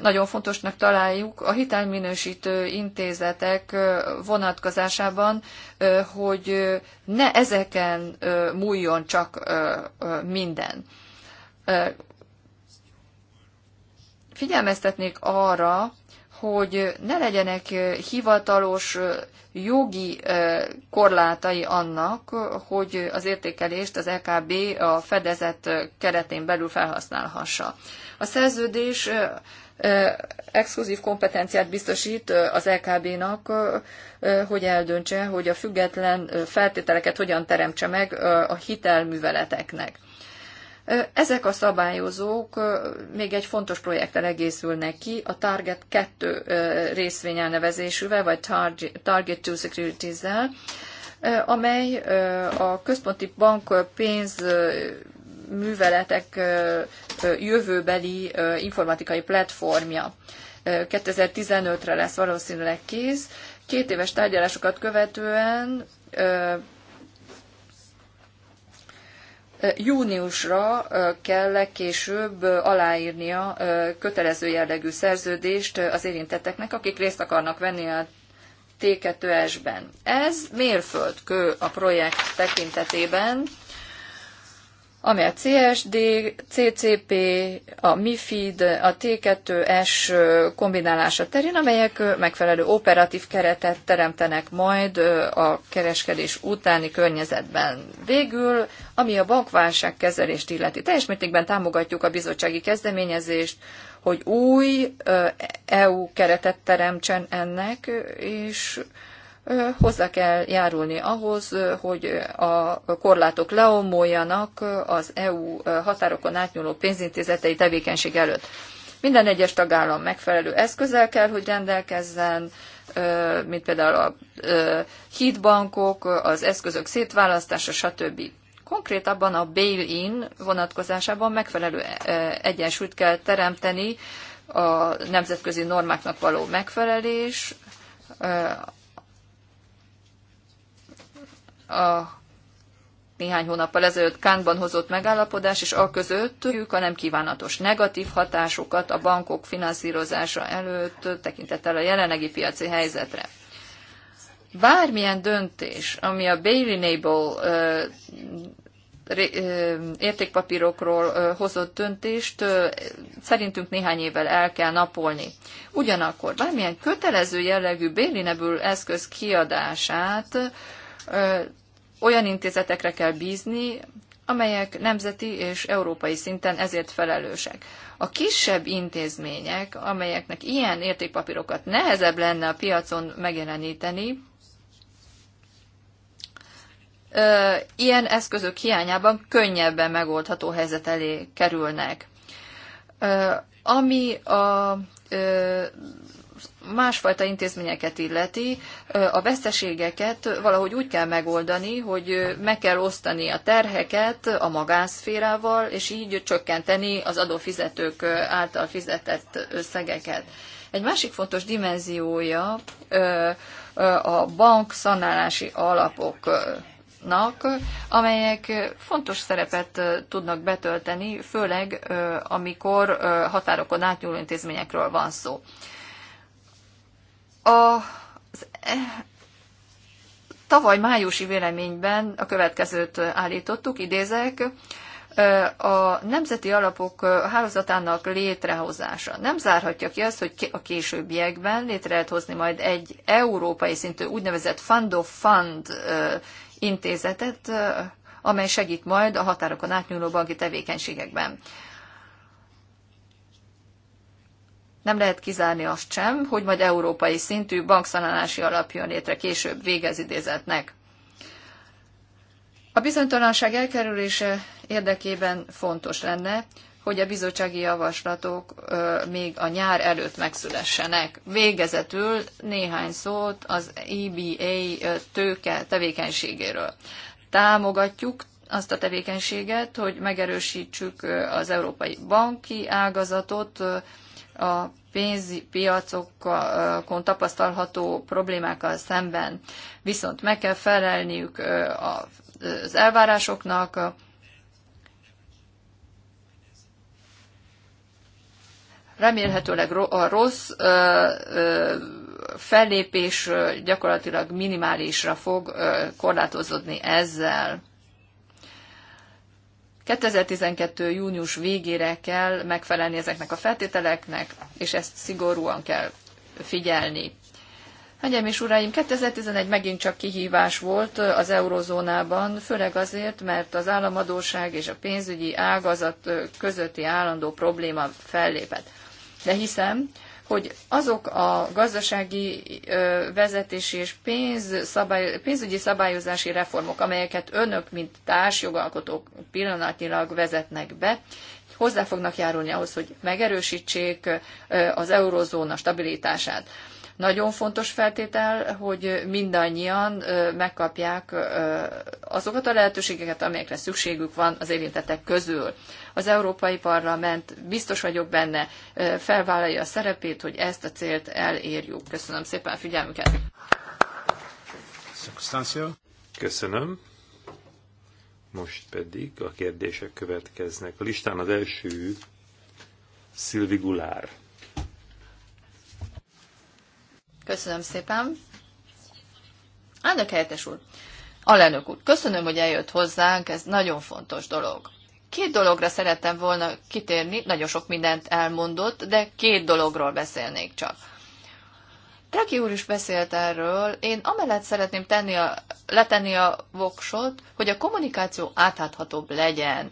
Nagyon fontosnak találjuk a hitelminősítő intézetek e, vonatkozásában, e, hogy ne ezeken múljon csak minden. Figyelmeztetnék arra, hogy ne legyenek hivatalos jogi korlátai annak, hogy az értékelést az EKB a fedezet keretén belül felhasználhassa. A szerződés exkluzív kompetenciát biztosít az LKB-nak, hogy eldöntse, hogy a független feltételeket hogyan teremtse meg a hitelműveleteknek. Ezek a szabályozók még egy fontos projekttel egészülnek ki, a Target 2 részvény elnevezésűvel, vagy Target 2 Securities-zel, amely a központi bank pénz műveletek jövőbeli informatikai platformja. 2015-re lesz valószínűleg kész. Két éves tárgyalásokat követően júniusra kell legkésőbb aláírnia kötelező jellegű szerződést az érintetteknek, akik részt akarnak venni a T2S-ben. Ez mérföldkő a projekt tekintetében, ami a CSD, CCP, a MIFID, a T2S kombinálása terén, amelyek megfelelő operatív keretet teremtenek majd a kereskedés utáni környezetben. Végül, ami a bankválság kezelést illeti, teljes mértékben támogatjuk a bizottsági kezdeményezést, hogy új EU e keretet teremtsen ennek, és hozzá kell járulni ahhoz, hogy a korlátok leomoljanak az EU határokon átnyúló pénzintézetei tevékenység előtt. Minden egyes tagállam megfelelő eszközzel kell, hogy rendelkezzen, mint például a hídbankok, az eszközök szétválasztása, stb. Konkrétabban a bail-in vonatkozásában megfelelő egyensúlyt kell teremteni a nemzetközi normáknak való megfelelés, a néhány hónappal ezelőtt Kánban hozott megállapodás, és a között ők a nem kívánatos negatív hatásokat a bankok finanszírozása előtt tekintettel a jelenlegi piaci helyzetre. Bármilyen döntés, ami a Bailey Nable értékpapírokról hozott döntést szerintünk néhány évvel el kell napolni. Ugyanakkor bármilyen kötelező jellegű Nable eszköz kiadását olyan intézetekre kell bízni, amelyek nemzeti és európai szinten ezért felelősek. A kisebb intézmények, amelyeknek ilyen értékpapírokat nehezebb lenne a piacon megjeleníteni, ilyen eszközök hiányában könnyebben megoldható helyzet elé kerülnek. Ami a másfajta intézményeket illeti, a veszteségeket valahogy úgy kell megoldani, hogy meg kell osztani a terheket a magánszférával, és így csökkenteni az adófizetők által fizetett összegeket. Egy másik fontos dimenziója a bank szanálási alapoknak, amelyek fontos szerepet tudnak betölteni, főleg amikor határokon átnyúló intézményekről van szó az e, tavaly májusi véleményben a következőt állítottuk, idézek, a nemzeti alapok hálózatának létrehozása. Nem zárhatja ki azt, hogy a későbbiekben létre lehet hozni majd egy európai szintű úgynevezett fund of fund intézetet, amely segít majd a határokon átnyúló banki tevékenységekben. Nem lehet kizárni azt sem, hogy majd európai szintű bankszanálási alap jön létre később végez idézetnek. A bizonytalanság elkerülése érdekében fontos lenne, hogy a bizottsági javaslatok még a nyár előtt megszülessenek. Végezetül néhány szót az EBA tőke tevékenységéről. Támogatjuk azt a tevékenységet, hogy megerősítsük az európai banki ágazatot, a pénzpiacokon tapasztalható problémákkal szemben. Viszont meg kell felelniük az elvárásoknak, remélhetőleg a rossz fellépés gyakorlatilag minimálisra fog korlátozódni ezzel. 2012. június végére kell megfelelni ezeknek a feltételeknek, és ezt szigorúan kell figyelni. Hegyem és uraim, 2011 megint csak kihívás volt az eurozónában, főleg azért, mert az államadóság és a pénzügyi ágazat közötti állandó probléma fellépett. De hiszem, hogy azok a gazdasági vezetési és pénz szabály, pénzügyi szabályozási reformok, amelyeket önök, mint társjogalkotók pillanatnyilag vezetnek be, hozzá fognak járulni ahhoz, hogy megerősítsék az eurozóna stabilitását. Nagyon fontos feltétel, hogy mindannyian megkapják azokat a lehetőségeket, amelyekre szükségük van az érintettek közül az Európai Parlament, biztos vagyok benne, felvállalja a szerepét, hogy ezt a célt elérjük. Köszönöm szépen a figyelmüket. Köszönöm. Most pedig a kérdések következnek. A listán az első Szilvi Gulár. Köszönöm szépen. Elnök helyettes úr, alelnök úr, köszönöm, hogy eljött hozzánk, ez nagyon fontos dolog. Két dologra szerettem volna kitérni, nagyon sok mindent elmondott, de két dologról beszélnék csak. Draki úr is beszélt erről, én amellett szeretném tenni a, letenni a voksot, hogy a kommunikáció átláthatóbb legyen.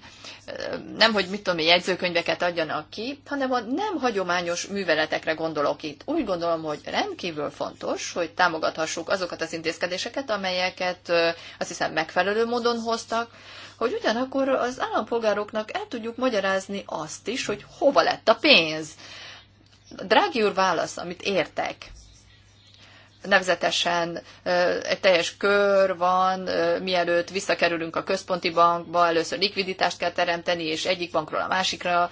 Nem, hogy mit tudom, jegyzőkönyveket adjanak ki, hanem a nem hagyományos műveletekre gondolok itt. Úgy gondolom, hogy rendkívül fontos, hogy támogathassuk azokat az intézkedéseket, amelyeket azt hiszem megfelelő módon hoztak, hogy ugyanakkor az állampolgároknak el tudjuk magyarázni azt is, hogy hova lett a pénz. Drági úr válasz, amit értek nevezetesen egy teljes kör van, mielőtt visszakerülünk a központi bankba, először likviditást kell teremteni, és egyik bankról a másikra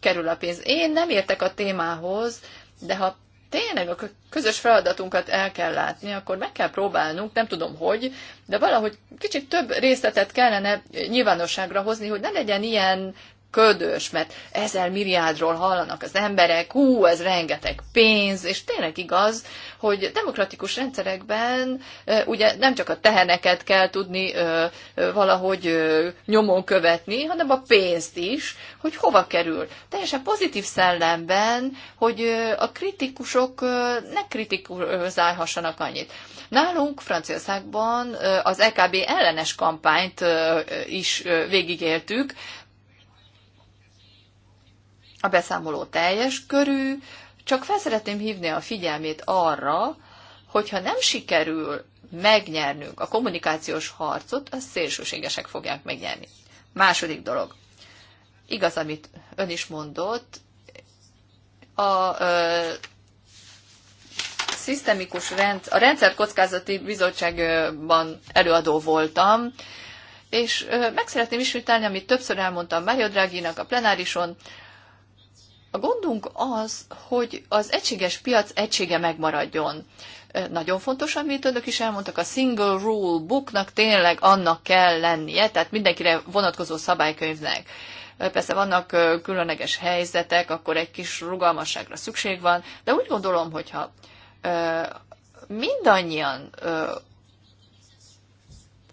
kerül a pénz. Én nem értek a témához, de ha tényleg a közös feladatunkat el kell látni, akkor meg kell próbálnunk, nem tudom hogy, de valahogy kicsit több részletet kellene nyilvánosságra hozni, hogy ne legyen ilyen ködös, mert ezer milliárdról hallanak az emberek, hú, ez rengeteg pénz, és tényleg igaz, hogy demokratikus rendszerekben ugye nem csak a teheneket kell tudni valahogy nyomon követni, hanem a pénzt is, hogy hova kerül. Teljesen pozitív szellemben, hogy a kritikusok ne kritikuzálhassanak annyit. Nálunk Franciaországban az EKB ellenes kampányt is végigéltük, a beszámoló teljes körű, csak fel szeretném hívni a figyelmét arra, hogyha nem sikerül megnyernünk a kommunikációs harcot, az szélsőségesek fogják megnyerni. Második dolog. Igaz, amit ön is mondott, a ö, szisztemikus rend, a kockázati bizottságban előadó voltam, és ö, meg szeretném ismételni, amit többször elmondtam Mário Draghi-nak a plenárison, a gondunk az, hogy az egységes piac egysége megmaradjon. Nagyon fontos, amit önök is elmondtak, a single rule booknak tényleg annak kell lennie, tehát mindenkire vonatkozó szabálykönyvnek. Persze vannak különleges helyzetek, akkor egy kis rugalmasságra szükség van, de úgy gondolom, hogyha mindannyian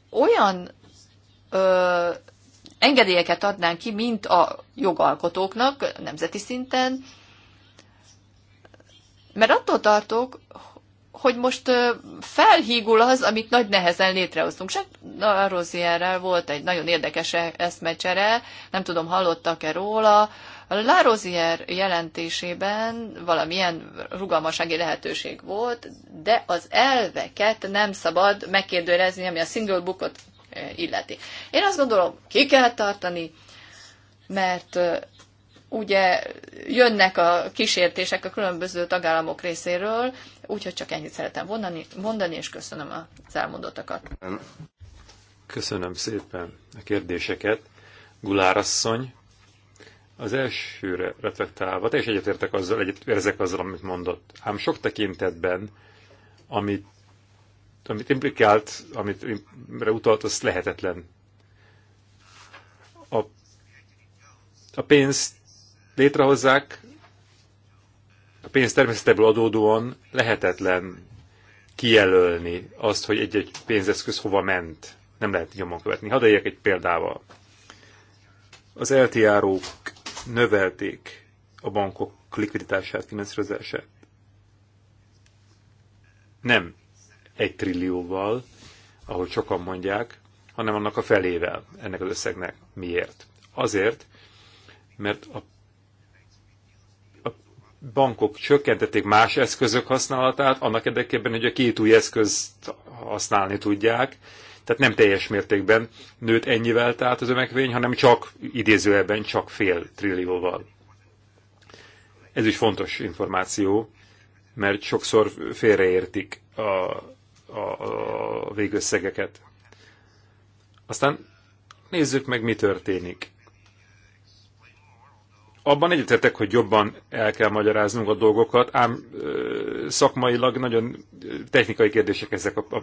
olyan engedélyeket adnánk ki, mint a jogalkotóknak nemzeti szinten, mert attól tartok, hogy most felhígul az, amit nagy nehezen létrehoztunk. Csak Lározierrel volt egy nagyon érdekes e- eszmecsere, nem tudom, hallottak-e róla. A Lározier jelentésében valamilyen rugalmasági lehetőség volt, de az elveket nem szabad megkérdőrezni, ami a single bookot illeti. Én azt gondolom, ki kell tartani, mert ugye jönnek a kísértések a különböző tagállamok részéről, úgyhogy csak ennyit szeretem mondani, mondani és köszönöm az elmondottakat. Köszönöm szépen a kérdéseket. Gulárasszony, az elsőre reflektálva, és egyetértek azzal, egyet, érzek azzal, amit mondott. Ám sok tekintetben, amit amit implikált, amit utalt, az lehetetlen. A, a pénzt létrehozzák, a pénz természetéből adódóan lehetetlen kijelölni azt, hogy egy-egy pénzeszköz hova ment. Nem lehet nyomon követni. Hadd éljek egy példával. Az LTR-ok növelték a bankok likviditását, finanszírozását. Nem egy trillióval, ahogy sokan mondják, hanem annak a felével ennek az összegnek. Miért? Azért, mert a, a bankok csökkentették más eszközök használatát, annak érdekében, hogy a két új eszközt használni tudják, tehát nem teljes mértékben nőtt ennyivel tehát az ömekvény, hanem csak idézőjelben csak fél trillióval. Ez is fontos információ, mert sokszor félreértik a, a, a végösszegeket. Aztán nézzük meg, mi történik. Abban egyetértek, hogy jobban el kell magyaráznunk a dolgokat, ám ö, szakmailag nagyon technikai kérdések ezek a, a,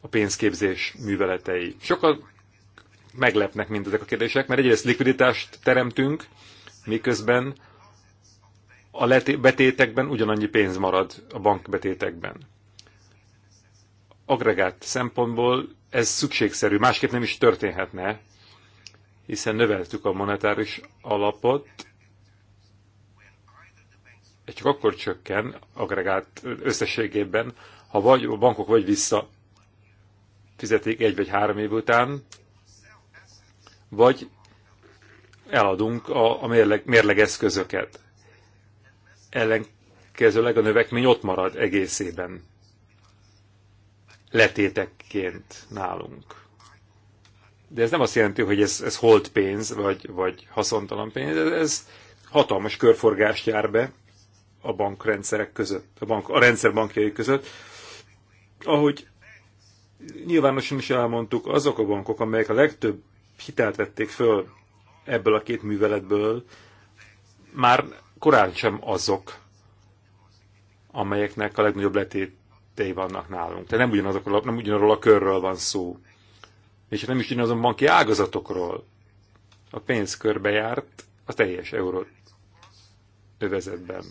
a pénzképzés műveletei. Sokkal meglepnek mind a kérdések, mert egyrészt likviditást teremtünk, miközben a betétekben ugyanannyi pénz marad a bankbetétekben agregát szempontból ez szükségszerű, másképp nem is történhetne, hiszen növeltük a monetáris alapot, egy csak akkor csökken agregát összességében, ha vagy a bankok vagy vissza fizetik egy vagy három év után, vagy eladunk a, a mérleg, mérlegeszközöket. Ellenkezőleg a növekmény ott marad egészében letétekként nálunk. De ez nem azt jelenti, hogy ez, ez holt pénz, vagy, vagy haszontalan pénz, ez, ez hatalmas körforgást jár be a bankrendszerek között, a, bank, a rendszer bankjai között. Ahogy nyilvánosan is elmondtuk, azok a bankok, amelyek a legtöbb hitelt vették föl ebből a két műveletből, már korán sem azok, amelyeknek a legnagyobb letét kettei vannak nálunk. Tehát nem, ugyanazokról, nem ugyanarról a körről van szó. És nem is ugyanazon banki ágazatokról. A pénz körbe járt a teljes euró övezetben.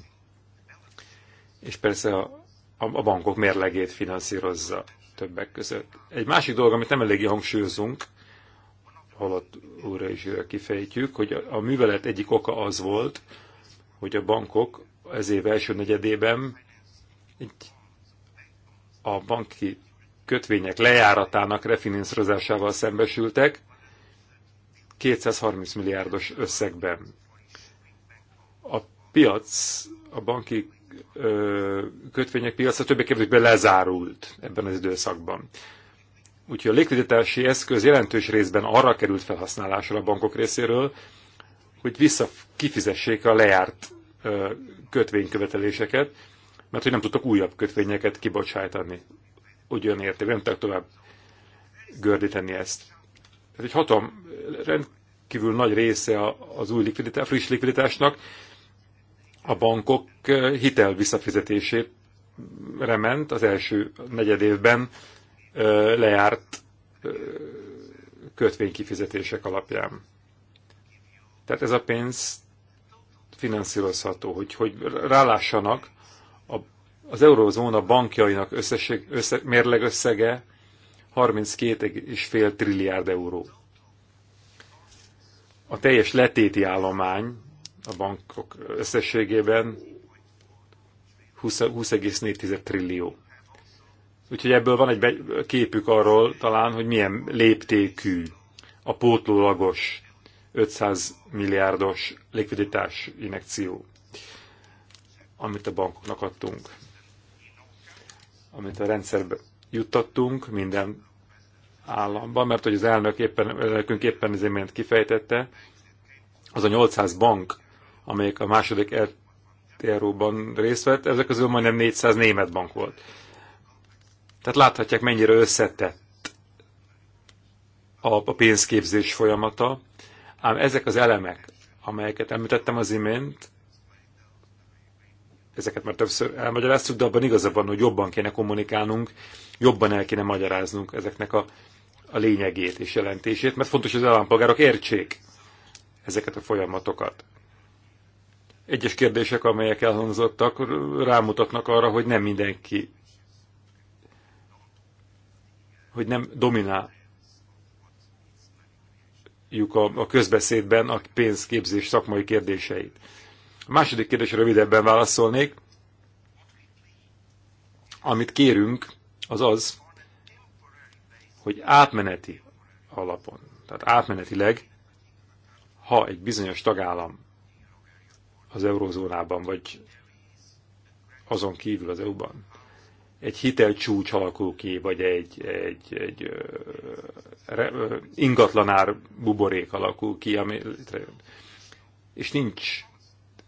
És persze a, a, a bankok mérlegét finanszírozza többek között. Egy másik dolog, amit nem eléggé hangsúlyozunk, halott újra is kifejtjük, hogy a, a művelet egyik oka az volt, hogy a bankok ez év első negyedében egy a banki kötvények lejáratának refinanszírozásával szembesültek 230 milliárdos összegben. A piac, a banki ö, kötvények piaca többé-kevésbé lezárult ebben az időszakban. Úgyhogy a likviditási eszköz jelentős részben arra került felhasználásra a bankok részéről, hogy vissza kifizessék a lejárt kötvénykövetéseket mert hogy nem tudtak újabb kötvényeket Úgy Ugyan érték, nem tudtak tovább gördíteni ezt. Ez egy hatom, rendkívül nagy része az új likviditás, friss likviditásnak a bankok eh, hitel visszafizetését rement az első negyed évben eh, lejárt eh, kötvénykifizetések alapján. Tehát ez a pénz finanszírozható, hogy, hogy rálássanak az eurozóna bankjainak összesség, össze, mérlegösszege 32,5 trilliárd euró. A teljes letéti állomány a bankok összességében 20,4 trillió. Úgyhogy ebből van egy képük arról talán, hogy milyen léptékű a pótlólagos 500 milliárdos likviditás inekció, amit a bankoknak adtunk amit a rendszerbe juttattunk minden államban, mert hogy az elnök éppen, elnökünk éppen az imént kifejtette, az a 800 bank, amelyek a második LTRO-ban részt vett, ezek közül majdnem 400 német bank volt. Tehát láthatják, mennyire összetett a pénzképzés folyamata, ám ezek az elemek, amelyeket említettem az imént, ezeket már többször elmagyaráztuk, de abban igaza van, hogy jobban kéne kommunikálnunk, jobban el kéne magyaráznunk ezeknek a, a lényegét és jelentését, mert fontos, hogy az állampolgárok értsék ezeket a folyamatokat. Egyes kérdések, amelyek elhangzottak, rámutatnak arra, hogy nem mindenki, hogy nem domináljuk a, a közbeszédben a pénzképzés szakmai kérdéseit a második kérdésre rövidebben válaszolnék. Amit kérünk, az az, hogy átmeneti alapon, tehát átmenetileg, ha egy bizonyos tagállam az eurózónában vagy azon kívül az EU-ban, egy hitelcsúcs alakul ki, vagy egy, egy, egy re, ingatlanár buborék alakul ki, ami, és nincs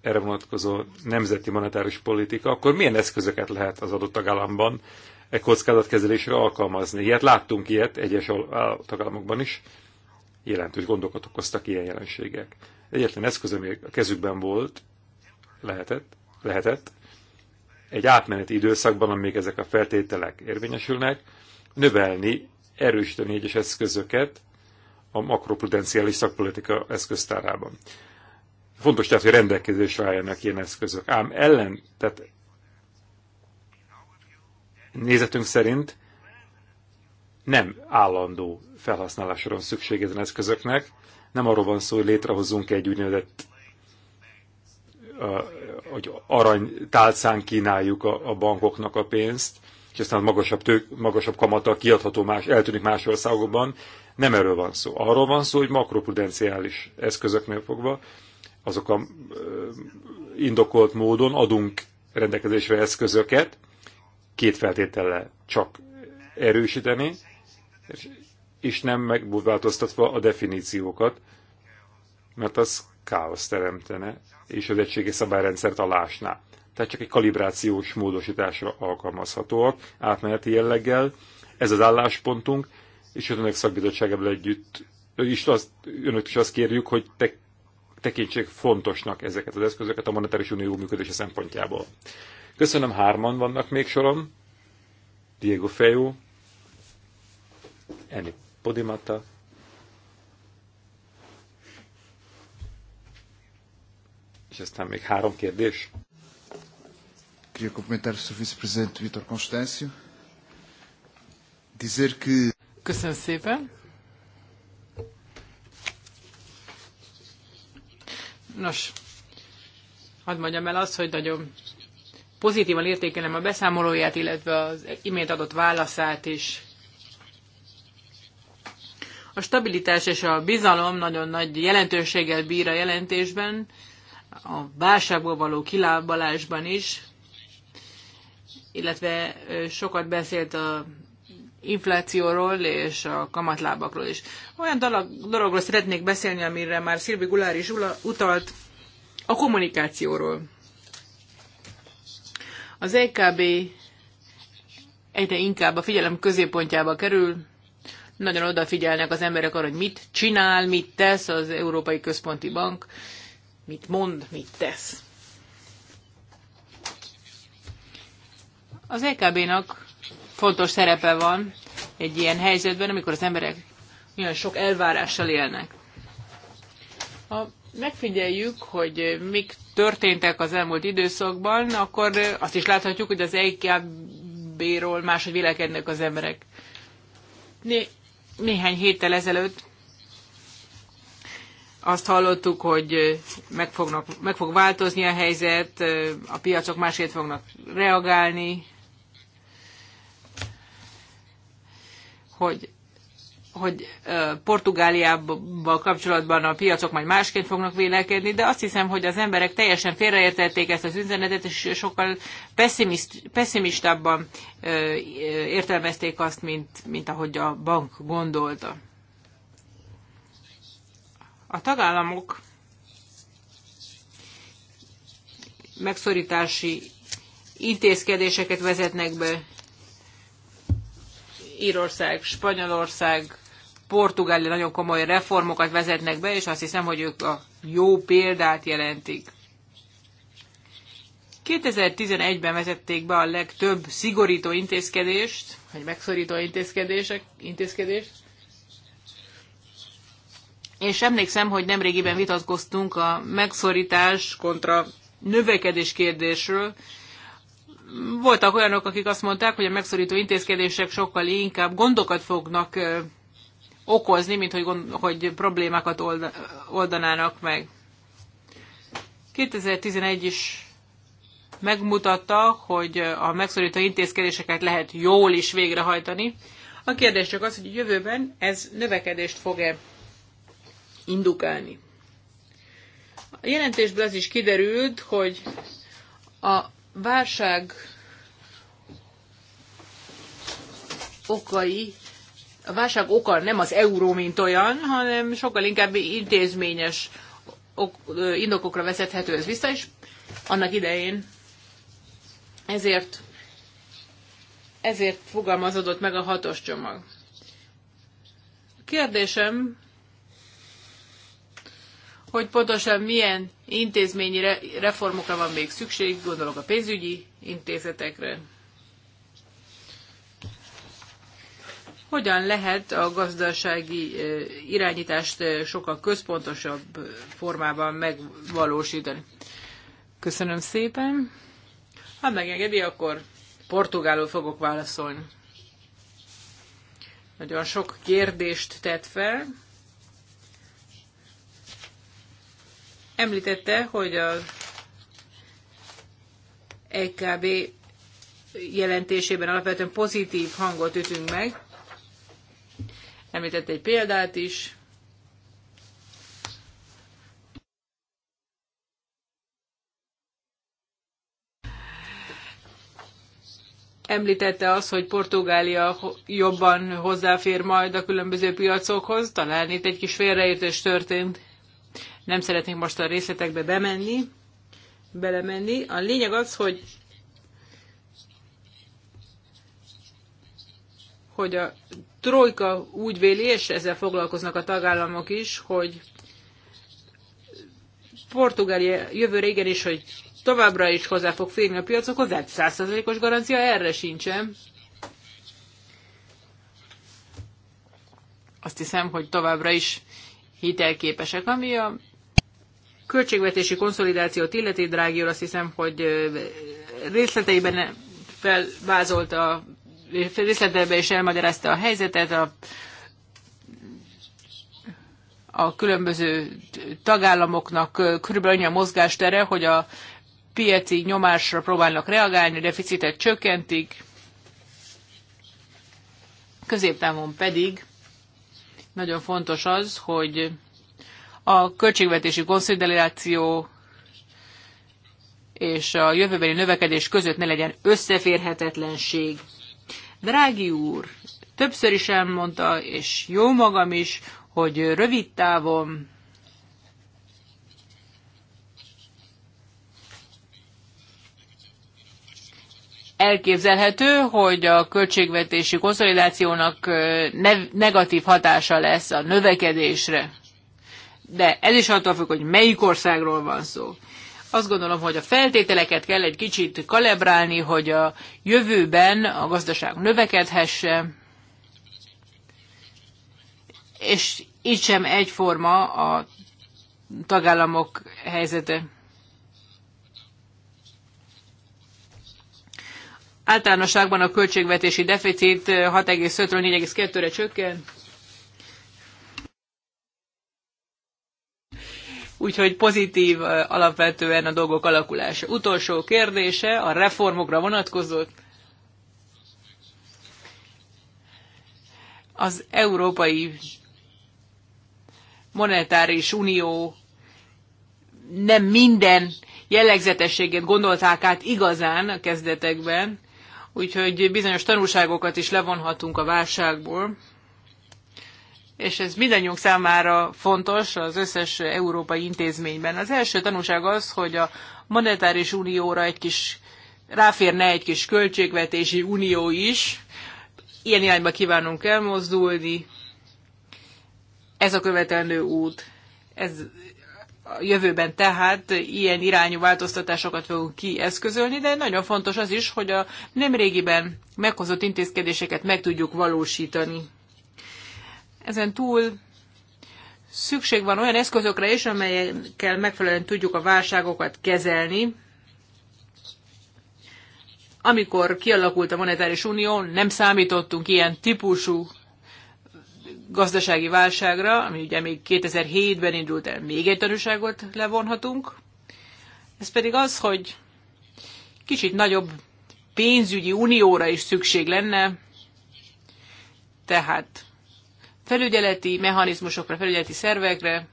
erre vonatkozó nemzeti monetáris politika, akkor milyen eszközöket lehet az adott tagállamban e kockázatkezelésre alkalmazni? Ilyet láttunk ilyet egyes tagállamokban is, jelentős gondokat okoztak ilyen jelenségek. Egyetlen eszköz, ami a kezükben volt, lehetett, lehetett, egy átmeneti időszakban, amíg ezek a feltételek érvényesülnek, növelni, erősíteni egyes eszközöket a makroprudenciális szakpolitika eszköztárában. Fontos tehát, hogy rendelkezésre álljanak ilyen eszközök. Ám ellen, tehát nézetünk szerint nem állandó felhasználásra van szükség ezen eszközöknek, nem arról van szó, hogy létrehozzunk egy úgynevezett hogy aranytálcán kínáljuk a, a bankoknak a pénzt, és aztán magasabb, tő, magasabb kamata kiadható más, eltűnik más országokban. Nem erről van szó. Arról van szó, hogy makroprudenciális eszközöknél fogva azok a indokolt módon adunk rendelkezésre eszközöket, két feltétele csak erősíteni, és nem megváltoztatva a definíciókat, mert az káosz teremtene, és az egységi szabályrendszert alásná. Tehát csak egy kalibrációs módosításra alkalmazhatóak, átmeneti jelleggel. Ez az álláspontunk, és önök szakbizottságával együtt És azt, önök is azt kérjük, hogy te tekintsék fontosnak ezeket az eszközöket a monetáris unió működése szempontjából. Köszönöm, hárman vannak még soron. Diego Feo, Eni Podimata, és aztán még három kérdés. Queria cumprimentar o Sr. Vice-Presidente Vitor Constâncio. Dizer que... Köszönöm szépen. Nos, hadd mondjam el azt, hogy nagyon pozitívan értékelem a beszámolóját, illetve az imént adott válaszát is. A stabilitás és a bizalom nagyon nagy jelentőséggel bír a jelentésben, a válságból való kilábalásban is, illetve sokat beszélt a inflációról és a kamatlábakról is. Olyan dolog, dologról szeretnék beszélni, amire már Szilvi Gulár is utalt, a kommunikációról. Az EKB egyre inkább a figyelem középpontjába kerül, nagyon odafigyelnek az emberek arra, hogy mit csinál, mit tesz az Európai Központi Bank, mit mond, mit tesz. Az EKB-nak fontos szerepe van egy ilyen helyzetben, amikor az emberek olyan sok elvárással élnek. Ha megfigyeljük, hogy mik történtek az elmúlt időszakban, akkor azt is láthatjuk, hogy az EKB-ról máshogy vélekednek az emberek. Né- néhány héttel ezelőtt azt hallottuk, hogy meg, fognak, meg fog változni a helyzet, a piacok másért fognak reagálni, hogy hogy Portugáliával kapcsolatban a piacok majd másként fognak vélekedni, de azt hiszem, hogy az emberek teljesen félreértették ezt az üzenetet, és sokkal pessimistábban értelmezték azt, mint, mint ahogy a bank gondolta. A tagállamok megszorítási intézkedéseket vezetnek be Írország, Spanyolország, Portugália nagyon komoly reformokat vezetnek be, és azt hiszem, hogy ők a jó példát jelentik. 2011-ben vezették be a legtöbb szigorító intézkedést, vagy megszorító intézkedések, intézkedést, és emlékszem, hogy nemrégiben vitatkoztunk a megszorítás kontra növekedés kérdésről, voltak olyanok, akik azt mondták, hogy a megszorító intézkedések sokkal inkább gondokat fognak okozni, mint hogy, gond, hogy problémákat oldanának meg. 2011 is megmutatta, hogy a megszorító intézkedéseket lehet jól is végrehajtani. A kérdés csak az, hogy jövőben ez növekedést fog-e indukálni. A jelentésből az is kiderült, hogy a válság okai, a válság oka nem az euró, mint olyan, hanem sokkal inkább intézményes ok, indokokra vezethető ez vissza, és annak idején ezért, ezért fogalmazódott meg a hatos csomag. kérdésem hogy pontosan milyen intézményi reformokra van még szükség, gondolok a pénzügyi intézetekre. Hogyan lehet a gazdasági irányítást sokkal központosabb formában megvalósítani? Köszönöm szépen. Ha megengedi, akkor portugálul fogok válaszolni. Nagyon sok kérdést tett fel Említette, hogy az EKB jelentésében alapvetően pozitív hangot ütünk meg. Említette egy példát is. Említette azt, hogy Portugália jobban hozzáfér majd a különböző piacokhoz. Talán itt egy kis félreértés történt nem szeretnék most a részletekbe bemenni, belemenni. A lényeg az, hogy hogy a trojka úgy véli, és ezzel foglalkoznak a tagállamok is, hogy Portugália jövőre igenis, hogy továbbra is hozzá fog férni a piacokhoz, de 100%-os hát garancia erre sincsen. Azt hiszem, hogy továbbra is hitelképesek, ami a költségvetési konszolidációt illeti, drági úr, azt hiszem, hogy részleteiben felvázolta, részleteiben is elmagyarázta a helyzetet, a, a különböző tagállamoknak körülbelül annyi a mozgástere, hogy a piaci nyomásra próbálnak reagálni, deficitet csökkentik, középtávon pedig nagyon fontos az, hogy a költségvetési konszolidáció és a jövőbeli növekedés között ne legyen összeférhetetlenség. Drági úr, többször is elmondta, és jó magam is, hogy rövid távon elképzelhető, hogy a költségvetési konszolidációnak negatív hatása lesz a növekedésre de ez is attól függ, hogy melyik országról van szó. Azt gondolom, hogy a feltételeket kell egy kicsit kalibrálni, hogy a jövőben a gazdaság növekedhesse, és így sem egyforma a tagállamok helyzete. Általánosságban a költségvetési deficit 6,5-ről eh, 4,2-re csökken. úgyhogy pozitív alapvetően a dolgok alakulása. Utolsó kérdése a reformokra vonatkozott. Az Európai Monetáris Unió nem minden jellegzetességét gondolták át igazán a kezdetekben, úgyhogy bizonyos tanulságokat is levonhatunk a válságból és ez mindannyiunk számára fontos az összes európai intézményben. Az első tanulság az, hogy a monetáris unióra egy kis, ráférne egy kis költségvetési unió is. Ilyen irányba kívánunk elmozdulni. Ez a követelő út. Ez a jövőben tehát ilyen irányú változtatásokat fogunk kieszközölni, de nagyon fontos az is, hogy a nemrégiben meghozott intézkedéseket meg tudjuk valósítani. Ezen túl szükség van olyan eszközökre is, amelyekkel megfelelően tudjuk a válságokat kezelni. Amikor kialakult a monetáris unió, nem számítottunk ilyen típusú gazdasági válságra, ami ugye még 2007-ben indult el, még egy tanulságot levonhatunk. Ez pedig az, hogy kicsit nagyobb pénzügyi unióra is szükség lenne, tehát felügyeleti mechanizmusokra, felügyeleti szervekre,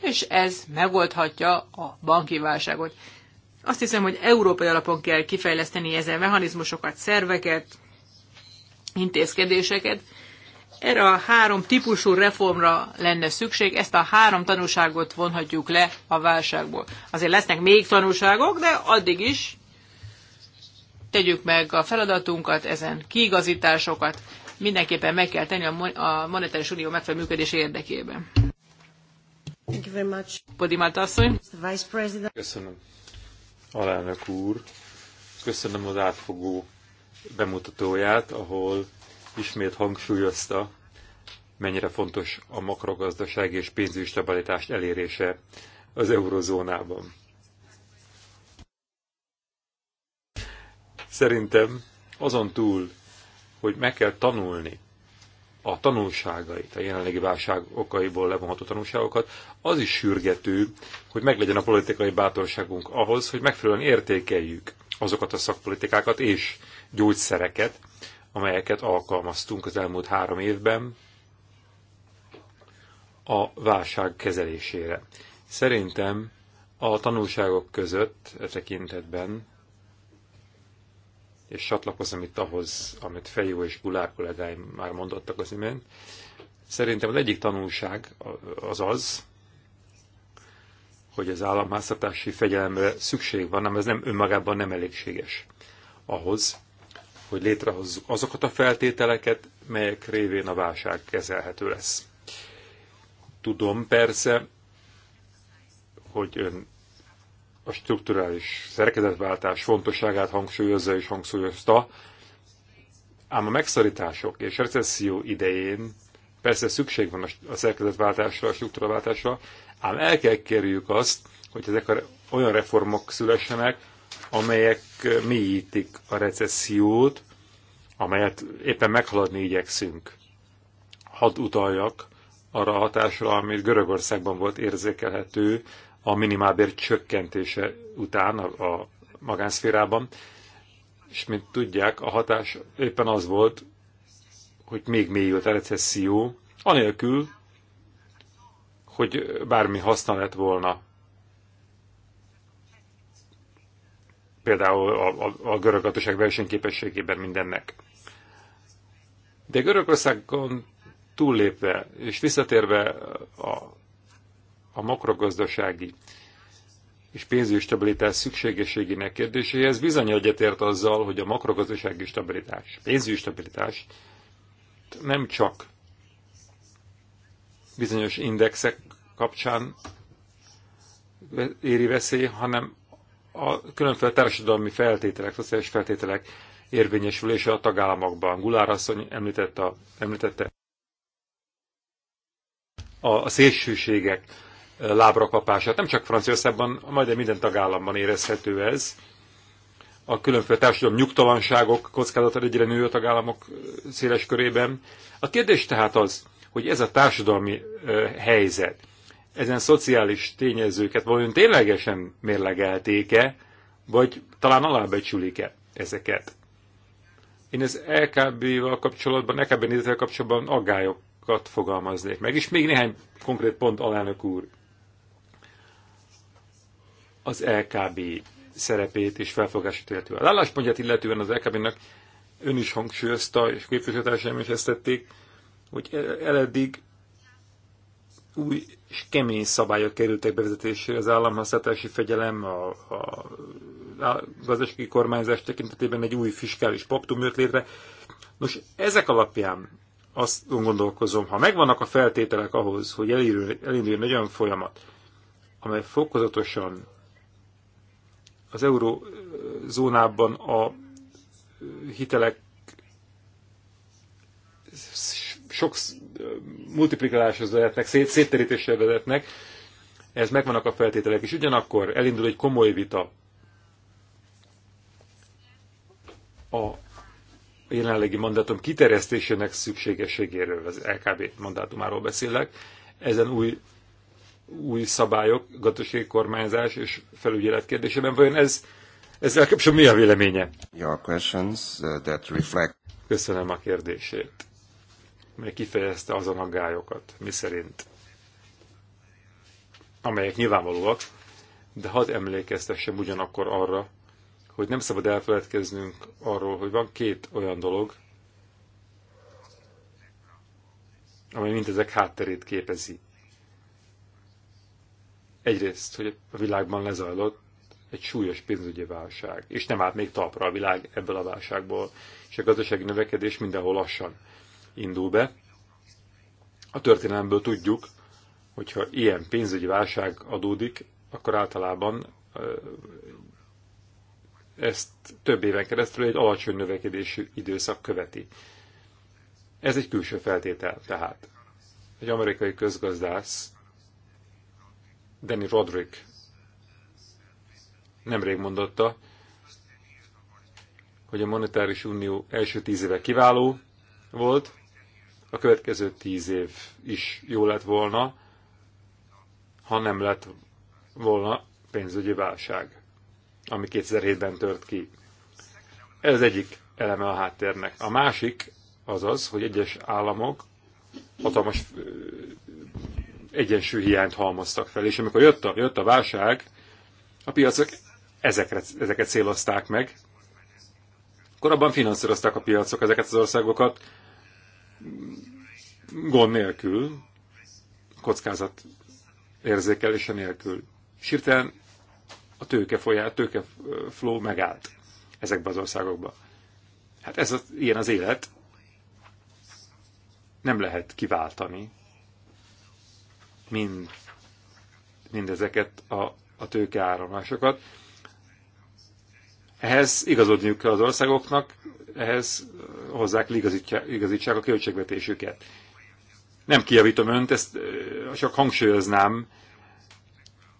és ez megoldhatja a banki válságot. Azt hiszem, hogy európai alapon kell kifejleszteni ezen mechanizmusokat, szerveket, intézkedéseket. Erre a három típusú reformra lenne szükség, ezt a három tanúságot vonhatjuk le a válságból. Azért lesznek még tanúságok, de addig is tegyük meg a feladatunkat, ezen kiigazításokat, mindenképpen meg kell tenni a monetáris unió megfelelő működés érdekében. Thank you very much. asszony. Köszönöm. Alelnök úr. Köszönöm az átfogó bemutatóját, ahol ismét hangsúlyozta, mennyire fontos a makrogazdaság és pénzügyi stabilitás elérése az eurozónában. Szerintem azon túl, hogy meg kell tanulni a tanulságait, a jelenlegi válság okaiból levonható tanulságokat, az is sürgető, hogy meglegyen a politikai bátorságunk ahhoz, hogy megfelelően értékeljük azokat a szakpolitikákat és gyógyszereket, amelyeket alkalmaztunk az elmúlt három évben a válság kezelésére. Szerintem a tanulságok között e tekintetben és csatlakozom itt ahhoz, amit Fejó és Gulár kollégáim már mondottak az imént. Szerintem az egyik tanulság az az, hogy az államháztartási fegyelemre szükség van, ám ez nem önmagában nem elégséges ahhoz, hogy létrehozzuk azokat a feltételeket, melyek révén a válság kezelhető lesz. Tudom persze, hogy ön a strukturális szerkezetváltás fontosságát hangsúlyozza és hangsúlyozta, ám a megszorítások és recesszió idején persze szükség van a szerkezetváltásra, a struktúraváltásra, ám el kell kérjük azt, hogy ezek a, olyan reformok szülessenek, amelyek mélyítik a recessziót, amelyet éppen meghaladni igyekszünk. Hadd utaljak arra a hatásra, amit Görögországban volt érzékelhető a minimálbér csökkentése után a, a magánszférában, és mint tudják, a hatás éppen az volt, hogy még mélyült a recesszió, anélkül, hogy bármi haszna lett volna. Például a, a, a görög gazdaság versenyképességében mindennek. De Görögországon túllépve és visszatérve a a makrogazdasági és pénzügyi stabilitás szükségességének kérdéséhez bizony egyetért azzal, hogy a makrogazdasági stabilitás, pénzügyi stabilitás nem csak bizonyos indexek kapcsán éri veszély, hanem a különféle társadalmi feltételek, szociális feltételek érvényesülése a tagállamokban. Gulár asszony említette, említette a, a szélsőségek lábrakapását. Nem csak Franciaországban, majdnem minden tagállamban érezhető ez. A különféle társadalom nyugtalanságok kockázata egyre nő a tagállamok széles körében. A kérdés tehát az, hogy ez a társadalmi helyzet, ezen szociális tényezőket vajon ténylegesen mérlegelték-e, vagy talán alábecsülik-e ezeket? Én az LKB-val kapcsolatban, LKB nézetel kapcsolatban aggályokat fogalmaznék meg, és még néhány konkrét pont alelnök úr az LKB szerepét és felfogását illetően. Az álláspontját illetően az LKB-nak ön is hangsúlyozta, és képviselőtársaim is ezt tették, hogy eleddig új és kemény szabályok kerültek bevezetésére az államháztartási fegyelem, a, a, a gazdasági kormányzás tekintetében egy új fiskális paktum jött létre. Nos, ezek alapján azt gondolkozom, ha megvannak a feltételek ahhoz, hogy elinduljon egy olyan folyamat, amely fokozatosan az eurózónában a hitelek sok multiplikáláshoz vezetnek, szét, szétterítéssel vezetnek, ez megvannak a feltételek, is. ugyanakkor elindul egy komoly vita a jelenlegi mandátum kiterjesztésének szükségességéről, az LKB mandátumáról beszélek, ezen új új szabályok, gazdasági kormányzás és felügyelet kérdésében. Vajon ez, ezzel kapcsolatban mi a véleménye? Your questions uh, that reflect... Köszönöm a kérdését, mely kifejezte azon aggályokat, mi szerint, amelyek nyilvánvalóak, de hadd emlékeztessem ugyanakkor arra, hogy nem szabad elfeledkeznünk arról, hogy van két olyan dolog, amely mindezek hátterét képezi. Egyrészt, hogy a világban lezajlott egy súlyos pénzügyi válság, és nem állt még talpra a világ ebből a válságból, és a gazdasági növekedés mindenhol lassan indul be. A történelemből tudjuk, hogyha ilyen pénzügyi válság adódik, akkor általában ezt több éven keresztül egy alacsony növekedésű időszak követi. Ez egy külső feltétel tehát. Egy amerikai közgazdász Danny Roderick nemrég mondotta, hogy a monetáris unió első tíz éve kiváló volt, a következő tíz év is jó lett volna, ha nem lett volna pénzügyi válság, ami 2007-ben tört ki. Ez egyik eleme a háttérnek. A másik az az, hogy egyes államok hatalmas egyensúlyhiányt halmoztak fel, és amikor jött a, jött a válság, a piacok ezekre, ezeket célozták meg. Korábban finanszírozták a piacok ezeket az országokat gond nélkül, kockázat érzékelése nélkül. És hirtelen a tőke folyá, tőke flow megállt ezekbe az országokba. Hát ez az, ilyen az élet. Nem lehet kiváltani mind, mindezeket a, a tőkeáramlásokat. Ehhez igazodniuk kell az országoknak, ehhez hozzák igazítsák a költségvetésüket. Nem kijavítom önt, ezt csak hangsúlyoznám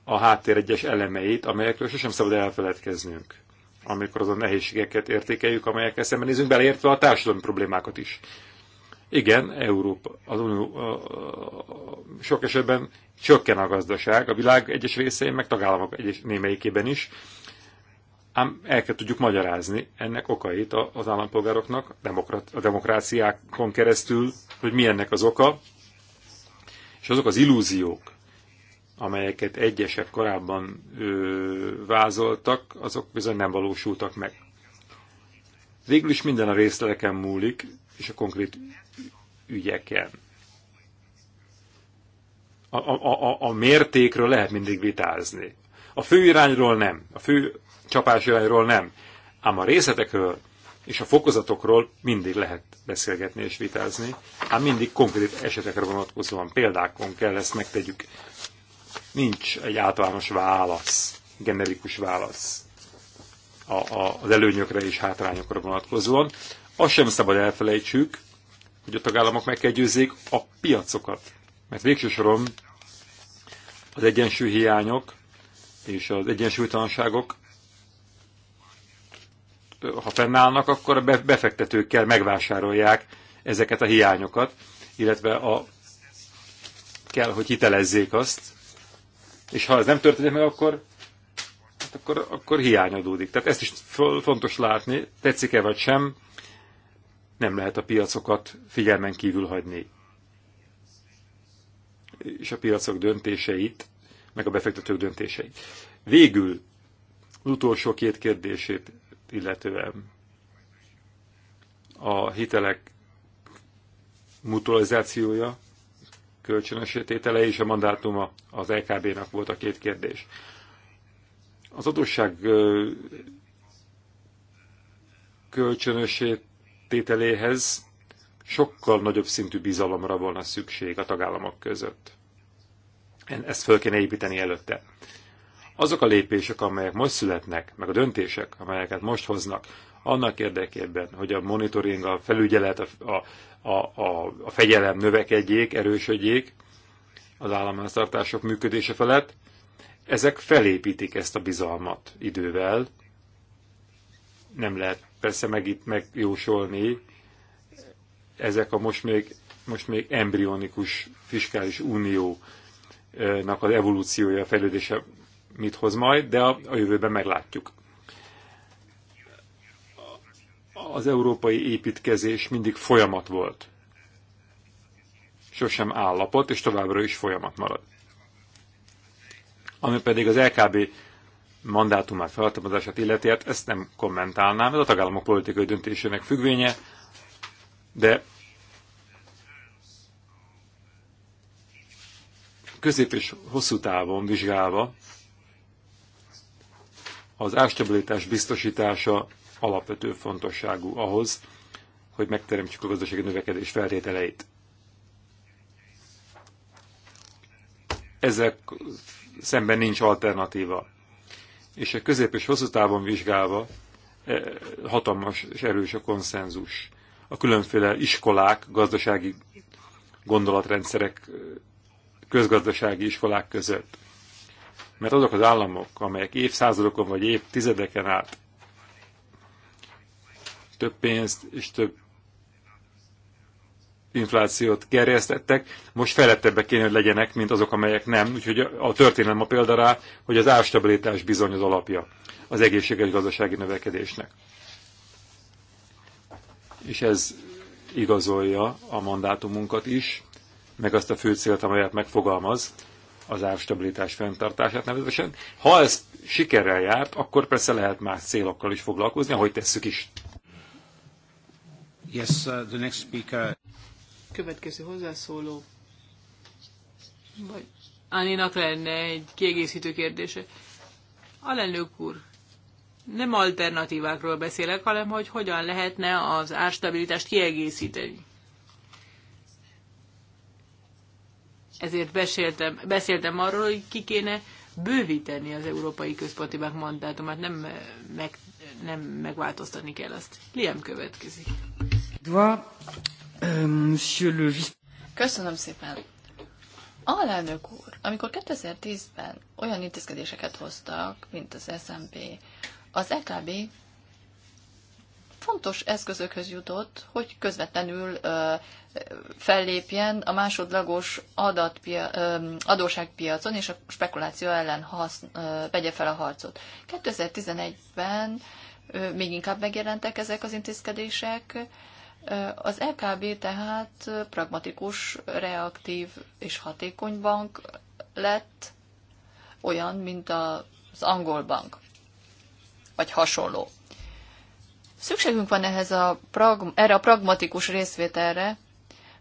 a háttér egyes elemeit, amelyekről sosem szabad elfeledkeznünk, amikor azon nehézségeket értékeljük, amelyekkel szembenézünk, beleértve a társadalmi problémákat is, igen, Európa, az Unió a, a, a, sok esetben csökken a gazdaság, a világ egyes részein, meg tagállamok egyes némelyikében is, ám el kell tudjuk magyarázni ennek okait az állampolgároknak, a demokráciákon keresztül, hogy mi ennek az oka, és azok az illúziók, amelyeket egyesek korábban ö, vázoltak, azok bizony nem valósultak meg. Végül is minden a részleteken múlik, és a konkrét ügyeken. A, a, a, a mértékről lehet mindig vitázni. A fő irányról nem, a fő csapás irányról nem, ám a részletekről és a fokozatokról mindig lehet beszélgetni és vitázni, ám mindig konkrét esetekre vonatkozóan, példákon kell ezt megtegyük. Nincs egy általános válasz, generikus válasz a, a, az előnyökre és hátrányokra vonatkozóan. Azt sem szabad elfelejtsük, hogy a tagállamok meg kell győzzék a piacokat. Mert végső soron az hiányok és az egyensúlytalanságok, ha fennállnak, akkor a befektetőkkel megvásárolják ezeket a hiányokat, illetve a, kell, hogy hitelezzék azt, és ha ez nem történik meg, akkor, hát akkor, akkor hiányadódik. Tehát ezt is fontos látni, tetszik-e vagy sem, nem lehet a piacokat figyelmen kívül hagyni. És a piacok döntéseit, meg a befektetők döntéseit. Végül az utolsó két kérdését illetően a hitelek mutualizációja, kölcsönösítétele és a mandátuma az LKB-nak e volt a két kérdés. Az adósság kölcsönösét tételéhez sokkal nagyobb szintű bizalomra volna szükség a tagállamok között. Ezt föl kéne építeni előtte. Azok a lépések, amelyek most születnek, meg a döntések, amelyeket most hoznak, annak érdekében, hogy a monitoring, a felügyelet, a, a, a, a fegyelem növekedjék, erősödjék az államháztartások működése felett, ezek felépítik ezt a bizalmat idővel, nem lehet persze meg itt megjósolni. Ezek a most még, most még embrionikus fiskális uniónak az evolúciója, fejlődése mit hoz majd, de a, a jövőben meglátjuk. Az európai építkezés mindig folyamat volt. Sosem állapot, és továbbra is folyamat marad. Ami pedig az LKB mandátumát, felhatalmazását illeti, hát ezt nem kommentálnám, ez a tagállamok politikai döntésének függvénye, de közép és hosszú távon vizsgálva az ástabilitás biztosítása alapvető fontosságú ahhoz, hogy megteremtsük a gazdasági növekedés feltételeit. Ezek szemben nincs alternatíva és a közép és hosszú távon vizsgálva e, hatalmas és erős a konszenzus. A különféle iskolák, gazdasági gondolatrendszerek, e, közgazdasági iskolák között. Mert azok az államok, amelyek évszázadokon vagy évtizedeken át több pénzt és több inflációt gerjesztettek, most felettebbek kéne, hogy legyenek, mint azok, amelyek nem. Úgyhogy a történelem a példa rá, hogy az árstabilitás bizony az alapja az egészséges gazdasági növekedésnek. És ez igazolja a mandátumunkat is, meg azt a fő célt, amelyet megfogalmaz, az árstabilitás fenntartását nevezetesen. Ha ez sikerrel járt, akkor persze lehet más célokkal is foglalkozni, ahogy tesszük is. Yes, uh, the next speaker következő hozzászóló. Vagy Áninak lenne egy kiegészítő kérdése. Alelnök úr, nem alternatívákról beszélek, hanem hogy hogyan lehetne az árstabilitást kiegészíteni. Ezért beszéltem, beszéltem arról, hogy ki kéne bővíteni az Európai Központi Bank mandátumát, nem, meg, nem megváltoztatni kell azt. Liam következik. Dva, Euh, Köszönöm szépen. Alelnök úr, amikor 2010-ben olyan intézkedéseket hoztak, mint az SMP, az EKB fontos eszközökhöz jutott, hogy közvetlenül ö, fellépjen a másodlagos adatpia, ö, adóságpiacon és a spekuláció ellen hasz, ö, vegye fel a harcot. 2011-ben ö, még inkább megjelentek ezek az intézkedések, az LKB e tehát pragmatikus, reaktív és hatékony bank lett, olyan, mint az angol bank, vagy hasonló. Szükségünk van ehhez a erre a pragmatikus részvételre,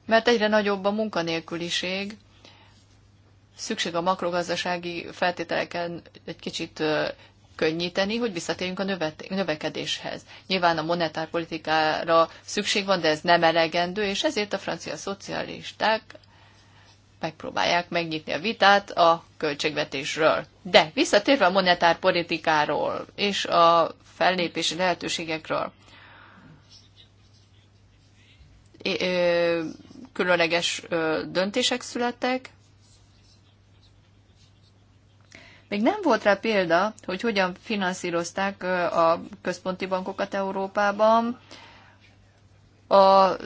mert egyre nagyobb a munkanélküliség, szükség a makrogazdasági feltételeken egy kicsit könnyíteni, hogy visszatérjünk a növekedéshez. Nyilván a monetárpolitikára szükség van, de ez nem elegendő, és ezért a francia szocialisták megpróbálják megnyitni a vitát a költségvetésről. De visszatérve a monetárpolitikáról és a fellépési lehetőségekről, különleges döntések születtek, Még nem volt rá példa, hogy hogyan finanszírozták a központi bankokat Európában az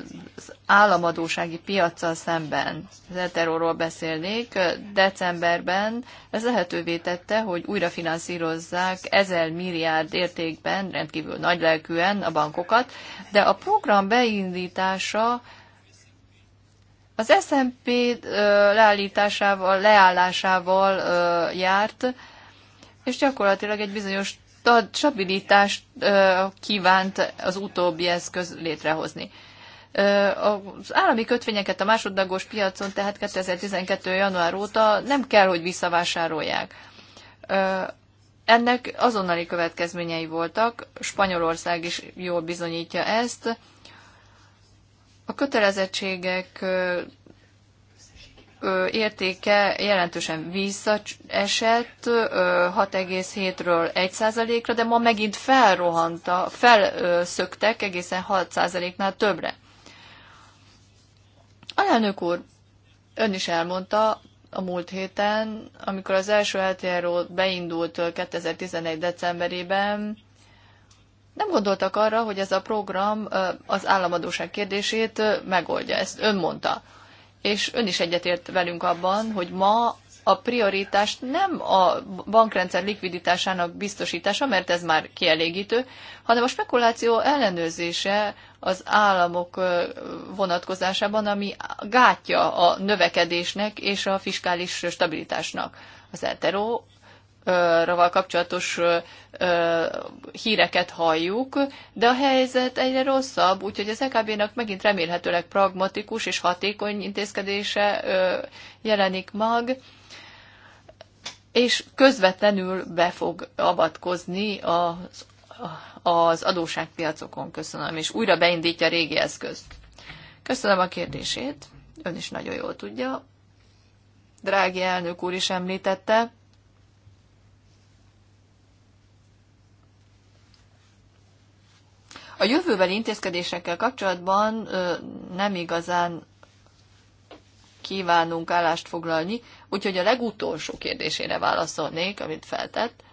államadósági piaccal szemben. Az Eteróról beszélnék. Decemberben ez lehetővé tette, hogy újra finanszírozzák ezer milliárd értékben, rendkívül nagylelkűen a bankokat, de a program beindítása az SMP leállításával, leállásával járt, és gyakorlatilag egy bizonyos stabilitást kívánt az utóbbi eszköz létrehozni. Az állami kötvényeket a másodlagos piacon, tehát 2012. január óta nem kell, hogy visszavásárolják. Ennek azonnali következményei voltak, Spanyolország is jól bizonyítja ezt, a kötelezettségek értéke jelentősen visszaesett 6,7-ről 1%-ra, de ma megint felrohanta, felszöktek egészen 6%-nál többre. Alelnök úr, ön is elmondta a múlt héten, amikor az első LTRO beindult 2011. decemberében, nem gondoltak arra, hogy ez a program az államadóság kérdését megoldja, ezt ön mondta. És ön is egyetért velünk abban, hogy ma a prioritás nem a bankrendszer likviditásának biztosítása, mert ez már kielégítő, hanem a spekuláció ellenőrzése az államok vonatkozásában, ami gátja a növekedésnek és a fiskális stabilitásnak. Az elteró raval kapcsolatos híreket halljuk, de a helyzet egyre rosszabb, úgyhogy az EKB-nak megint remélhetőleg pragmatikus és hatékony intézkedése jelenik mag, és közvetlenül be fog avatkozni az, az adóságpiacokon. Köszönöm, és újra beindítja a régi eszközt. Köszönöm a kérdését, ön is nagyon jól tudja. Drági elnök úr is említette, A jövőbeli intézkedésekkel kapcsolatban nem igazán kívánunk állást foglalni, úgyhogy a legutolsó kérdésére válaszolnék, amit feltett.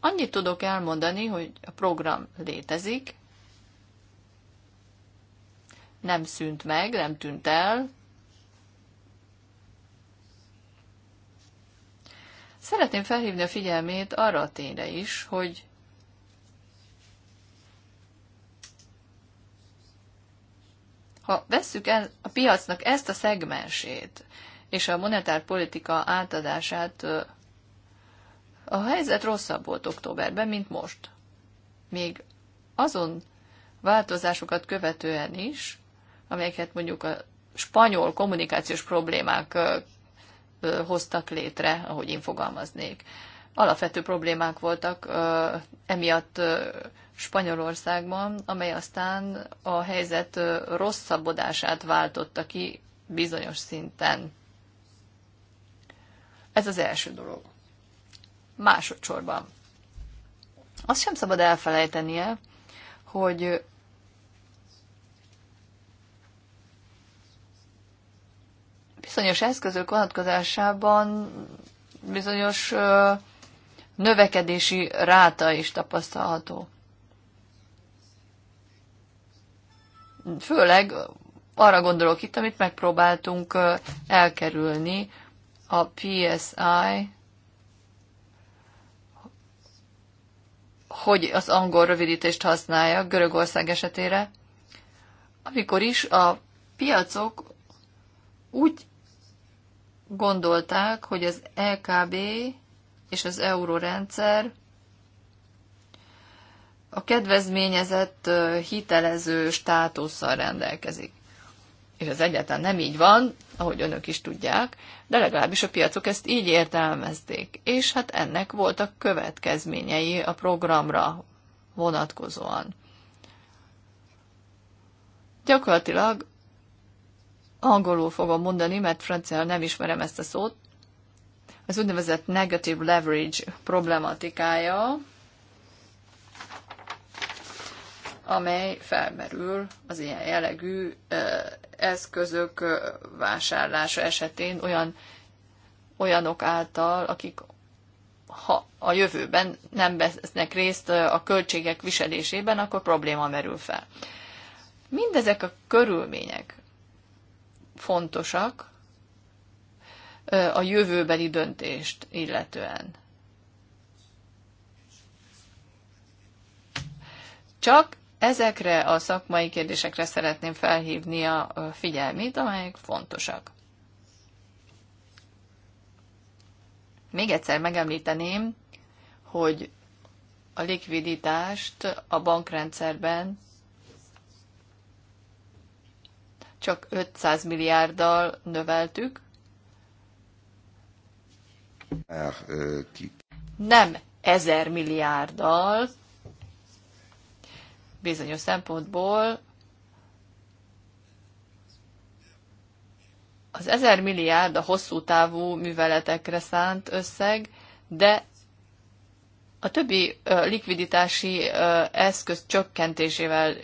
Annyit tudok elmondani, hogy a program létezik, nem szűnt meg, nem tűnt el. Szeretném felhívni a figyelmét arra a tényre is, hogy Ha vesszük el a piacnak ezt a szegmensét, és a monetárpolitika átadását, a helyzet rosszabb volt októberben, mint most. Még azon változásokat követően is, amelyeket mondjuk a spanyol kommunikációs problémák hoztak létre, ahogy én fogalmaznék. Alapvető problémák voltak emiatt Spanyolországban, amely aztán a helyzet rosszabbodását váltotta ki bizonyos szinten. Ez az első dolog. Másodszorban. Azt sem szabad elfelejtenie, hogy bizonyos eszközök vonatkozásában bizonyos növekedési ráta is tapasztalható. Főleg arra gondolok itt, amit megpróbáltunk elkerülni, a PSI, hogy az angol rövidítést használja Görögország esetére, amikor is a piacok úgy gondolták, hogy az EKB és az eurórendszer a kedvezményezett hitelező státusszal rendelkezik. És ez egyáltalán nem így van, ahogy önök is tudják, de legalábbis a piacok ezt így értelmezték. És hát ennek voltak következményei a programra vonatkozóan. Gyakorlatilag angolul fogom mondani, mert francia nem ismerem ezt a szót. Az úgynevezett negative leverage problematikája, amely felmerül az ilyen jellegű eszközök vásárlása esetén olyan, olyanok által, akik ha a jövőben nem vesznek részt a költségek viselésében, akkor probléma merül fel. Mindezek a körülmények fontosak a jövőbeli döntést illetően. Csak Ezekre a szakmai kérdésekre szeretném felhívni a figyelmét, amelyek fontosak. Még egyszer megemlíteném, hogy a likviditást a bankrendszerben csak 500 milliárddal növeltük. Nem 1000 milliárddal, bizonyos szempontból az ezer milliárd a hosszú távú műveletekre szánt összeg, de a többi likviditási eszköz csökkentésével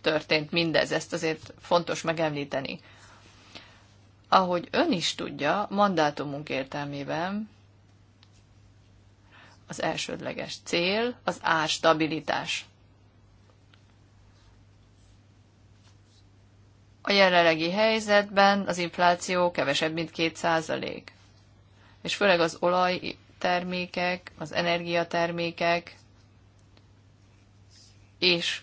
történt mindez, ezt azért fontos megemlíteni. Ahogy ön is tudja, mandátumunk értelmében az elsődleges cél az árstabilitás. A jelenlegi helyzetben az infláció kevesebb, mint 2 És főleg az olajtermékek, az energiatermékek, és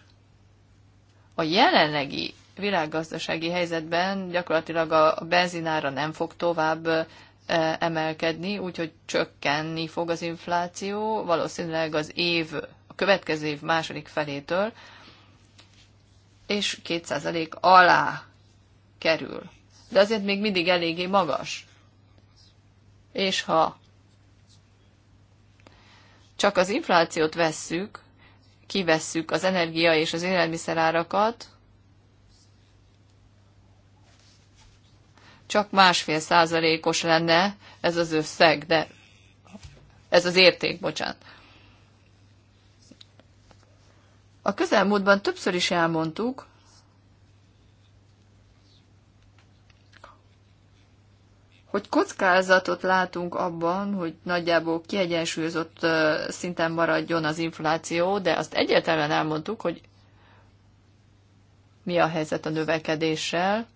a jelenlegi világgazdasági helyzetben gyakorlatilag a benzinára nem fog tovább emelkedni, úgyhogy csökkenni fog az infláció, valószínűleg az év, a következő év második felétől, és 2% alá kerül. De azért még mindig eléggé magas. És ha csak az inflációt vesszük, kivesszük az energia és az árakat, csak másfél százalékos lenne ez az összeg, de ez az érték, bocsánat. A közelmúltban többször is elmondtuk, hogy kockázatot látunk abban, hogy nagyjából kiegyensúlyozott szinten maradjon az infláció, de azt egyértelműen elmondtuk, hogy mi a helyzet a növekedéssel.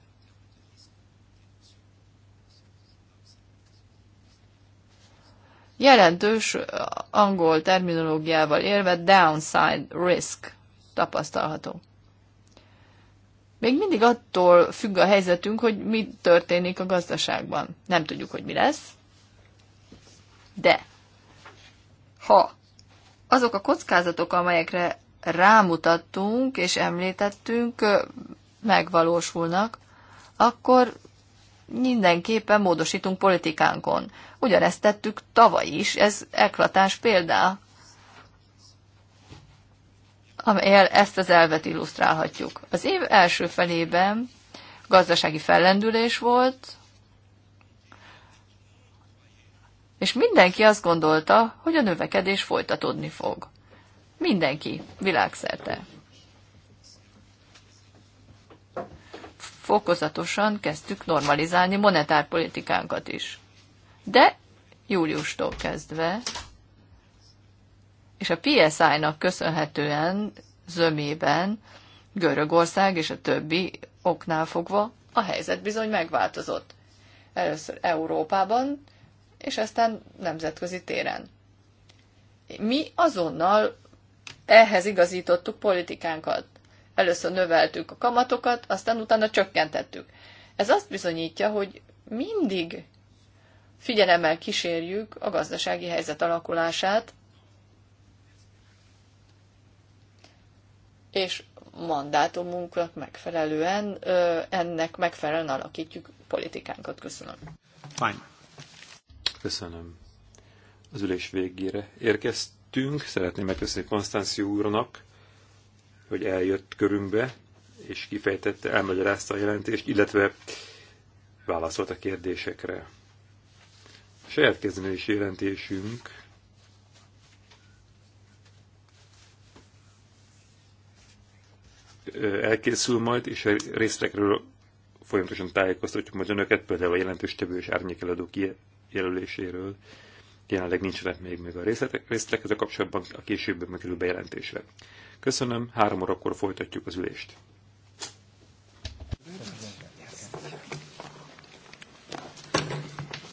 Jelentős angol terminológiával érve downside risk tapasztalható. Még mindig attól függ a helyzetünk, hogy mi történik a gazdaságban. Nem tudjuk, hogy mi lesz, de ha azok a kockázatok, amelyekre rámutattunk és említettünk, megvalósulnak, akkor mindenképpen módosítunk politikánkon. Ugyanezt tettük tavaly is, ez eklatás példa amelyel ezt az elvet illusztrálhatjuk. Az év első felében gazdasági fellendülés volt, és mindenki azt gondolta, hogy a növekedés folytatódni fog. Mindenki, világszerte. Fokozatosan kezdtük normalizálni monetárpolitikánkat is. De júliustól kezdve és a PSI-nak köszönhetően zömében Görögország és a többi oknál fogva a helyzet bizony megváltozott. Először Európában, és aztán nemzetközi téren. Mi azonnal ehhez igazítottuk politikánkat. Először növeltük a kamatokat, aztán utána csökkentettük. Ez azt bizonyítja, hogy mindig figyelemmel kísérjük a gazdasági helyzet alakulását, és mandátumunknak megfelelően ennek megfelelően alakítjuk politikánkat. Köszönöm. Fine. Köszönöm. Az ülés végére érkeztünk. Szeretném megköszönni Konstanci úrnak, hogy eljött körünkbe, és kifejtette, elmagyarázta a jelentést, illetve válaszolt a kérdésekre. A saját kezdeményes jelentésünk elkészül majd, és a részekről folyamatosan tájékoztatjuk majd önöket, például a jelentős tevő és árnyékeladó kijelöléséről. Jelenleg nincsenek még meg a részletek, ez a kapcsolatban a később megkerül bejelentésre. Köszönöm, három órakor folytatjuk az ülést.